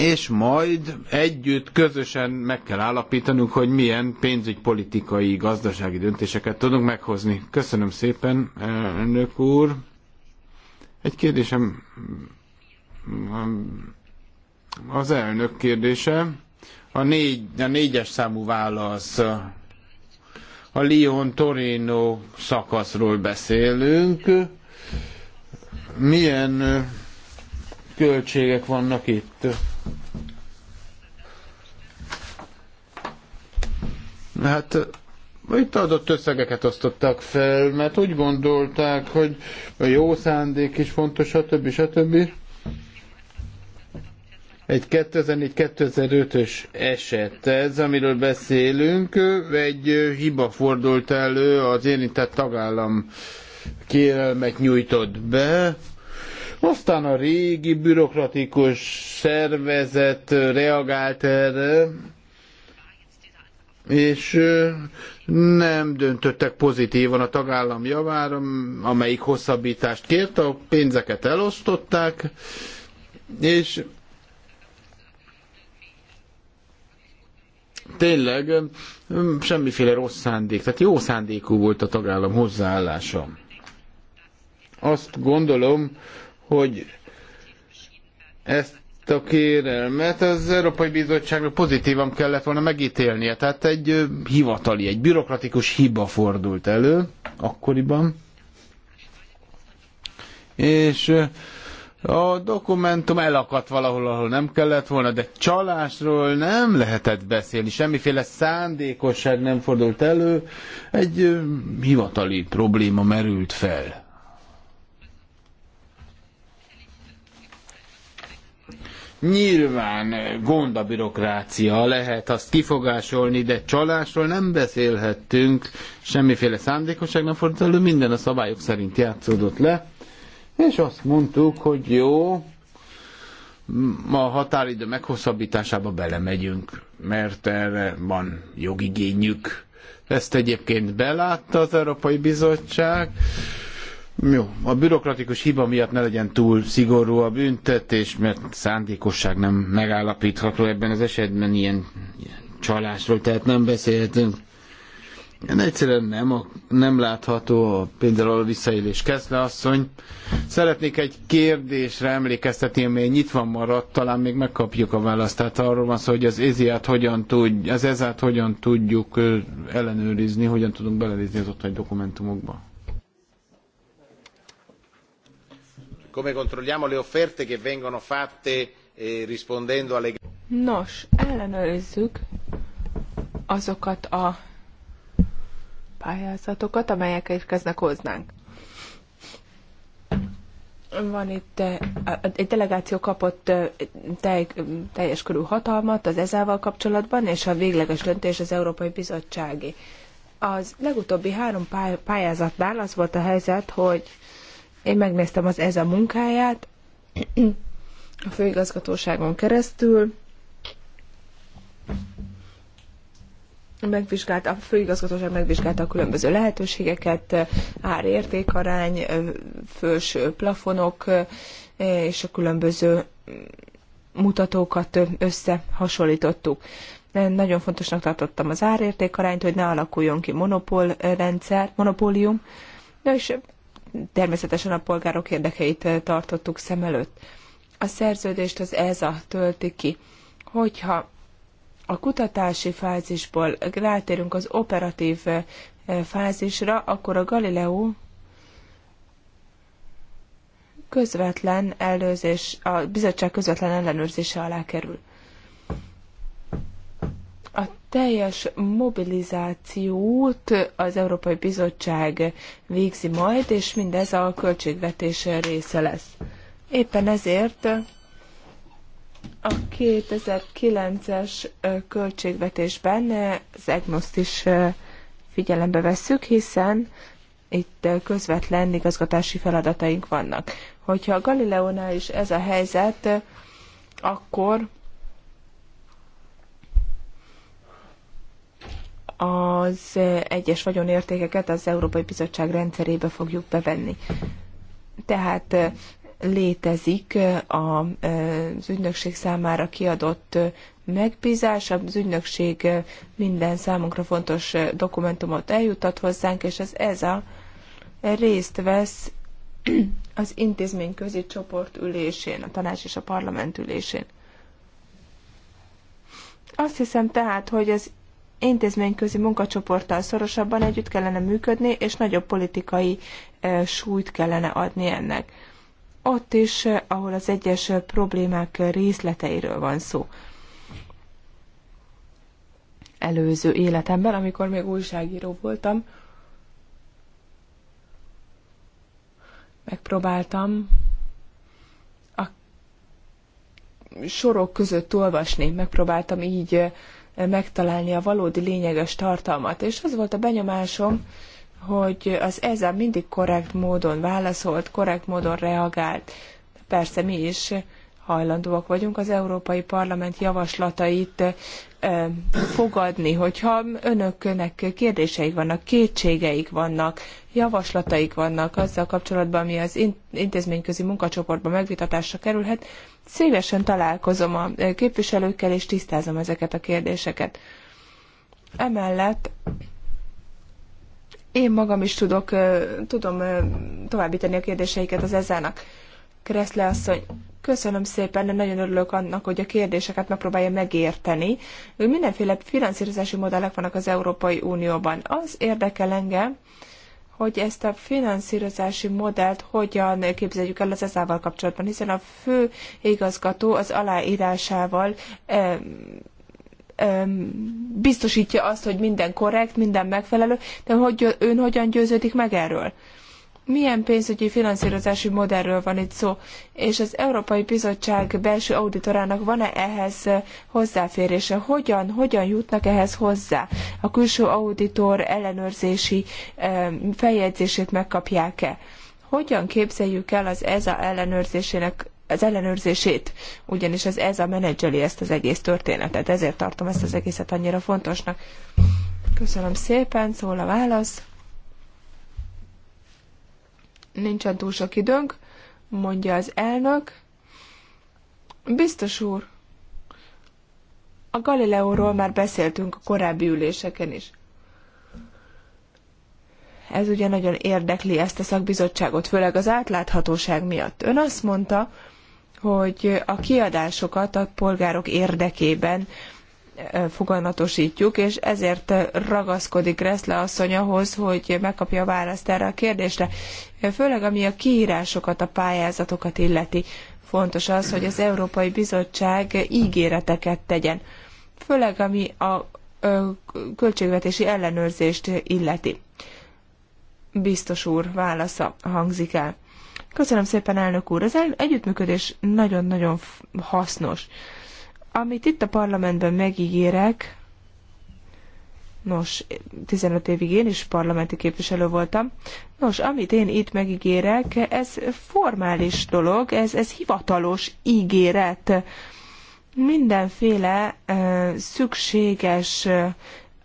és majd együtt, közösen meg kell állapítanunk, hogy milyen pénzügypolitikai, gazdasági döntéseket tudunk meghozni. Köszönöm szépen, elnök úr. Egy kérdésem, mm, az elnök kérdése, a, négy, a négyes számú válasz, a Lyon-Torino szakaszról beszélünk. Milyen költségek vannak itt? Hát itt adott összegeket osztottak fel, mert úgy gondolták, hogy a jó szándék is fontos, stb. stb. Egy 2004-2005-ös eset ez, amiről beszélünk, egy hiba fordult elő, az érintett tagállam kérelmet nyújtott be, aztán a régi bürokratikus szervezet reagált erre, és nem döntöttek pozitívan a tagállam javára, amelyik hosszabbítást kérte, a pénzeket elosztották, és tényleg semmiféle rossz szándék, tehát jó szándékú volt a tagállam hozzáállása. Azt gondolom, hogy ezt a kérelmet, az Európai Bizottságnak pozitívan kellett volna megítélnie. Tehát egy hivatali, egy bürokratikus hiba fordult elő akkoriban. És a dokumentum elakadt valahol, ahol nem kellett volna, de csalásról nem lehetett beszélni, semmiféle szándékosság nem fordult elő, egy hivatali probléma merült fel. Nyilván gond a bürokrácia, lehet azt kifogásolni, de csalásról nem beszélhettünk, semmiféle szándékosság nem fordult elő, minden a szabályok szerint játszódott le, és azt mondtuk, hogy jó, a határidő meghosszabbításába belemegyünk, mert erre van jogigényük. Ezt egyébként belátta az Európai Bizottság, jó, a bürokratikus hiba miatt ne legyen túl szigorú a büntetés, mert szándékosság nem megállapítható ebben az esetben, ilyen, ilyen csalásról, tehát nem beszélhetünk. Én egyszerűen nem, a, nem látható a, például a visszaélés Keszle asszony. Szeretnék egy kérdésre emlékeztetni, ami nyitva maradt, talán még megkapjuk a választ. Tehát arról van szó, hogy az Eziát hogyan, tud, az ezát hogyan tudjuk ellenőrizni, hogyan tudunk belenézni az ottani dokumentumokba. come controlliamo le offerte che vengono fatte eh, rispondendo alle. Nos, ellenőrizzük azokat a pályázatokat, amelyek érkeznek hozzánk. Van itt, eh, egy delegáció kapott eh, telj, teljes körű hatalmat az ezával kapcsolatban, és a végleges döntés az Európai Bizottsági. Az legutóbbi három pályázatnál az volt a helyzet, hogy én megnéztem az ez a munkáját a főigazgatóságon keresztül. Megvizsgált a főigazgatóság megvizsgálta a különböző lehetőségeket, árértékarány, főső plafonok és a különböző mutatókat összehasonlítottuk. Nagyon fontosnak tartottam az árértékarányt, hogy ne alakuljon ki monopól rendszer, monopólium, és természetesen a polgárok érdekeit eh, tartottuk szem előtt. A szerződést az ESA tölti ki. Hogyha a kutatási fázisból rátérünk az operatív eh, fázisra, akkor a Galileo közvetlen előzés, a bizottság közvetlen ellenőrzése alá kerül a teljes mobilizációt az Európai Bizottság végzi majd, és mindez a költségvetés része lesz. Éppen ezért a 2009-es költségvetésben az EGNOSZT is figyelembe vesszük, hiszen itt közvetlen igazgatási feladataink vannak. Hogyha a Galileónál is ez a helyzet, akkor az egyes vagyonértékeket az Európai Bizottság rendszerébe fogjuk bevenni. Tehát létezik az ügynökség számára kiadott megbízás, az ügynökség minden számunkra fontos dokumentumot eljuttat hozzánk, és ez, ez a részt vesz [CLEARS THROAT] az intézményközi csoport ülésén, a tanács és a parlament ülésén. Azt hiszem tehát, hogy az intézményközi munkacsoporttal szorosabban együtt kellene működni, és nagyobb politikai e, súlyt kellene adni ennek. Ott is, e, ahol az egyes e, problémák részleteiről van szó. Előző életemben, amikor még újságíró voltam, megpróbáltam a sorok között olvasni, megpróbáltam így megtalálni a valódi lényeges tartalmat. És az volt a benyomásom, hogy az ezzel mindig korrekt módon válaszolt, korrekt módon reagált. Persze mi is hajlandóak vagyunk az Európai Parlament javaslatait fogadni, hogyha önöknek kérdéseik vannak, kétségeik vannak, javaslataik vannak azzal kapcsolatban, ami az intézményközi munkacsoportban megvitatásra kerülhet, szívesen találkozom a képviselőkkel, és tisztázom ezeket a kérdéseket. Emellett én magam is tudok, tudom továbbítani a kérdéseiket az ezának. Kreszle asszony, Köszönöm szépen, nagyon örülök annak, hogy a kérdéseket megpróbálja megérteni. Mindenféle finanszírozási modellek vannak az Európai Unióban. Az érdekel engem, hogy ezt a finanszírozási modellt hogyan képzeljük el az ezával kapcsolatban, hiszen a fő igazgató az aláírásával biztosítja azt, hogy minden korrekt, minden megfelelő, de hogy ön hogyan győződik meg erről? milyen pénzügyi finanszírozási modellről van itt szó, és az Európai Bizottság belső auditorának van-e ehhez eh, hozzáférése? Hogyan, hogyan jutnak ehhez hozzá? A külső auditor ellenőrzési eh, feljegyzését megkapják-e? Hogyan képzeljük el az EZA ellenőrzésének az ellenőrzését, ugyanis az a menedzseli ezt az egész történetet, ezért tartom ezt az egészet annyira fontosnak. Köszönöm szépen, szól a válasz. Nincsen túl sok időnk, mondja az elnök. Biztos úr, a Galileóról már beszéltünk a korábbi üléseken is. Ez ugye nagyon érdekli ezt a szakbizottságot, főleg az átláthatóság miatt. Ön azt mondta, hogy a kiadásokat a polgárok érdekében fogalmatosítjuk, és ezért ragaszkodik Greszle asszony ahhoz, hogy megkapja a választ erre a kérdésre. Főleg ami a kiírásokat, a pályázatokat illeti, fontos az, hogy az Európai Bizottság ígéreteket tegyen. Főleg ami a költségvetési ellenőrzést illeti. Biztos úr válasza hangzik el. Köszönöm szépen, elnök úr. Az együttműködés nagyon-nagyon hasznos. Amit itt a parlamentben megígérek, nos, 15 évig én is parlamenti képviselő voltam, nos, amit én itt megígérek, ez formális dolog, ez, ez hivatalos ígéret. Mindenféle szükséges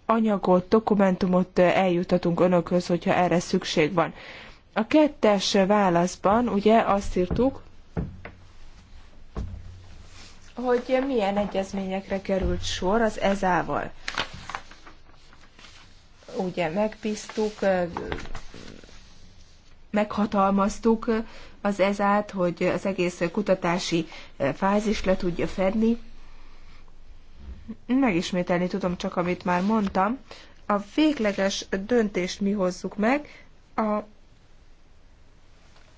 anyagot, dokumentumot eljutatunk önökhöz, hogyha erre szükség van. A kettes válaszban ugye azt írtuk, hogy milyen egyezményekre került sor az ezával. Ugye megbíztuk, meghatalmaztuk az ezát, hogy az egész kutatási fázis le tudja fedni. Megismételni tudom csak, amit már mondtam. A végleges döntést mi hozzuk meg, a,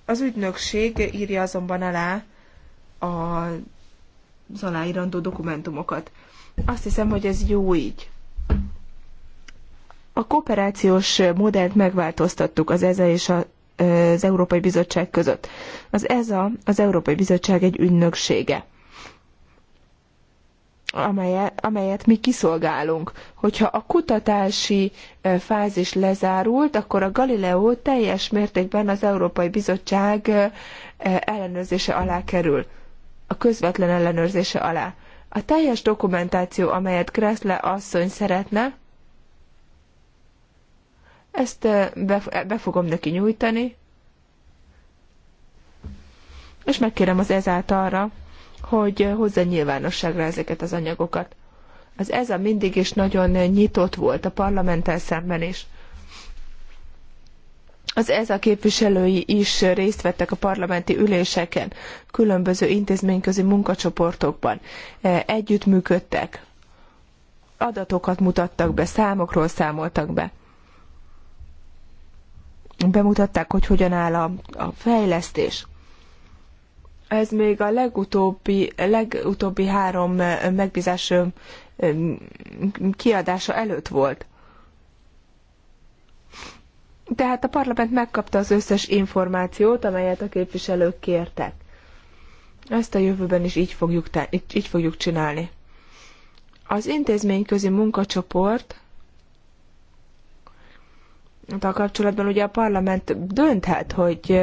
az ügynökség írja azonban alá a az aláírandó dokumentumokat. Azt hiszem, hogy ez jó így. A kooperációs modellt megváltoztattuk az EZA és a, az Európai Bizottság között. Az EZA az Európai Bizottság egy ügynöksége amelyet, amelyet mi kiszolgálunk. Hogyha a kutatási fázis lezárult, akkor a Galileo teljes mértékben az Európai Bizottság ellenőrzése alá kerül a közvetlen ellenőrzése alá. A teljes dokumentáció, amelyet Kressle asszony szeretne, ezt be, be fogom neki nyújtani, és megkérem az ezáltalra, hogy hozza nyilvánosságra ezeket az anyagokat. Az e a mindig is nagyon nyitott volt a parlamenttel szemben is az e a képviselői is részt vettek a parlamenti üléseken, különböző intézményközi munkacsoportokban, e, együttműködtek, adatokat mutattak be, számokról számoltak be. Bemutatták, hogy hogyan áll a, a fejlesztés. Ez még a legutóbbi, legutóbbi három megbízás kiadása előtt volt. Tehát a parlament megkapta az összes információt, amelyet a képviselők kértek. Ezt a jövőben is így fogjuk, te, így, így fogjuk csinálni. Az intézményközi munkacsoport a kapcsolatban ugye a parlament dönthet, hogy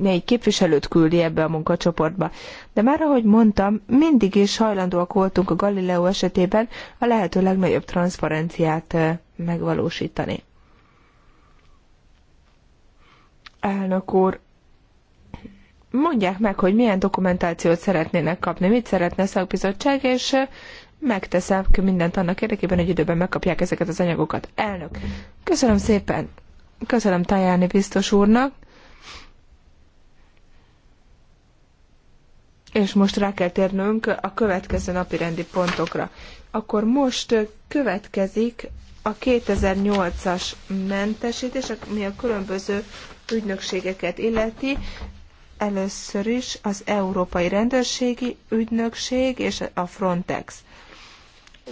négy képviselőt küldi ebbe a munkacsoportba. De már ahogy mondtam, mindig is hajlandóak voltunk a Galileo esetében a lehető legnagyobb transzparenciát megvalósítani. Elnök úr, mondják meg, hogy milyen dokumentációt szeretnének kapni, mit szeretne a szakbizottság, és megteszem mindent annak érdekében, hogy időben megkapják ezeket az anyagokat. Elnök, köszönöm szépen, köszönöm Tajáni biztos úrnak, és most rá kell térnünk a következő napi rendi pontokra. Akkor most következik a 2008-as mentesítés, ami a különböző ügynökségeket illeti, először is az Európai Rendőrségi Ügynökség és a Frontex.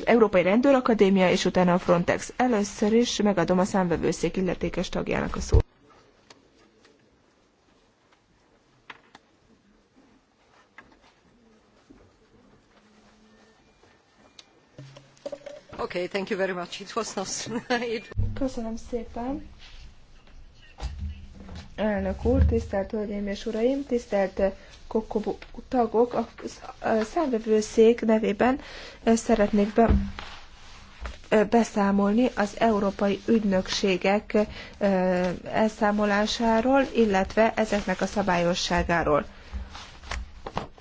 Európai Rendőrakadémia és utána a Frontex. Először is megadom a számvevőszék illetékes tagjának a szót. Okay, thank you very much. It was nice. [LAUGHS] Köszönöm szépen. Elnök úr, tisztelt Hölgyeim és Uraim, tisztelt eh, Kokobu tagok, a számvevőszék nevében eh, szeretnék be, eh, beszámolni az európai ügynökségek elszámolásáról, illetve ezeknek a szabályosságáról.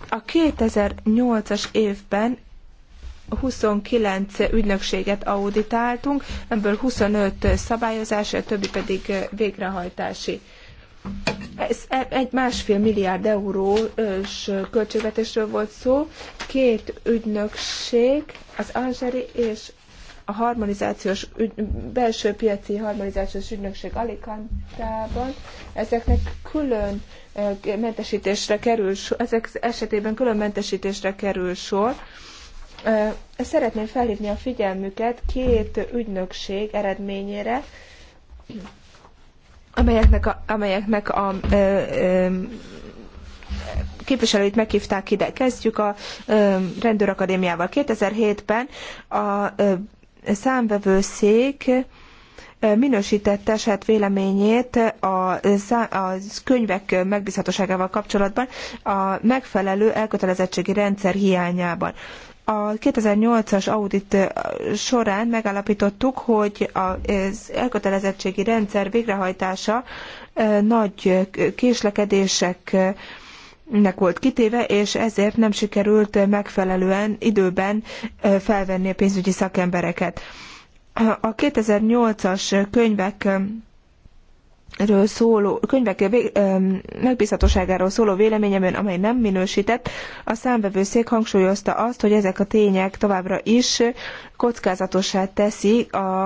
A 2008-as évben 29 ügynökséget auditáltunk, ebből 25 szabályozási, a többi pedig végrehajtási ez egy másfél milliárd eurós költségvetésről volt szó. Két ügynökség, az Angeri és a harmonizációs ügy, belső piaci harmonizációs ügynökség Alicantában ezeknek külön mentesítésre kerül, ezek esetében külön mentesítésre kerül sor. Szeretném felhívni a figyelmüket két ügynökség eredményére, amelyeknek a, amelyeknek a ö, ö, képviselőit meghívták ide. Kezdjük a ö, rendőrakadémiával. 2007-ben a ö, számvevőszék minősített eset véleményét a, a könyvek megbízhatóságával kapcsolatban a megfelelő elkötelezettségi rendszer hiányában a 2008-as audit során megállapítottuk, hogy az elkötelezettségi rendszer végrehajtása nagy késlekedéseknek volt kitéve, és ezért nem sikerült megfelelően időben felvenni a pénzügyi szakembereket. A 2008-as könyvek ről szóló, könyvek megbízhatóságáról szóló véleményemben, amely nem minősített, a számvevőszék hangsúlyozta azt, hogy ezek a tények továbbra is kockázatossá teszik a,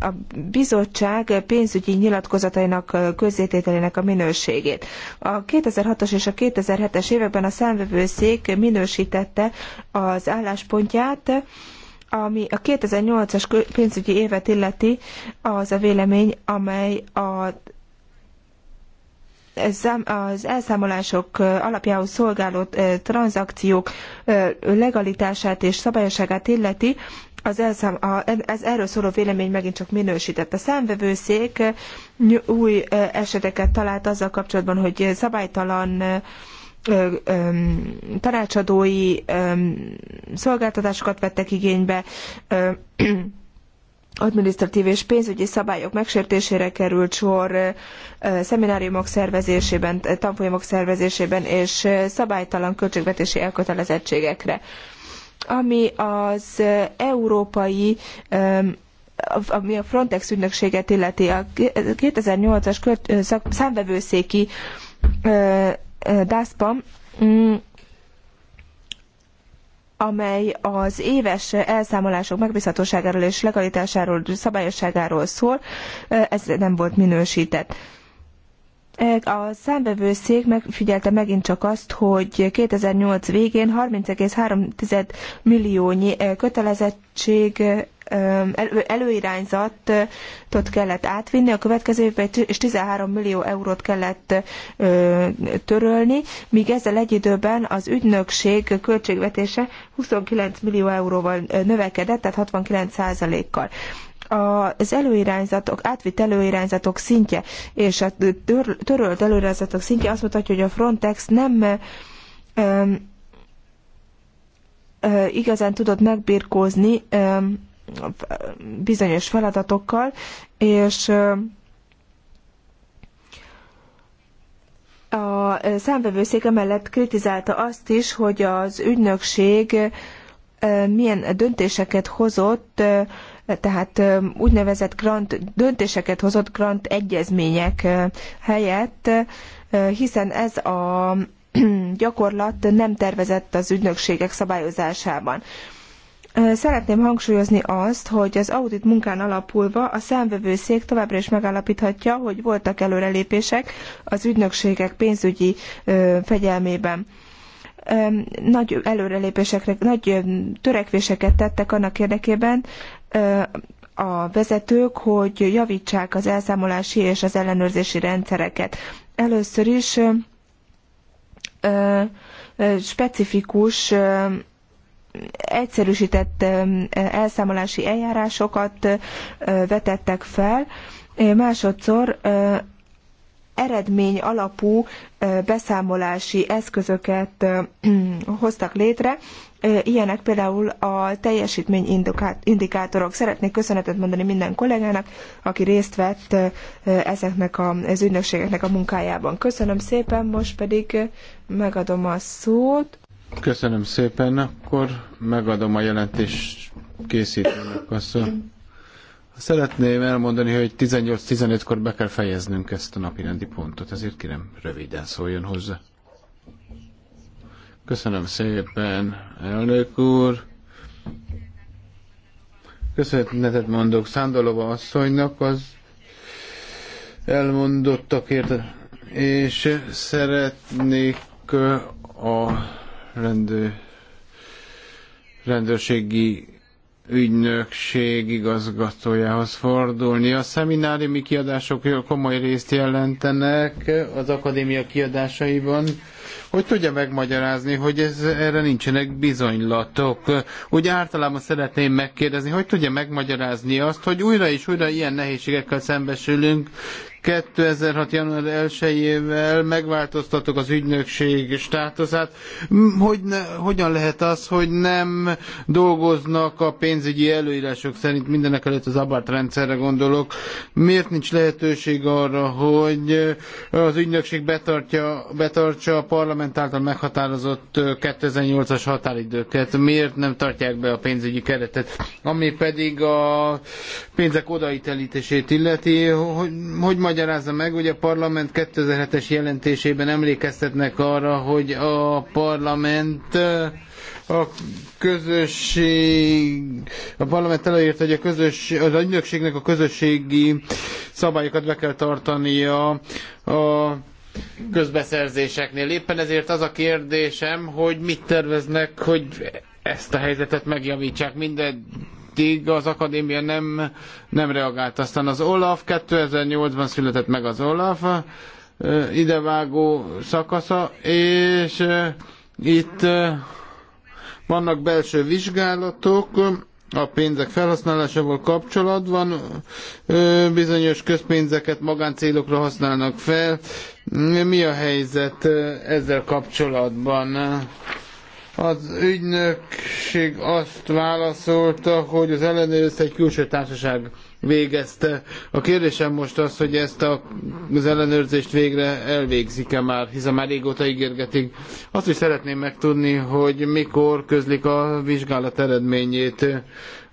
a bizottság pénzügyi nyilatkozatainak közzétételének a minőségét. A 2006-os és a 2007-es években a számvevőszék minősítette az álláspontját, ami a 2008-as pénzügyi évet illeti, az a vélemény, amely a az elszámolások alapjául szolgáló tranzakciók legalitását és szabályosságát illeti, az, elszám, az erről szóló vélemény megint csak minősített. A számvevőszék új eseteket talált azzal kapcsolatban, hogy szabálytalan tanácsadói szolgáltatásokat vettek igénybe, [CLEARS THROAT] adminisztratív és pénzügyi szabályok megsértésére került sor szemináriumok szervezésében, tanfolyamok szervezésében és szabálytalan költségvetési elkötelezettségekre. Ami az európai ami a Frontex ügynökséget illeti, a 2008-as számvevőszéki DASPA, mm, amely az éves elszámolások megbízhatóságáról és legalitásáról, szabályosságáról szól, ez nem volt minősített. A számvevőszék megfigyelte megint csak azt, hogy 2008 végén 30,3 milliónyi kötelezettség előirányzatot kellett átvinni, a következő évben és 13 millió eurót kellett törölni, míg ezzel egy időben az ügynökség költségvetése 29 millió euróval növekedett, tehát 69 százalékkal az előirányzatok, átvitt előirányzatok szintje és a törölt előirányzatok szintje azt mutatja, hogy a Frontex nem um, igazán tudott megbirkózni um, bizonyos feladatokkal, és a számvevőszék emellett kritizálta azt is, hogy az ügynökség milyen döntéseket hozott, tehát úgynevezett grant döntéseket hozott grant egyezmények helyett, hiszen ez a gyakorlat nem tervezett az ügynökségek szabályozásában. Szeretném hangsúlyozni azt, hogy az audit munkán alapulva a számvevőszék továbbra is megállapíthatja, hogy voltak előrelépések az ügynökségek pénzügyi fegyelmében nagy előrelépésekre, nagy törekvéseket tettek annak érdekében a vezetők, hogy javítsák az elszámolási és az ellenőrzési rendszereket. Először is specifikus egyszerűsített elszámolási eljárásokat vetettek fel, másodszor eredmény alapú beszámolási eszközöket [CLEARS THROAT] hoztak létre, ilyenek például a teljesítményindikátorok. Szeretnék köszönetet mondani minden kollégának, aki részt vett ezeknek az ügynökségeknek a munkájában. Köszönöm szépen, most pedig megadom a szót. Köszönöm szépen, akkor megadom a jelentés készítőnek azt. szó. Szeretném elmondani, hogy 18-15-kor be kell fejeznünk ezt a napirendi pontot, ezért kérem röviden szóljon hozzá. Köszönöm szépen, elnök úr. Köszönetet mondok Szándalova asszonynak az elmondottakért, és szeretnék a rendő, rendőrségi ügynökség igazgatójához fordulni. A szemináriumi kiadások komoly részt jelentenek az akadémia kiadásaiban. Hogy tudja megmagyarázni, hogy ez, erre nincsenek bizonylatok? Úgy általában szeretném megkérdezni, hogy tudja megmagyarázni azt, hogy újra és újra ilyen nehézségekkel szembesülünk, 2006. január 1-ével megváltoztatok az ügynökség státuszát. Hogy ne, hogyan lehet az, hogy nem dolgoznak a pénzügyi előírások szerint, mindenek előtt az abart rendszerre gondolok, miért nincs lehetőség arra, hogy az ügynökség betartja, betartsa a parlament által meghatározott 2008-as határidőket, miért nem tartják be a pénzügyi keretet, ami pedig a pénzek odaítelítését illeti, hogy, hogy majd magyarázza meg, hogy a parlament 2007-es jelentésében emlékeztetnek arra, hogy a parlament a közösség, a parlament előírt, hogy a közös, az ügynökségnek a közösségi szabályokat be kell tartania a közbeszerzéseknél. Éppen ezért az a kérdésem, hogy mit terveznek, hogy ezt a helyzetet megjavítsák. Minden eddig az akadémia nem, nem reagált. Aztán az Olaf, 2008-ban született meg az Olaf, idevágó szakasza, és itt vannak belső vizsgálatok, a pénzek felhasználásával kapcsolatban bizonyos közpénzeket magáncélokra használnak fel. Mi a helyzet ezzel kapcsolatban? Az ügynökség azt válaszolta, hogy az ellenőrzést egy külső társaság végezte. A kérdésem most az, hogy ezt a, az ellenőrzést végre elvégzik-e már, hiszen már régóta ígérgetik. Azt is szeretném megtudni, hogy mikor közlik a vizsgálat eredményét.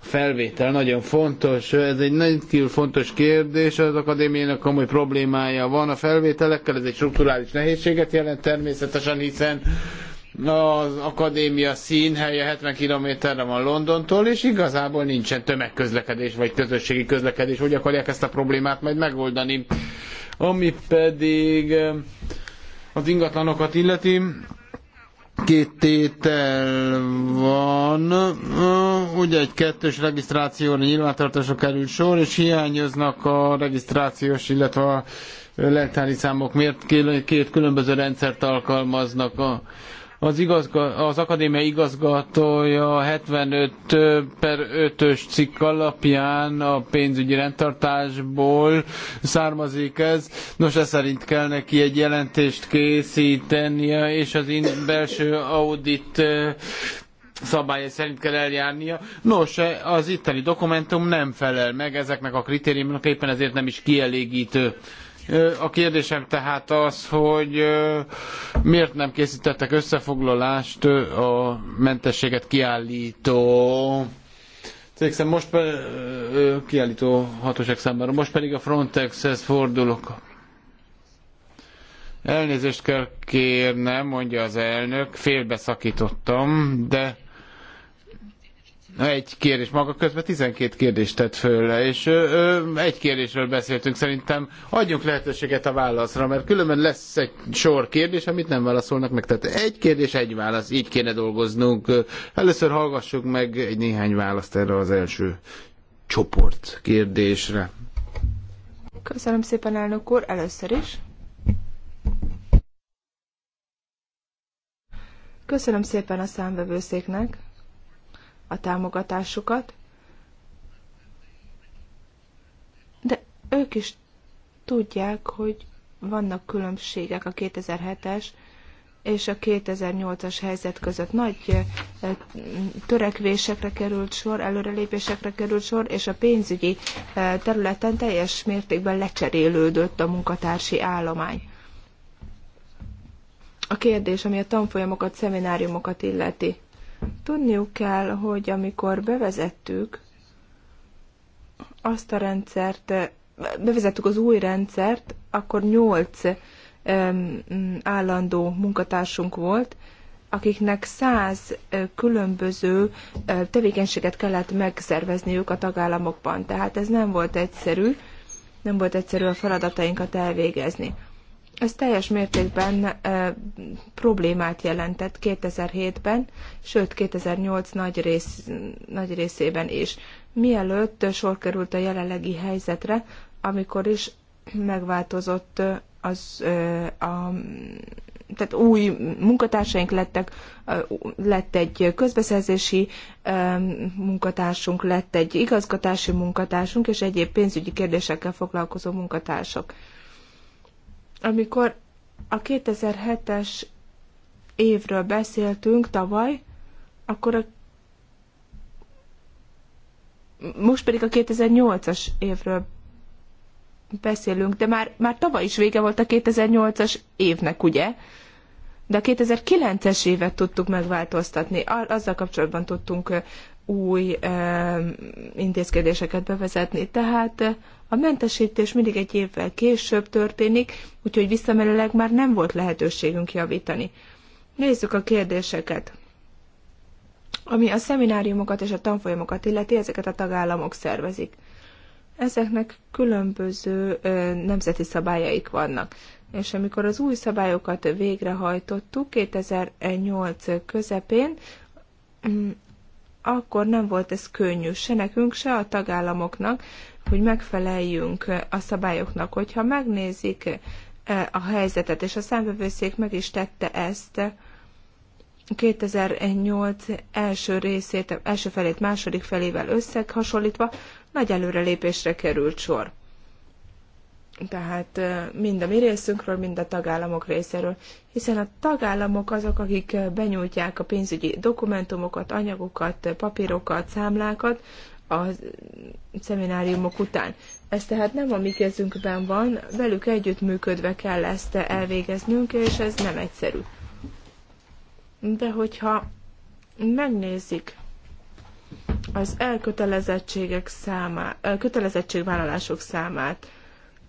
felvétel nagyon fontos, ez egy nagyon fontos kérdés, az akadémiának komoly problémája van a felvételekkel, ez egy strukturális nehézséget jelent természetesen, hiszen az akadémia színhelye 70 kilométerre van Londontól, és igazából nincsen tömegközlekedés, vagy közösségi közlekedés. Hogy akarják ezt a problémát majd megoldani? Ami pedig eh, az ingatlanokat illeti, két tétel van, eh, ugye egy kettős regisztrációra nyilvántartásra került sor, és hiányoznak a regisztrációs, illetve a leltári számok. Miért két különböző rendszert alkalmaznak a az, igazga, az akadémia igazgatója 75 per 5-ös cikk alapján a pénzügyi rendtartásból származik ez. Nos, ez szerint kell neki egy jelentést készítenie, és az belső audit szabály szerint kell eljárnia. Nos, e, az itteni dokumentum nem felel meg ezeknek a kritériumnak, éppen ezért nem is kielégítő a kérdésem tehát az, hogy miért nem készítettek összefoglalást a mentességet kiállító cégszem, most pe, kiállító hatóság számára, most pedig a Frontexhez fordulok. Elnézést kell kérnem, mondja az elnök, félbeszakítottam, de egy kérdés, maga közben 12 kérdést tett föl, és ö, ö, egy kérdésről beszéltünk, szerintem adjunk lehetőséget a válaszra, mert különben lesz egy sor kérdés, amit nem válaszolnak meg. Tehát egy kérdés, egy válasz, így kéne dolgoznunk. Először hallgassuk meg egy néhány választ erre az első csoport kérdésre. Köszönöm szépen, elnök úr, először is. Köszönöm szépen a számvevőszéknek, a támogatásukat, de ők is tudják, hogy vannak különbségek a 2007-es és a 2008-as helyzet között. Nagy eh, törekvésekre került sor, előrelépésekre került sor, és a pénzügyi eh, területen teljes mértékben lecserélődött a munkatársi állomány. A kérdés, ami a tanfolyamokat, szemináriumokat illeti. Tudniuk kell, hogy amikor bevezettük azt a rendszert, bevezettük az új rendszert, akkor nyolc állandó munkatársunk volt, akiknek száz különböző tevékenységet kellett megszervezniük a tagállamokban. Tehát ez nem volt egyszerű, nem volt egyszerű a feladatainkat elvégezni. Ez teljes mértékben e, problémát jelentett 2007-ben, sőt 2008 nagy, rész, nagy részében is. Mielőtt sor került a jelenlegi helyzetre, amikor is megváltozott az, a, tehát új munkatársaink lettek, lett egy közbeszerzési munkatársunk, lett egy igazgatási munkatársunk, és egyéb pénzügyi kérdésekkel foglalkozó munkatársak. Amikor a 2007-es évről beszéltünk tavaly, akkor a most pedig a 2008-as évről beszélünk, de már, már tavaly is vége volt a 2008-as évnek, ugye? De a 2009-es évet tudtuk megváltoztatni, azzal kapcsolatban tudtunk új ö, intézkedéseket bevezetni. Tehát a mentesítés mindig egy évvel később történik, úgyhogy visszamenőleg már nem volt lehetőségünk javítani. Nézzük a kérdéseket. Ami a szemináriumokat és a tanfolyamokat illeti, ezeket a tagállamok szervezik. Ezeknek különböző ö, nemzeti szabályaik vannak. És amikor az új szabályokat végrehajtottuk 2008 közepén, mm, akkor nem volt ez könnyű se nekünk, se a tagállamoknak, hogy megfeleljünk a szabályoknak. Hogyha megnézik e, a helyzetet, és a számbevőszék meg is tette ezt, 2008 első részét, első felét második felével összehasonlítva nagy előrelépésre került sor. Tehát e, mind a mi részünkről, mind a tagállamok részéről, hiszen a tagállamok azok, akik benyújtják a pénzügyi dokumentumokat, anyagokat, papírokat, számlákat, a szemináriumok után. Ez tehát nem a mi kezünkben van, velük együttműködve kell ezt elvégeznünk, és ez nem egyszerű. De hogyha megnézik az elkötelezettségek számát, kötelezettségvállalások számát,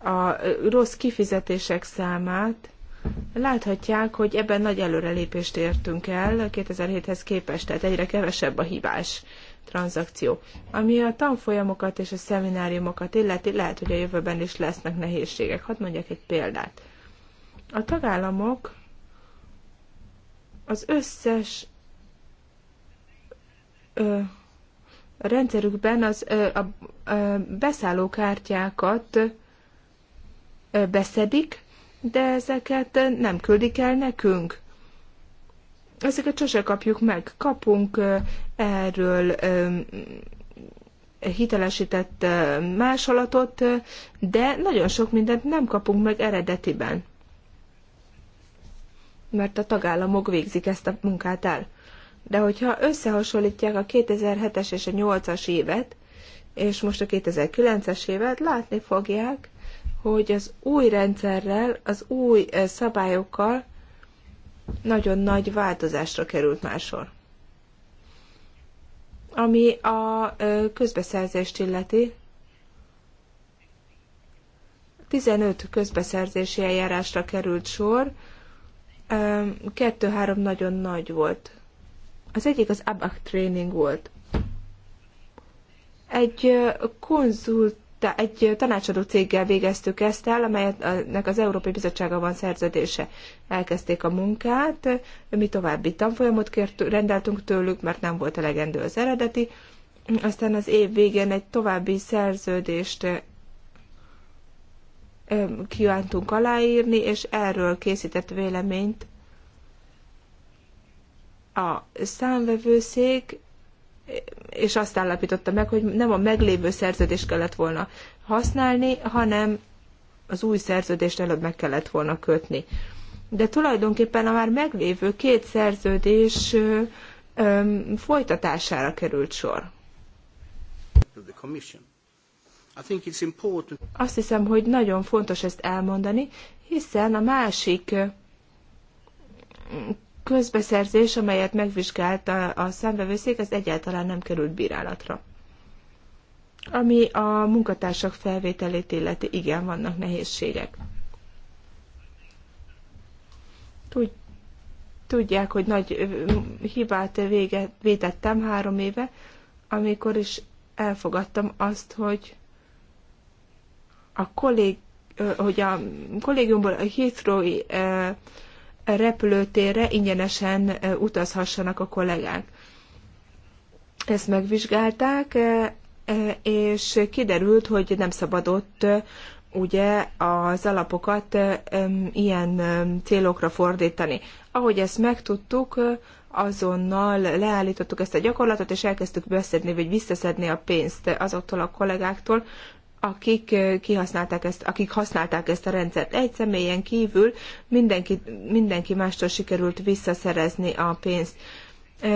a rossz kifizetések számát, láthatják, hogy ebben nagy előrelépést értünk el 2007-hez képest, tehát egyre kevesebb a hibás tranzakció. Ami a tanfolyamokat és a szemináriumokat illeti, lehet, hogy a jövőben is lesznek nehézségek. Hadd mondjak egy példát. A tagállamok az összes ö, rendszerükben az, ö, a ö, beszállókártyákat ö, beszedik, de ezeket nem küldik el nekünk ezeket sose kapjuk meg. Kapunk erről hitelesített másolatot, de nagyon sok mindent nem kapunk meg eredetiben. Mert a tagállamok végzik ezt a munkát el. De hogyha összehasonlítják a 2007-es és a 8-as évet, és most a 2009-es évet, látni fogják, hogy az új rendszerrel, az új szabályokkal nagyon nagy változásra került másor. Ami a közbeszerzést illeti, 15 közbeszerzési eljárásra került sor, kettő-három nagyon nagy volt. Az egyik az ABAC training volt. Egy konzult egy tanácsadó céggel végeztük ezt el, amelynek az Európai Bizottsága van szerződése. Elkezdték a munkát, mi további tanfolyamot kért, rendeltünk tőlük, mert nem volt elegendő az eredeti. Aztán az év végén egy további szerződést kívántunk aláírni, és erről készített véleményt a számvevőszék, és azt állapította meg, hogy nem a meglévő szerződést kellett volna használni, hanem az új szerződést előbb meg kellett volna kötni. De tulajdonképpen a már meglévő két szerződés folytatására került sor. Azt hiszem, hogy nagyon fontos ezt elmondani, hiszen a másik közbeszerzés, amelyet megvizsgált a számbevőszék, az egyáltalán nem került bírálatra. Ami a munkatársak felvételét illeti, igen, vannak nehézségek. Tudják, hogy nagy hibát vége, vétettem három éve, amikor is elfogadtam azt, hogy a kollég, hogy a kollégiumból a Heathrow repülőtérre ingyenesen utazhassanak a kollégák. Ezt megvizsgálták, és kiderült, hogy nem szabadott ugye az alapokat ilyen célokra fordítani. Ahogy ezt megtudtuk, azonnal leállítottuk ezt a gyakorlatot, és elkezdtük beszedni, vagy visszaszedni a pénzt azoktól a kollégáktól, akik kihasználták ezt, akik használták ezt a rendszert. Egy személyen kívül mindenki, mindenki mástól sikerült visszaszerezni a pénzt.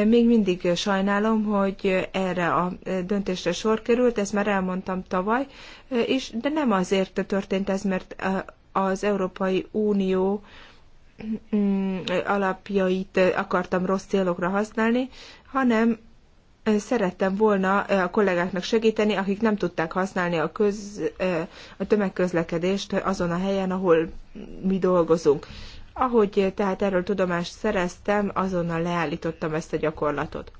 Még mindig sajnálom, hogy erre a döntésre sor került, ezt már elmondtam tavaly, és, de nem azért történt ez, mert az Európai Unió mm, alapjait akartam rossz célokra használni, hanem szerettem volna a kollégáknak segíteni, akik nem tudták használni a, köz, a tömegközlekedést azon a helyen, ahol mi dolgozunk. Ahogy tehát erről tudomást szereztem, azonnal leállítottam ezt a gyakorlatot.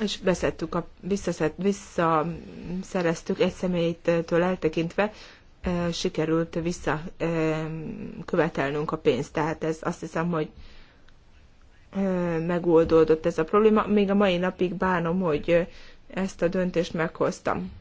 És beszedtük a, visszaszed, visszaszereztük egy személytől eltekintve, sikerült visszakövetelnünk a pénzt. Tehát ez azt hiszem, hogy megoldódott ez a probléma. Még a mai napig bánom, hogy ezt a döntést meghoztam.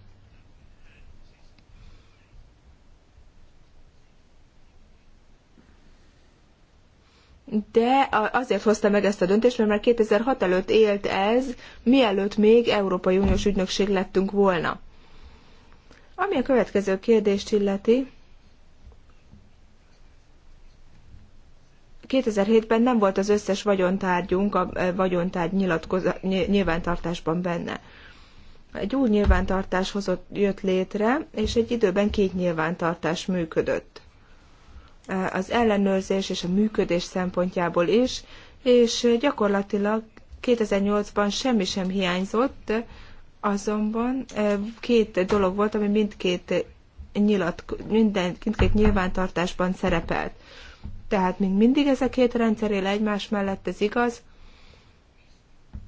De azért hozta meg ezt a döntést, mert már 2006 előtt élt ez, mielőtt még Európai Uniós ügynökség lettünk volna. Ami a következő kérdést illeti, 2007-ben nem volt az összes vagyontárgyunk a e, vagyontárgy nyilvántartásban benne. Egy új nyilvántartás hozott, jött létre, és egy időben két nyilvántartás működött. E, az ellenőrzés és a működés szempontjából is, és gyakorlatilag 2008-ban semmi sem hiányzott, azonban e, két dolog volt, ami mindkét, nyilat, minden, mindkét nyilvántartásban szerepelt. Tehát még mindig ez a két rendszer él egymás mellett, ez igaz,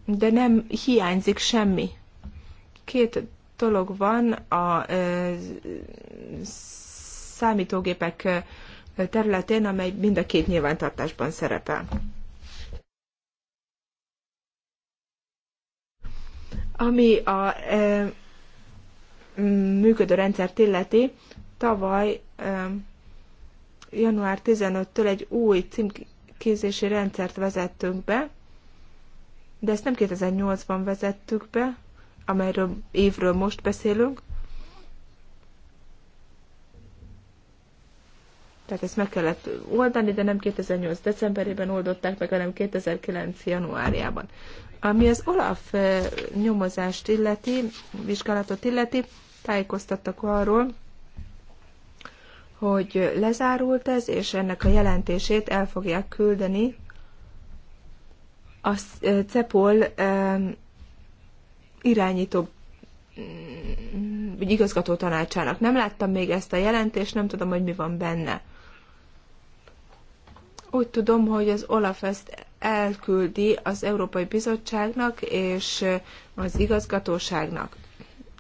de nem hiányzik semmi. Két dolog van a ö, számítógépek területén, amely mind a két nyilvántartásban szerepel. Ami a ö, működő rendszert illeti, tavaly ö, január 15-től egy új címkézési rendszert vezettünk be, de ezt nem 2008-ban vezettük be, amelyről évről most beszélünk. Tehát ezt meg kellett oldani, de nem 2008. decemberében oldották meg, hanem 2009. januárjában. Ami az Olaf eh, nyomozást illeti, vizsgálatot illeti, tájékoztattak arról, hogy lezárult ez, és ennek a jelentését el fogják küldeni a CEPOL irányító mm, vagy igazgató tanácsának. Nem láttam még ezt a jelentést, nem tudom, hogy mi van benne. Úgy tudom, hogy az Olaf ezt elküldi az Európai Bizottságnak és az igazgatóságnak.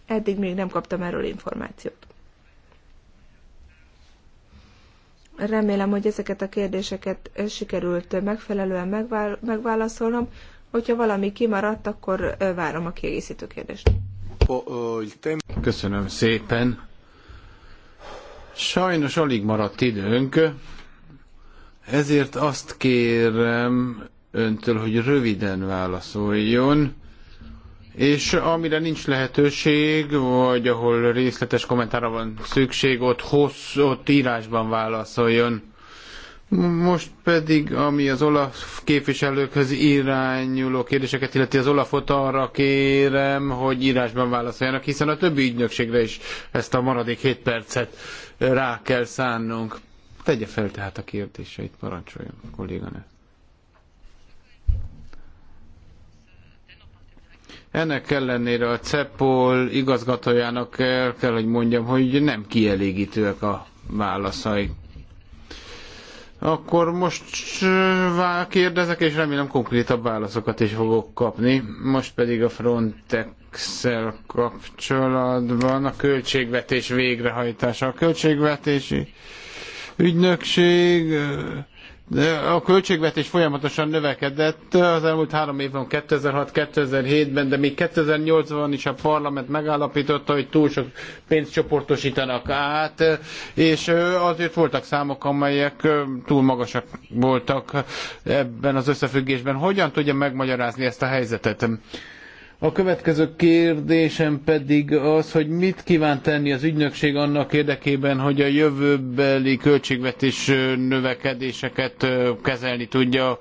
Eddig még nem kaptam erről információt. Remélem, hogy ezeket a kérdéseket sikerült megfelelően megválaszolnom. Hogyha valami kimaradt, akkor várom a kiegészítő kérdést. Köszönöm szépen. Sajnos alig maradt időnk, ezért azt kérem öntől, hogy röviden válaszoljon és amire nincs lehetőség, vagy ahol részletes kommentára van szükség, ott hossz, ott írásban válaszoljon. Most pedig, ami az Olaf képviselőkhöz irányuló kérdéseket illeti az Olafot, arra kérem, hogy írásban válaszoljanak, hiszen a többi ügynökségre is ezt a maradék 7 percet rá kell szánnunk. Tegye fel tehát a kérdéseit, parancsoljon, kolléganőt. Ennek ellenére a CEPOL igazgatójának el kell, hogy mondjam, hogy nem kielégítőek a válaszai. Akkor most kérdezek, és remélem konkrétabb válaszokat is fogok kapni. Most pedig a Frontex-szel kapcsolatban a költségvetés végrehajtása. A költségvetési ügynökség a költségvetés folyamatosan növekedett az elmúlt három évben, 2006-2007-ben, de még 2008-ban is a parlament megállapította, hogy túl sok pénzt csoportosítanak át, és azért voltak számok, amelyek túl magasak voltak ebben az összefüggésben. Hogyan tudja megmagyarázni ezt a helyzetet? A következő kérdésem pedig az, hogy mit kíván tenni az ügynökség annak érdekében, hogy a jövőbeli költségvetés növekedéseket kezelni tudja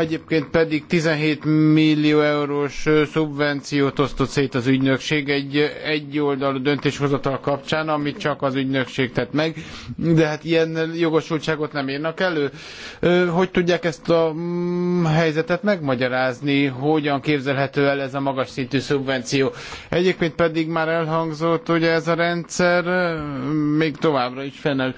Egyébként pedig 17 millió eurós szubvenciót osztott szét az ügynökség egy egyoldalú döntéshozatal kapcsán, amit csak az ügynökség tett meg, de hát ilyen jogosultságot nem írnak elő. Hogy tudják ezt a mm, helyzetet megmagyarázni, hogyan képzelhető el ez a magas szintű szubvenció? Egyébként pedig már elhangzott, hogy ez a rendszer még továbbra is fennáll.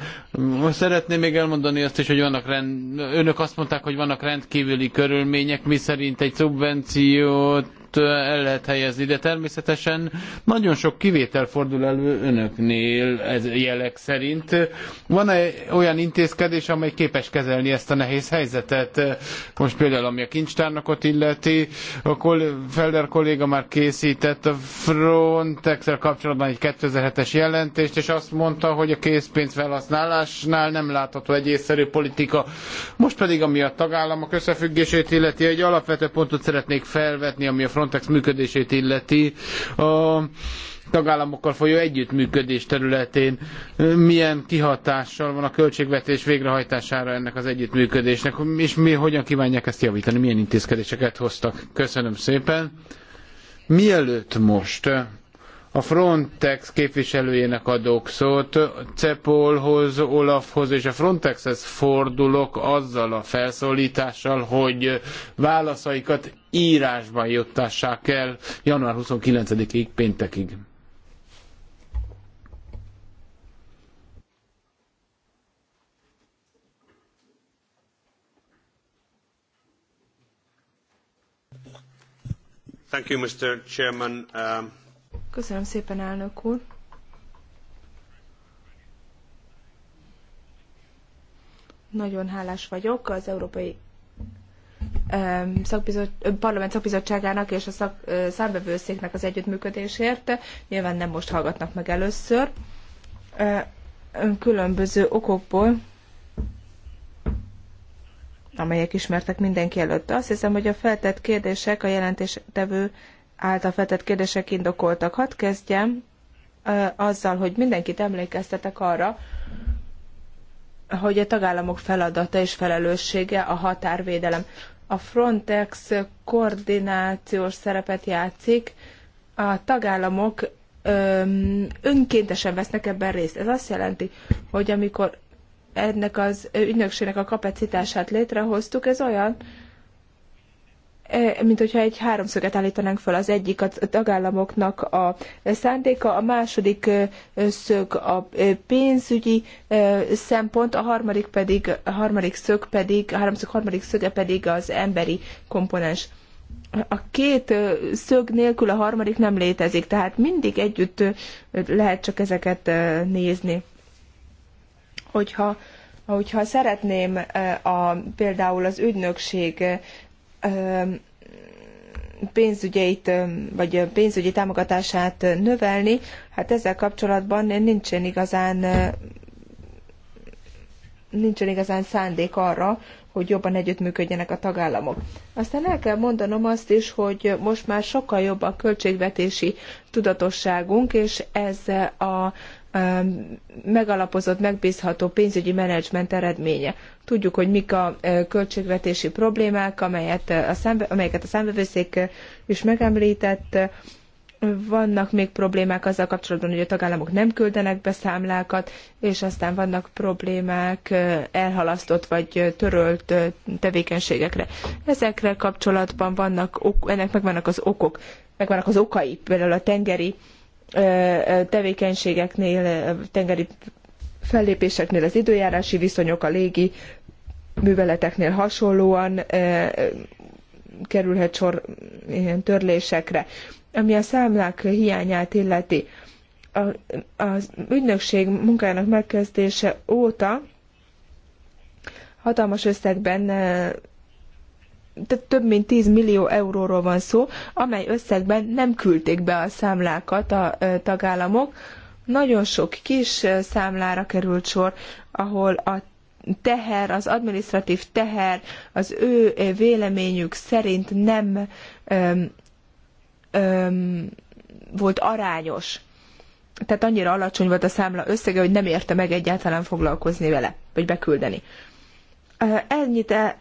Szeretném még elmondani azt is, hogy vannak rend... önök azt mondták, hogy vannak rendkívül belüli körülmények, miszerint egy szubvenciót el lehet helyezni, de természetesen nagyon sok kivétel fordul elő önöknél ez jelek szerint. Van-e olyan intézkedés, amely képes kezelni ezt a nehéz helyzetet? Most például, ami a kincstárnakot illeti, a Felder kolléga már készített a frontex kapcsolatban egy 2007-es jelentést, és azt mondta, hogy a készpénz felhasználásnál nem látható egy észszerű politika. Most pedig, ami a tagállamok összefüggését illeti, egy alapvető pontot szeretnék felvetni, ami a Front Frontex működését illeti, a tagállamokkal folyó együttműködés területén milyen kihatással van a költségvetés végrehajtására ennek az együttműködésnek, és mi hogyan kívánják ezt javítani, milyen intézkedéseket hoztak. Köszönöm szépen. Mielőtt most a Frontex képviselőjének adok szót, Cepolhoz, Olafhoz és a Frontexhez fordulok azzal a felszólítással, hogy válaszaikat írásban juttassák el január 29-ig, péntekig. Thank you, Mr. Chairman. Um... Köszönöm szépen, elnök úr. Nagyon hálás vagyok az Európai szakbizot, Parlament Szakbizottságának és a szak, számbevőszéknek az együttműködésért. Nyilván nem most hallgatnak meg először. Különböző okokból amelyek ismertek mindenki előtt. Azt hiszem, hogy a feltett kérdések a jelentéstevő által feltett kérdések indokoltak. Hadd kezdjem azzal, hogy mindenkit emlékeztetek arra, hogy a tagállamok feladata és felelőssége a határvédelem. A Frontex koordinációs szerepet játszik, a tagállamok önkéntesen vesznek ebben részt. Ez azt jelenti, hogy amikor ennek az ügynökségnek a kapacitását létrehoztuk, ez olyan, E, mint hogyha egy háromszöget állítanánk föl, az egyik a tagállamoknak a szándéka, a második e, szög a e, pénzügyi szempont, a harmadik pedig, a harmadik szög pedig, a háromszög harmadik szöge pedig az emberi komponens. A két szög nélkül a harmadik nem létezik, tehát mindig együtt lehet csak ezeket nézni. Hogyha hogyha szeretném a, például az ügynökség pénzügyeit, vagy pénzügyi támogatását növelni, hát ezzel kapcsolatban nincsen igazán nincsen igazán szándék arra, hogy jobban együttműködjenek a tagállamok. Aztán el kell mondanom azt is, hogy most már sokkal jobb a költségvetési tudatosságunk, és ez a megalapozott, megbízható pénzügyi menedzsment eredménye. Tudjuk, hogy mik a költségvetési problémák, amelyet a szembe, amelyeket a számbevőszék is megemlített. Vannak még problémák azzal kapcsolatban, hogy a tagállamok nem küldenek be számlákat, és aztán vannak problémák elhalasztott vagy törölt tevékenységekre. Ezekre kapcsolatban vannak, ennek megvannak az okok, megvannak az okai, például a tengeri tevékenységeknél, tengeri fellépéseknél, az időjárási viszonyok, a légi műveleteknél hasonlóan kerülhet sor ilyen törlésekre. Ami a számlák hiányát illeti, a, az ügynökség munkájának megkezdése óta hatalmas összegben több mint 10 millió euróról van szó, amely összegben nem küldték be a számlákat a tagállamok. Nagyon sok kis számlára került sor, ahol a teher, az administratív teher az ő véleményük szerint nem öm, öm, volt arányos. Tehát annyira alacsony volt a számla összege, hogy nem érte meg egyáltalán foglalkozni vele, vagy beküldeni. Ennyit, e,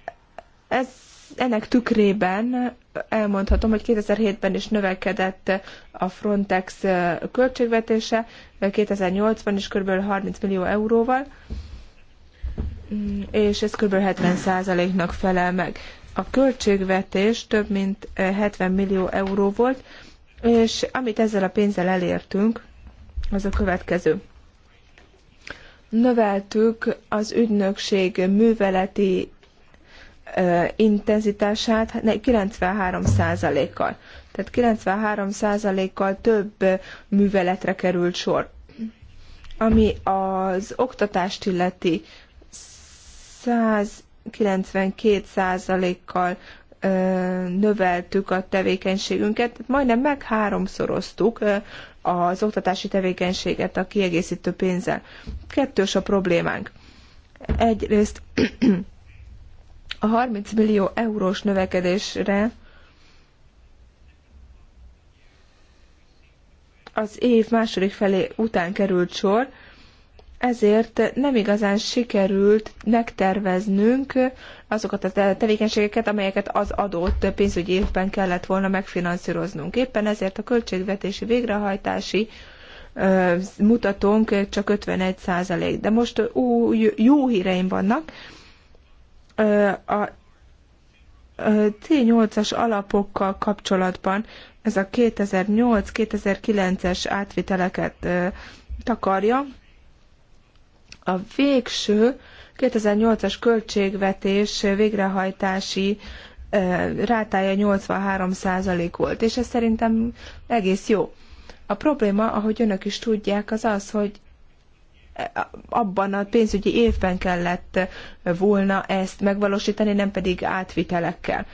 ez ennek tükrében elmondhatom, hogy 2007-ben is növekedett a Frontex költségvetése, 2008-ban is kb. 30 millió euróval, mm, és ez kb. 70%-nak felel meg. A költségvetés több mint 70 millió euró volt, és amit ezzel a pénzzel elértünk, az a következő. Növeltük az ügynökség műveleti intenzitását 93%-kal. Tehát 93%-kal több műveletre került sor. Ami az oktatást illeti, 192%-kal növeltük a tevékenységünket, tehát majdnem meg háromszoroztuk az oktatási tevékenységet a kiegészítő pénzzel. Kettős a problémánk. Egyrészt a 30 millió eurós növekedésre az év második felé után került sor, ezért nem igazán sikerült megterveznünk azokat a tevékenységeket, amelyeket az adott pénzügyi évben kellett volna megfinanszíroznunk. Éppen ezért a költségvetési végrehajtási mutatónk csak 51 százalék. De most új jó híreim vannak, a T8-as alapokkal kapcsolatban ez a 2008-2009-es átviteleket takarja. A végső 2008-as költségvetés végrehajtási rátája 83% volt, és ez szerintem egész jó. A probléma, ahogy önök is tudják, az az, hogy abban a pénzügyi évben kellett volna ezt megvalósítani, nem pedig átvitelekkel.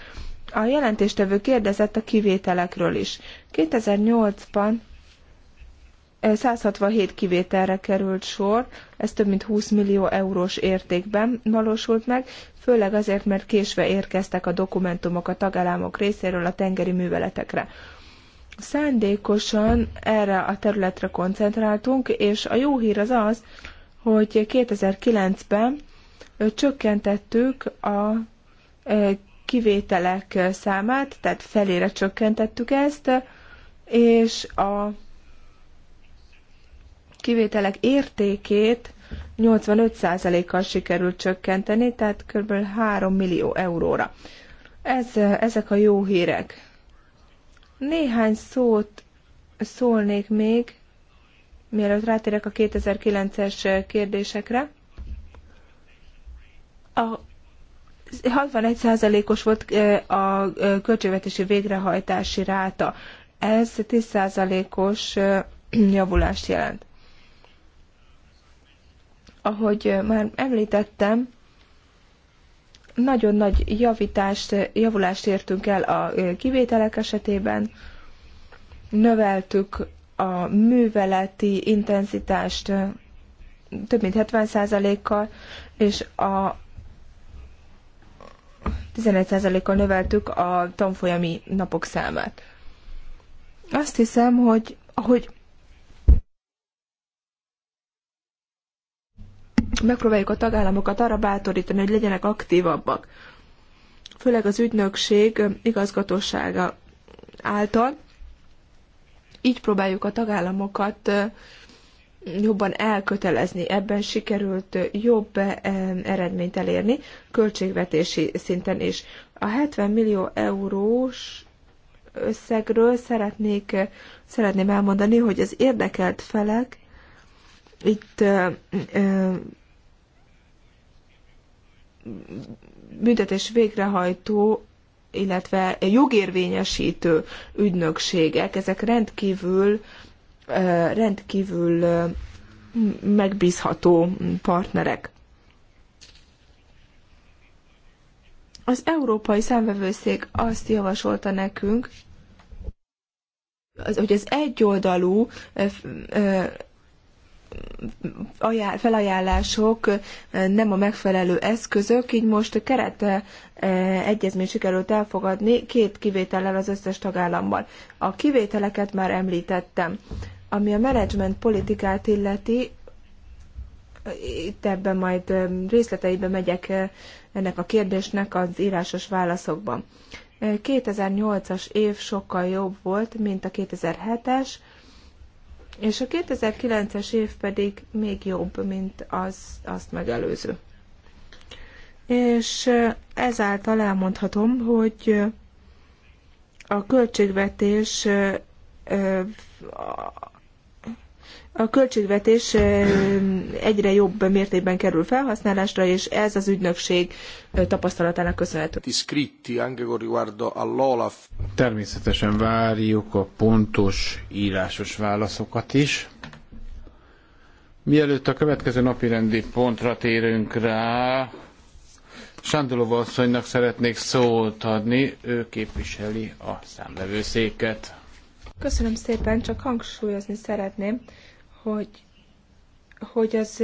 A jelentéstevő kérdezett a kivételekről is. 2008-ban 167 eh, kivételre került sor, ez több mint 20 millió eurós értékben valósult meg, főleg azért, mert késve érkeztek a dokumentumok a tagállamok részéről a tengeri műveletekre. Szándékosan erre a területre koncentráltunk, és a jó hír az az, hogy 2009-ben csökkentettük a kivételek számát, tehát felére csökkentettük ezt, és a kivételek értékét 85%-kal sikerült csökkenteni, tehát kb. 3 millió euróra. Ez, ezek a jó hírek. Néhány szót szólnék még, mielőtt rátérek a 2009-es kérdésekre. A 61%-os volt a költségvetési végrehajtási ráta. Ez 10%-os javulást jelent. Ahogy már említettem, nagyon nagy javítást, javulást értünk el a kivételek esetében, növeltük a műveleti intenzitást több mint 70%-kal, és a 11%-kal növeltük a tanfolyami napok számát. Azt hiszem, hogy, ahogy megpróbáljuk a tagállamokat arra bátorítani, hogy legyenek aktívabbak, főleg az ügynökség igazgatósága által. Így próbáljuk a tagállamokat jobban elkötelezni. Ebben sikerült jobb eredményt elérni, költségvetési szinten is. A 70 millió eurós összegről szeretnék, szeretném elmondani, hogy az érdekelt felek itt büntetés végrehajtó illetve jogérvényesítő ügynökségek, ezek rendkívül, rendkívül megbízható partnerek. Az Európai Számvevőszék azt javasolta nekünk, hogy az egyoldalú felajánlások nem a megfelelő eszközök, így most a keret egyezmény sikerült elfogadni két kivétellel az összes tagállamban. A kivételeket már említettem. Ami a menedzsment politikát illeti, itt ebben majd részleteibe megyek ennek a kérdésnek az írásos válaszokban. 2008-as év sokkal jobb volt, mint a 2007-es, és a 2009-es év pedig még jobb, mint az azt megelőző. És ezáltal elmondhatom, hogy a költségvetés a költségvetés egyre jobb mértékben kerül felhasználásra, és ez az ügynökség tapasztalatának köszönhető. Természetesen várjuk a pontos írásos válaszokat is. Mielőtt a következő napi rendi pontra térünk rá, Sándorova asszonynak szeretnék szót adni, ő képviseli a számlevőszéket. Köszönöm szépen, csak hangsúlyozni szeretném, hogy, hogy az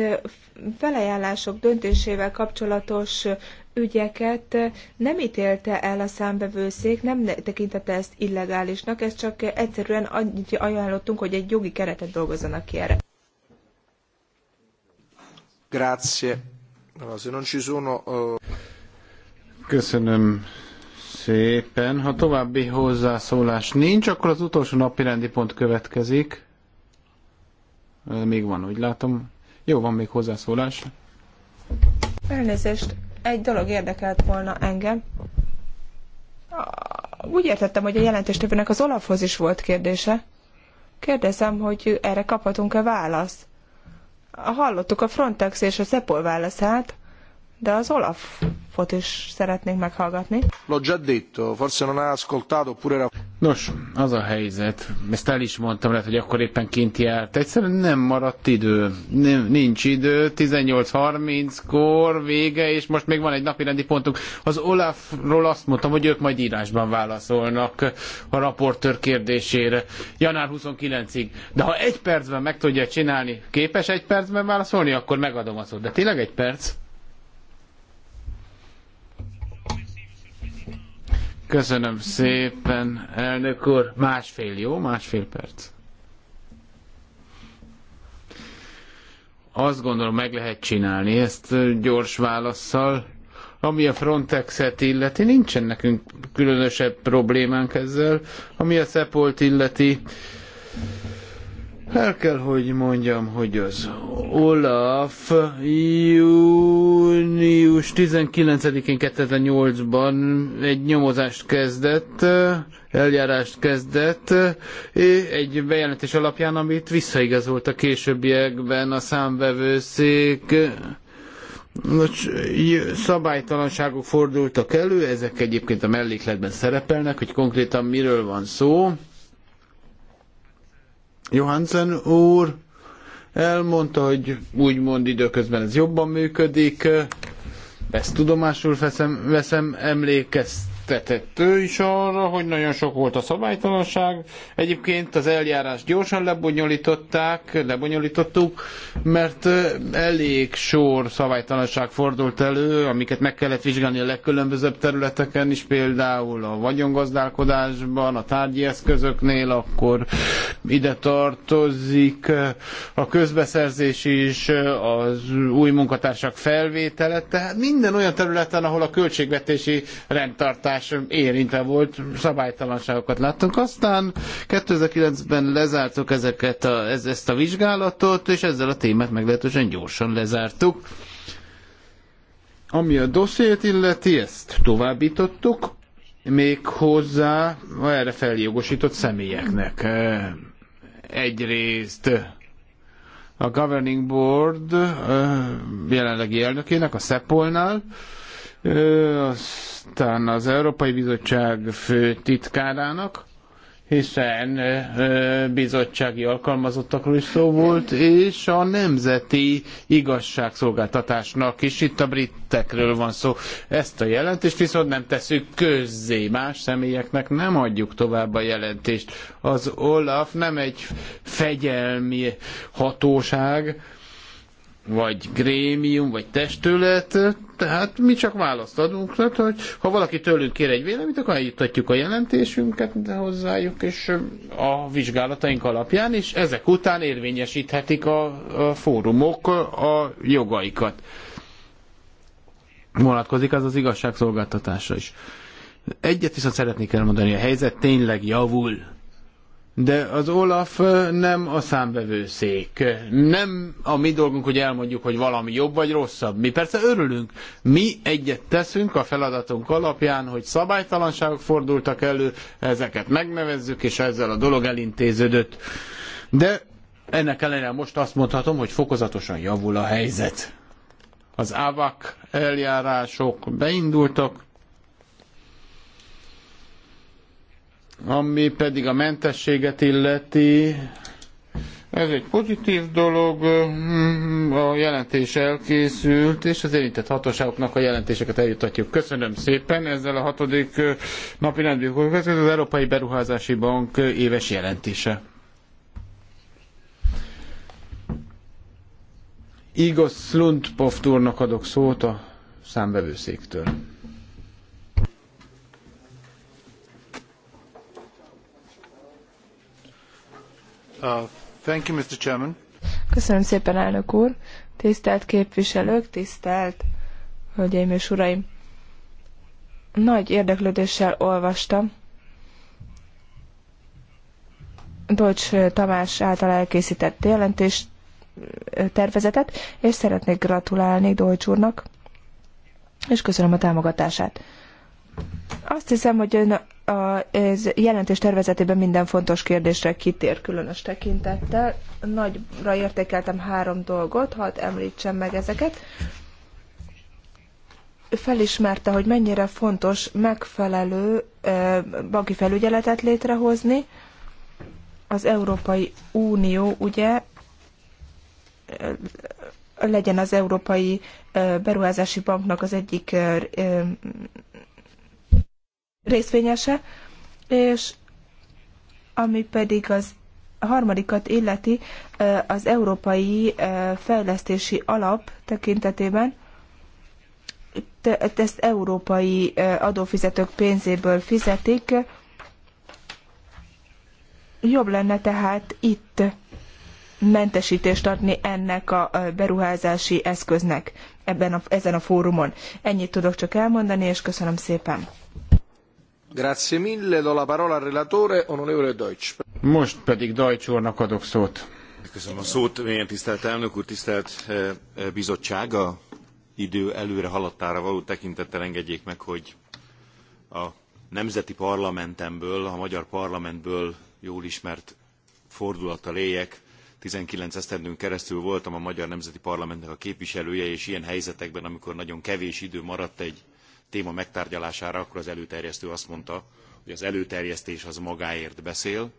felajánlások döntésével kapcsolatos ügyeket nem ítélte el a számbevőszék, nem tekintette ezt illegálisnak, ezt csak egyszerűen annyit ajánlottunk, hogy egy jogi keretet dolgozzanak ki erre. Grazie. Köszönöm szépen. Ha további hozzászólás nincs, akkor az utolsó napi rendi pont következik. Még van, úgy látom. Jó, van még hozzászólás. Elnézést, egy dolog érdekelt volna engem. Úgy értettem, hogy a jelentéstevőnek az Olafhoz is volt kérdése. Kérdezem, hogy erre kaphatunk-e választ. Hallottuk a Frontex és a Szepol válaszát de az Olaf ot is szeretnénk meghallgatni. L'ho già detto, forse non ha ascoltato oppure era... Nos, az a helyzet, ezt el is mondtam, lehet, hogy akkor éppen kint járt. Egyszerűen nem maradt idő, nem, nincs idő, 18.30-kor vége, és most még van egy napi rendi pontunk. Az Olafról azt mondtam, hogy ők majd írásban válaszolnak a raportőr kérdésére január 29-ig. De ha egy percben meg tudja csinálni, képes egy percben válaszolni, akkor megadom a szót. De tényleg egy perc? Köszönöm szépen, elnök úr. Másfél, jó? Másfél perc. Azt gondolom, meg lehet csinálni ezt gyors válaszsal. Ami a Frontexet illeti, nincsen nekünk különösebb problémánk ezzel. Ami a Szepolt illeti, el kell, hogy mondjam, hogy az Olaf június 19-én 2008-ban egy nyomozást kezdett, eljárást kezdett, egy bejelentés alapján, amit visszaigazolt a későbbiekben a számvevőszék. Nos, szabálytalanságok fordultak elő, ezek egyébként a mellékletben szerepelnek, hogy konkrétan miről van szó. Johansen úr elmondta, hogy úgymond időközben ez jobban működik, ezt tudomásul veszem, veszem emlékezt tetett ő is arra, hogy nagyon sok volt a szabálytalanság. Egyébként az eljárás gyorsan lebonyolították, lebonyolítottuk, mert elég sor szabálytalanság fordult elő, amiket meg kellett vizsgálni a legkülönbözőbb területeken is, például a vagyongazdálkodásban, a tárgyi eszközöknél, akkor ide tartozik a közbeszerzés is, az új munkatársak felvétele, tehát minden olyan területen, ahol a költségvetési rendtartás lakás érintve volt, szabálytalanságokat láttunk. Aztán 2009-ben lezártuk ezeket a, ez, ezt a vizsgálatot, és ezzel a témát meglehetősen gyorsan lezártuk. Ami a dossziét illeti, ezt továbbítottuk, még hozzá erre feljogosított személyeknek. Egyrészt a Governing Board jelenlegi elnökének, a Szepolnál, aztán az Európai Bizottság fő titkárának, hiszen bizottsági alkalmazottakról is szó volt, és a nemzeti igazságszolgáltatásnak is, itt a britekről van szó. Ezt a jelentést viszont nem teszük közzé, más személyeknek nem adjuk tovább a jelentést. Az Olaf nem egy fegyelmi hatóság, vagy grémium, vagy testület, tehát mi csak választ adunk, tehát, hogy ha valaki tőlünk kér egy véleményt, akkor eljutatjuk a jelentésünket hozzájuk, és a vizsgálataink alapján, és ezek után érvényesíthetik a, a fórumok a jogaikat. Vonatkozik az az igazságszolgáltatásra is. Egyet viszont szeretnék elmondani, a helyzet tényleg javul de az Olaf nem a számbevőszék. Nem a mi dolgunk, hogy elmondjuk, hogy valami jobb vagy rosszabb. Mi persze örülünk. Mi egyet teszünk a feladatunk alapján, hogy szabálytalanságok fordultak elő, ezeket megnevezzük, és ezzel a dolog elintéződött. De ennek ellenére most azt mondhatom, hogy fokozatosan javul a helyzet. Az ávak eljárások beindultak, Ami pedig a mentességet illeti, ez egy pozitív dolog, mm, a jelentés elkészült, és az érintett hatóságoknak a jelentéseket eljutatjuk. Köszönöm szépen, ezzel a hatodik napi rendőrkodik, ez az Európai Beruházási Bank éves jelentése. Igaz Lundpoft adok szót a számbevőszéktől. Uh, köszönöm szépen, elnök úr. Tisztelt képviselők, tisztelt hölgyeim és uraim. Nagy érdeklődéssel olvastam Deutsch Tamás által elkészített jelentést, tervezetet, és szeretnék gratulálni Dolcs úrnak, és köszönöm a támogatását. Azt hiszem, hogy ön a jelentés tervezetében minden fontos kérdésre kitér különös tekintettel. Nagyra értékeltem három dolgot, hadd említsem meg ezeket. Felismerte, hogy mennyire fontos megfelelő e, banki felügyeletet létrehozni. Az Európai Unió ugye e, legyen az Európai e, Beruházási Banknak az egyik részvényese, és ami pedig az a harmadikat illeti az Európai Fejlesztési Alap tekintetében, ezt európai adófizetők pénzéből fizetik. Jobb lenne tehát itt mentesítést adni ennek a beruházási eszköznek ebben a, ezen a fórumon. Ennyit tudok csak elmondani, és köszönöm szépen. Most pedig Deutsch úrnak adok szót. Köszönöm a szót, mélyen tisztelt elnök úr, tisztelt eh, eh, bizottság. A idő előre haladtára való tekintettel engedjék meg, hogy a nemzeti parlamentemből, a magyar parlamentből jól ismert fordulattal éljek. nineteen esztendőn keresztül voltam a Magyar Nemzeti Parlamentnek a képviselője, és ilyen helyzetekben, amikor nagyon kevés idő maradt egy téma megtárgyalására, akkor az előterjesztő azt mondta, hogy az előterjesztés az magáért beszél,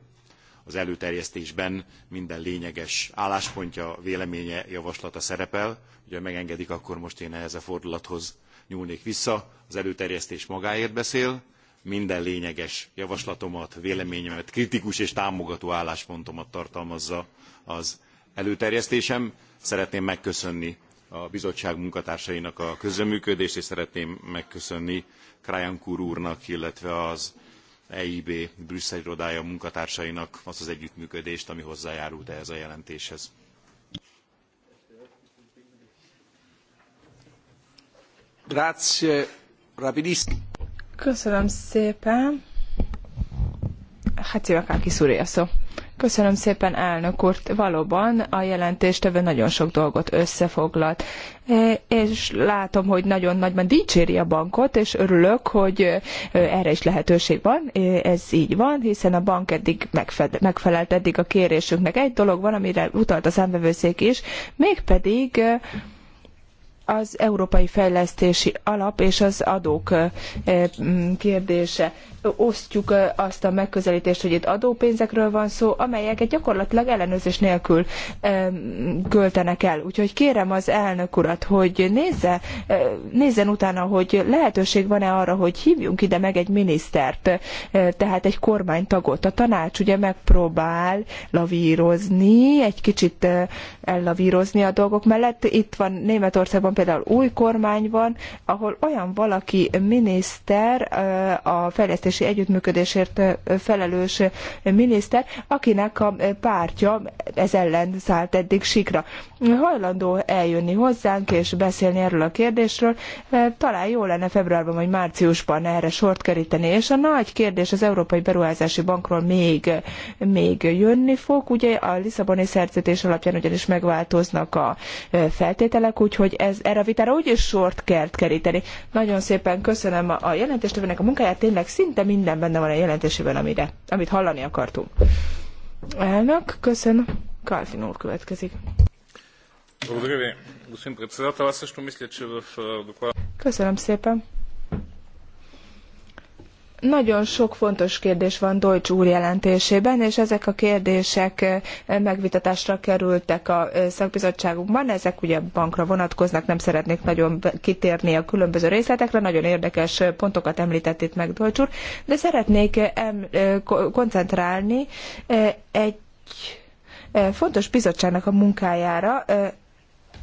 az előterjesztésben minden lényeges álláspontja, véleménye, javaslata szerepel. Ugye megengedik, akkor most én ehhez a fordulathoz nyúlnék vissza. Az előterjesztés magáért beszél, minden lényeges javaslatomat, véleményemet, kritikus és támogató álláspontomat tartalmazza az előterjesztésem. Szeretném megköszönni a bizottság munkatársainak a közreműködést, és szeretném megköszönni Krajankúr úrnak, illetve az EIB Brüsszel irodája munkatársainak azt az együttműködést, ami hozzájárult ehhez a jelentéshez. Grazie, rapidissimo. Köszönöm szépen. Hát jövök, aki szúrja szó. Köszönöm szépen, elnök úr. Valóban a jelentéstevő nagyon sok dolgot összefoglalt, és látom, hogy nagyon nagyban dicséri a bankot, és örülök, hogy erre is lehetőség van. Ez így van, hiszen a bank eddig megfelelt eddig a kérésünknek. Egy dolog van, amire utalt a számvevőszék is, mégpedig az Európai Fejlesztési Alap és az adók kérdése osztjuk azt a megközelítést, hogy itt adópénzekről van szó, amelyeket gyakorlatilag ellenőrzés nélkül költenek el. Úgyhogy kérem az elnök urat, hogy nézze, nézzen utána, hogy lehetőség van-e arra, hogy hívjunk ide meg egy minisztert, tehát egy kormánytagot. A tanács ugye megpróbál lavírozni, egy kicsit ellavírozni a dolgok mellett. Itt van Németországban például új kormány van, ahol olyan valaki miniszter a fejlesztés fejlesztési együttműködésért felelős miniszter, akinek a pártja ez ellen szállt eddig sikra. Hajlandó eljönni hozzánk és beszélni erről a kérdésről. Talán jó lenne februárban vagy márciusban erre sort keríteni. És a nagy kérdés az Európai Beruházási Bankról még, még jönni fog. Ugye a Lisszaboni szerződés alapján ugyanis megváltoznak a feltételek, úgyhogy ez, erre a vitára úgyis sort kell keríteni. Nagyon szépen köszönöm a jelentéstevőnek a munkáját, tényleg szinte minden benne van a jelentésében, amire, amit hallani akartunk. Elnök, köszönöm. Kalfin úr következik. Köszönöm szépen. Nagyon sok fontos kérdés van Deutsch úr jelentésében, és ezek a kérdések eh, megvitatásra kerültek a eh, szakbizottságunkban. Ezek ugye bankra vonatkoznak, nem szeretnék nagyon kitérni a különböző részletekre, nagyon érdekes eh, pontokat említett itt meg Deutsch úr, de szeretnék koncentrálni egy fontos bizottságnak a munkájára,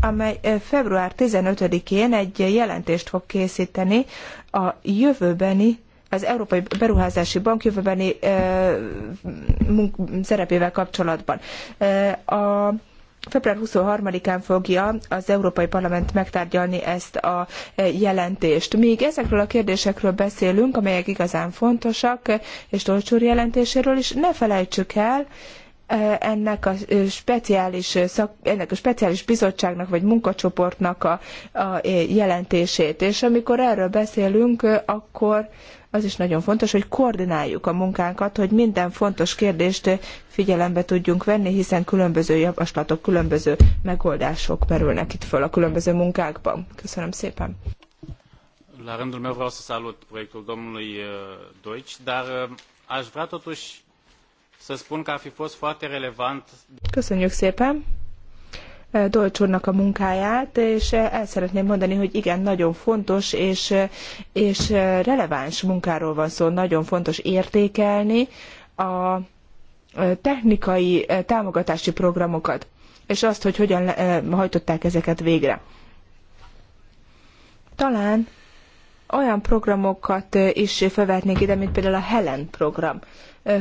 amely február 15-én egy jelentést fog készíteni a jövőbeni az Európai Beruházási Bank jövőbeni szerepével kapcsolatban. A február 23-án fogja az Európai Parlament megtárgyalni ezt a jelentést. Míg ezekről a kérdésekről beszélünk, amelyek igazán fontosak, és Dolcsúr jelentéséről is, ne felejtsük el, ennek a speciális, szak, ennek a speciális bizottságnak vagy munkacsoportnak a, a jelentését. És amikor erről beszélünk, akkor az is nagyon fontos, hogy koordináljuk a munkánkat, hogy minden fontos kérdést figyelembe tudjunk venni, hiszen különböző javaslatok, különböző megoldások merülnek itt föl a különböző munkákban. Köszönöm szépen! La rândul meu vreau să salut proiectul domnului uh, Deutsch, dar uh, aș vrea totuși să spun că a fi fost foarte relevant. Köszönjük szépen! Dolcsúrnak a munkáját, és el szeretném mondani, hogy igen, nagyon fontos és, és releváns munkáról van szó, nagyon fontos értékelni a technikai támogatási programokat, és azt, hogy hogyan hajtották ezeket végre. Talán olyan programokat is felvehetnénk ide, mint például a Helen program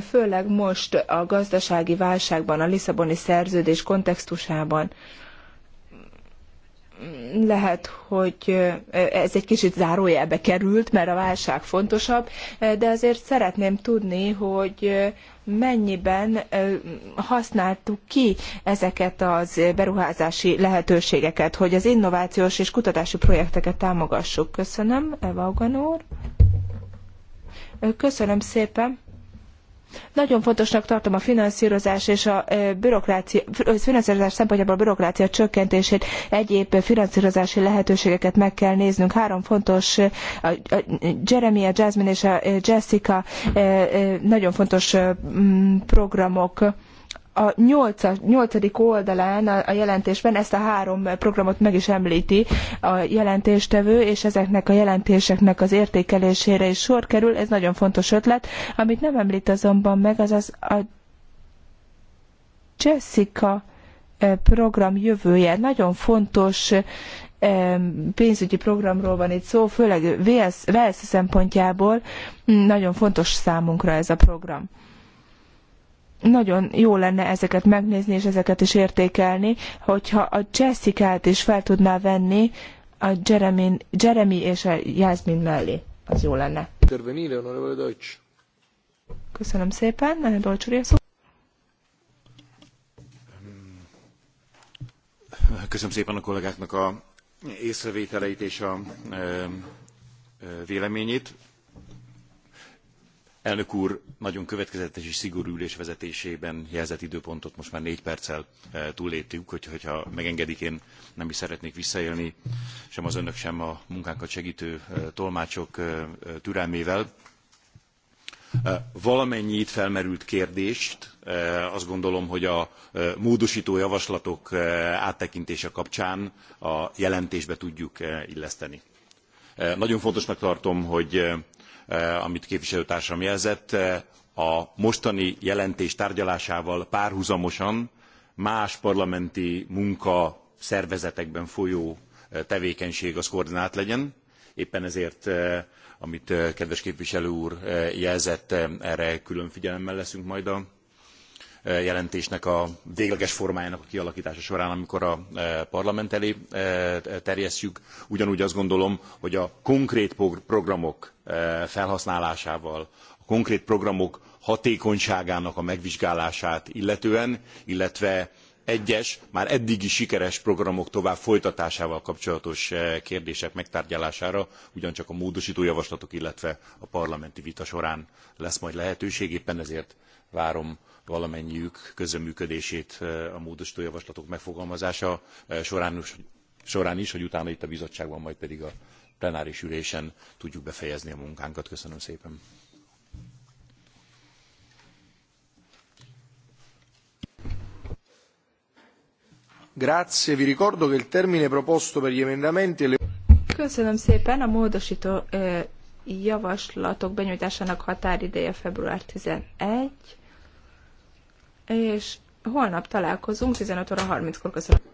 főleg most a gazdasági válságban, a Lisszaboni szerződés kontextusában lehet, hogy ez egy kicsit zárójelbe került, mert a válság fontosabb, de azért szeretném tudni, hogy mennyiben használtuk ki ezeket az beruházási lehetőségeket, hogy az innovációs és kutatási projekteket támogassuk. Köszönöm, Evaugan úr. Köszönöm szépen. Nagyon fontosnak tartom a finanszírozás és a bürokrácia, finanszírozás szempontjából a bürokrácia csökkentését, egyéb finanszírozási lehetőségeket meg kell néznünk. Három fontos, a Jeremy, a Jasmine és a Jessica nagyon fontos programok a nyolcadik oldalán a jelentésben ezt a három programot meg is említi a jelentéstevő, és ezeknek a jelentéseknek az értékelésére is sor kerül. Ez nagyon fontos ötlet. Amit nem említ azonban meg, az az a Jessica e, program jövője. Nagyon fontos e, pénzügyi programról van itt szó, főleg Wales, Wales szempontjából mm, nagyon fontos számunkra ez a program nagyon jó lenne ezeket megnézni és ezeket is értékelni, hogyha a Jessica-t is fel tudná venni a Jeremy, Jeremy és a Jasmin mellé. Az jó lenne. Köszönöm szépen, Deutsch úr, Köszönöm szépen a kollégáknak a észrevételeit és a véleményét Elnök úr nagyon következetes és szigorú ülés vezetésében jelzett időpontot most már négy perccel e, túlléptük, hogyha megengedik, én nem is szeretnék visszaélni, sem az önök, sem a munkánkat segítő e, tolmácsok e, türelmével. Valamennyi itt felmerült kérdést azt gondolom, hogy a módosító javaslatok áttekintése kapcsán a jelentésbe tudjuk illeszteni. Nagyon fontosnak tartom, hogy Eh, amit képviselőtársam jelzett, eh, a mostani jelentés tárgyalásával párhuzamosan más parlamenti munka szervezetekben folyó eh, tevékenység az koordinált legyen. Éppen ezért, amit kedves képviselő úr jelzett, erre külön figyelemmel leszünk majd a jelentésnek a végleges formájának a kialakítása során, amikor a parlament elé terjesztjük. Ugyanúgy azt gondolom, hogy a konkrét programok felhasználásával, a konkrét programok hatékonyságának a megvizsgálását illetően, illetve egyes már eddigi sikeres programok tovább folytatásával kapcsolatos kérdések megtárgyalására ugyancsak a módostó javaslatok illetve a parlamenti vita során lesz majd lehetőség éppen ezért várom valamennyiük közreműködését a módosító javaslatok megfogalmazása során, során is, hogy utána itt a bizottságban, majd pedig a plenáris ülésen tudjuk befejezni a munkánkat. Köszönöm szépen. Grazie, vi ricordo che il termine proposto per gli emendamenti... Köszönöm szépen, a módosító javaslatok benyújtásának határideje február 11 és holnap találkozunk 15 óra 30-kor. Köszönöm.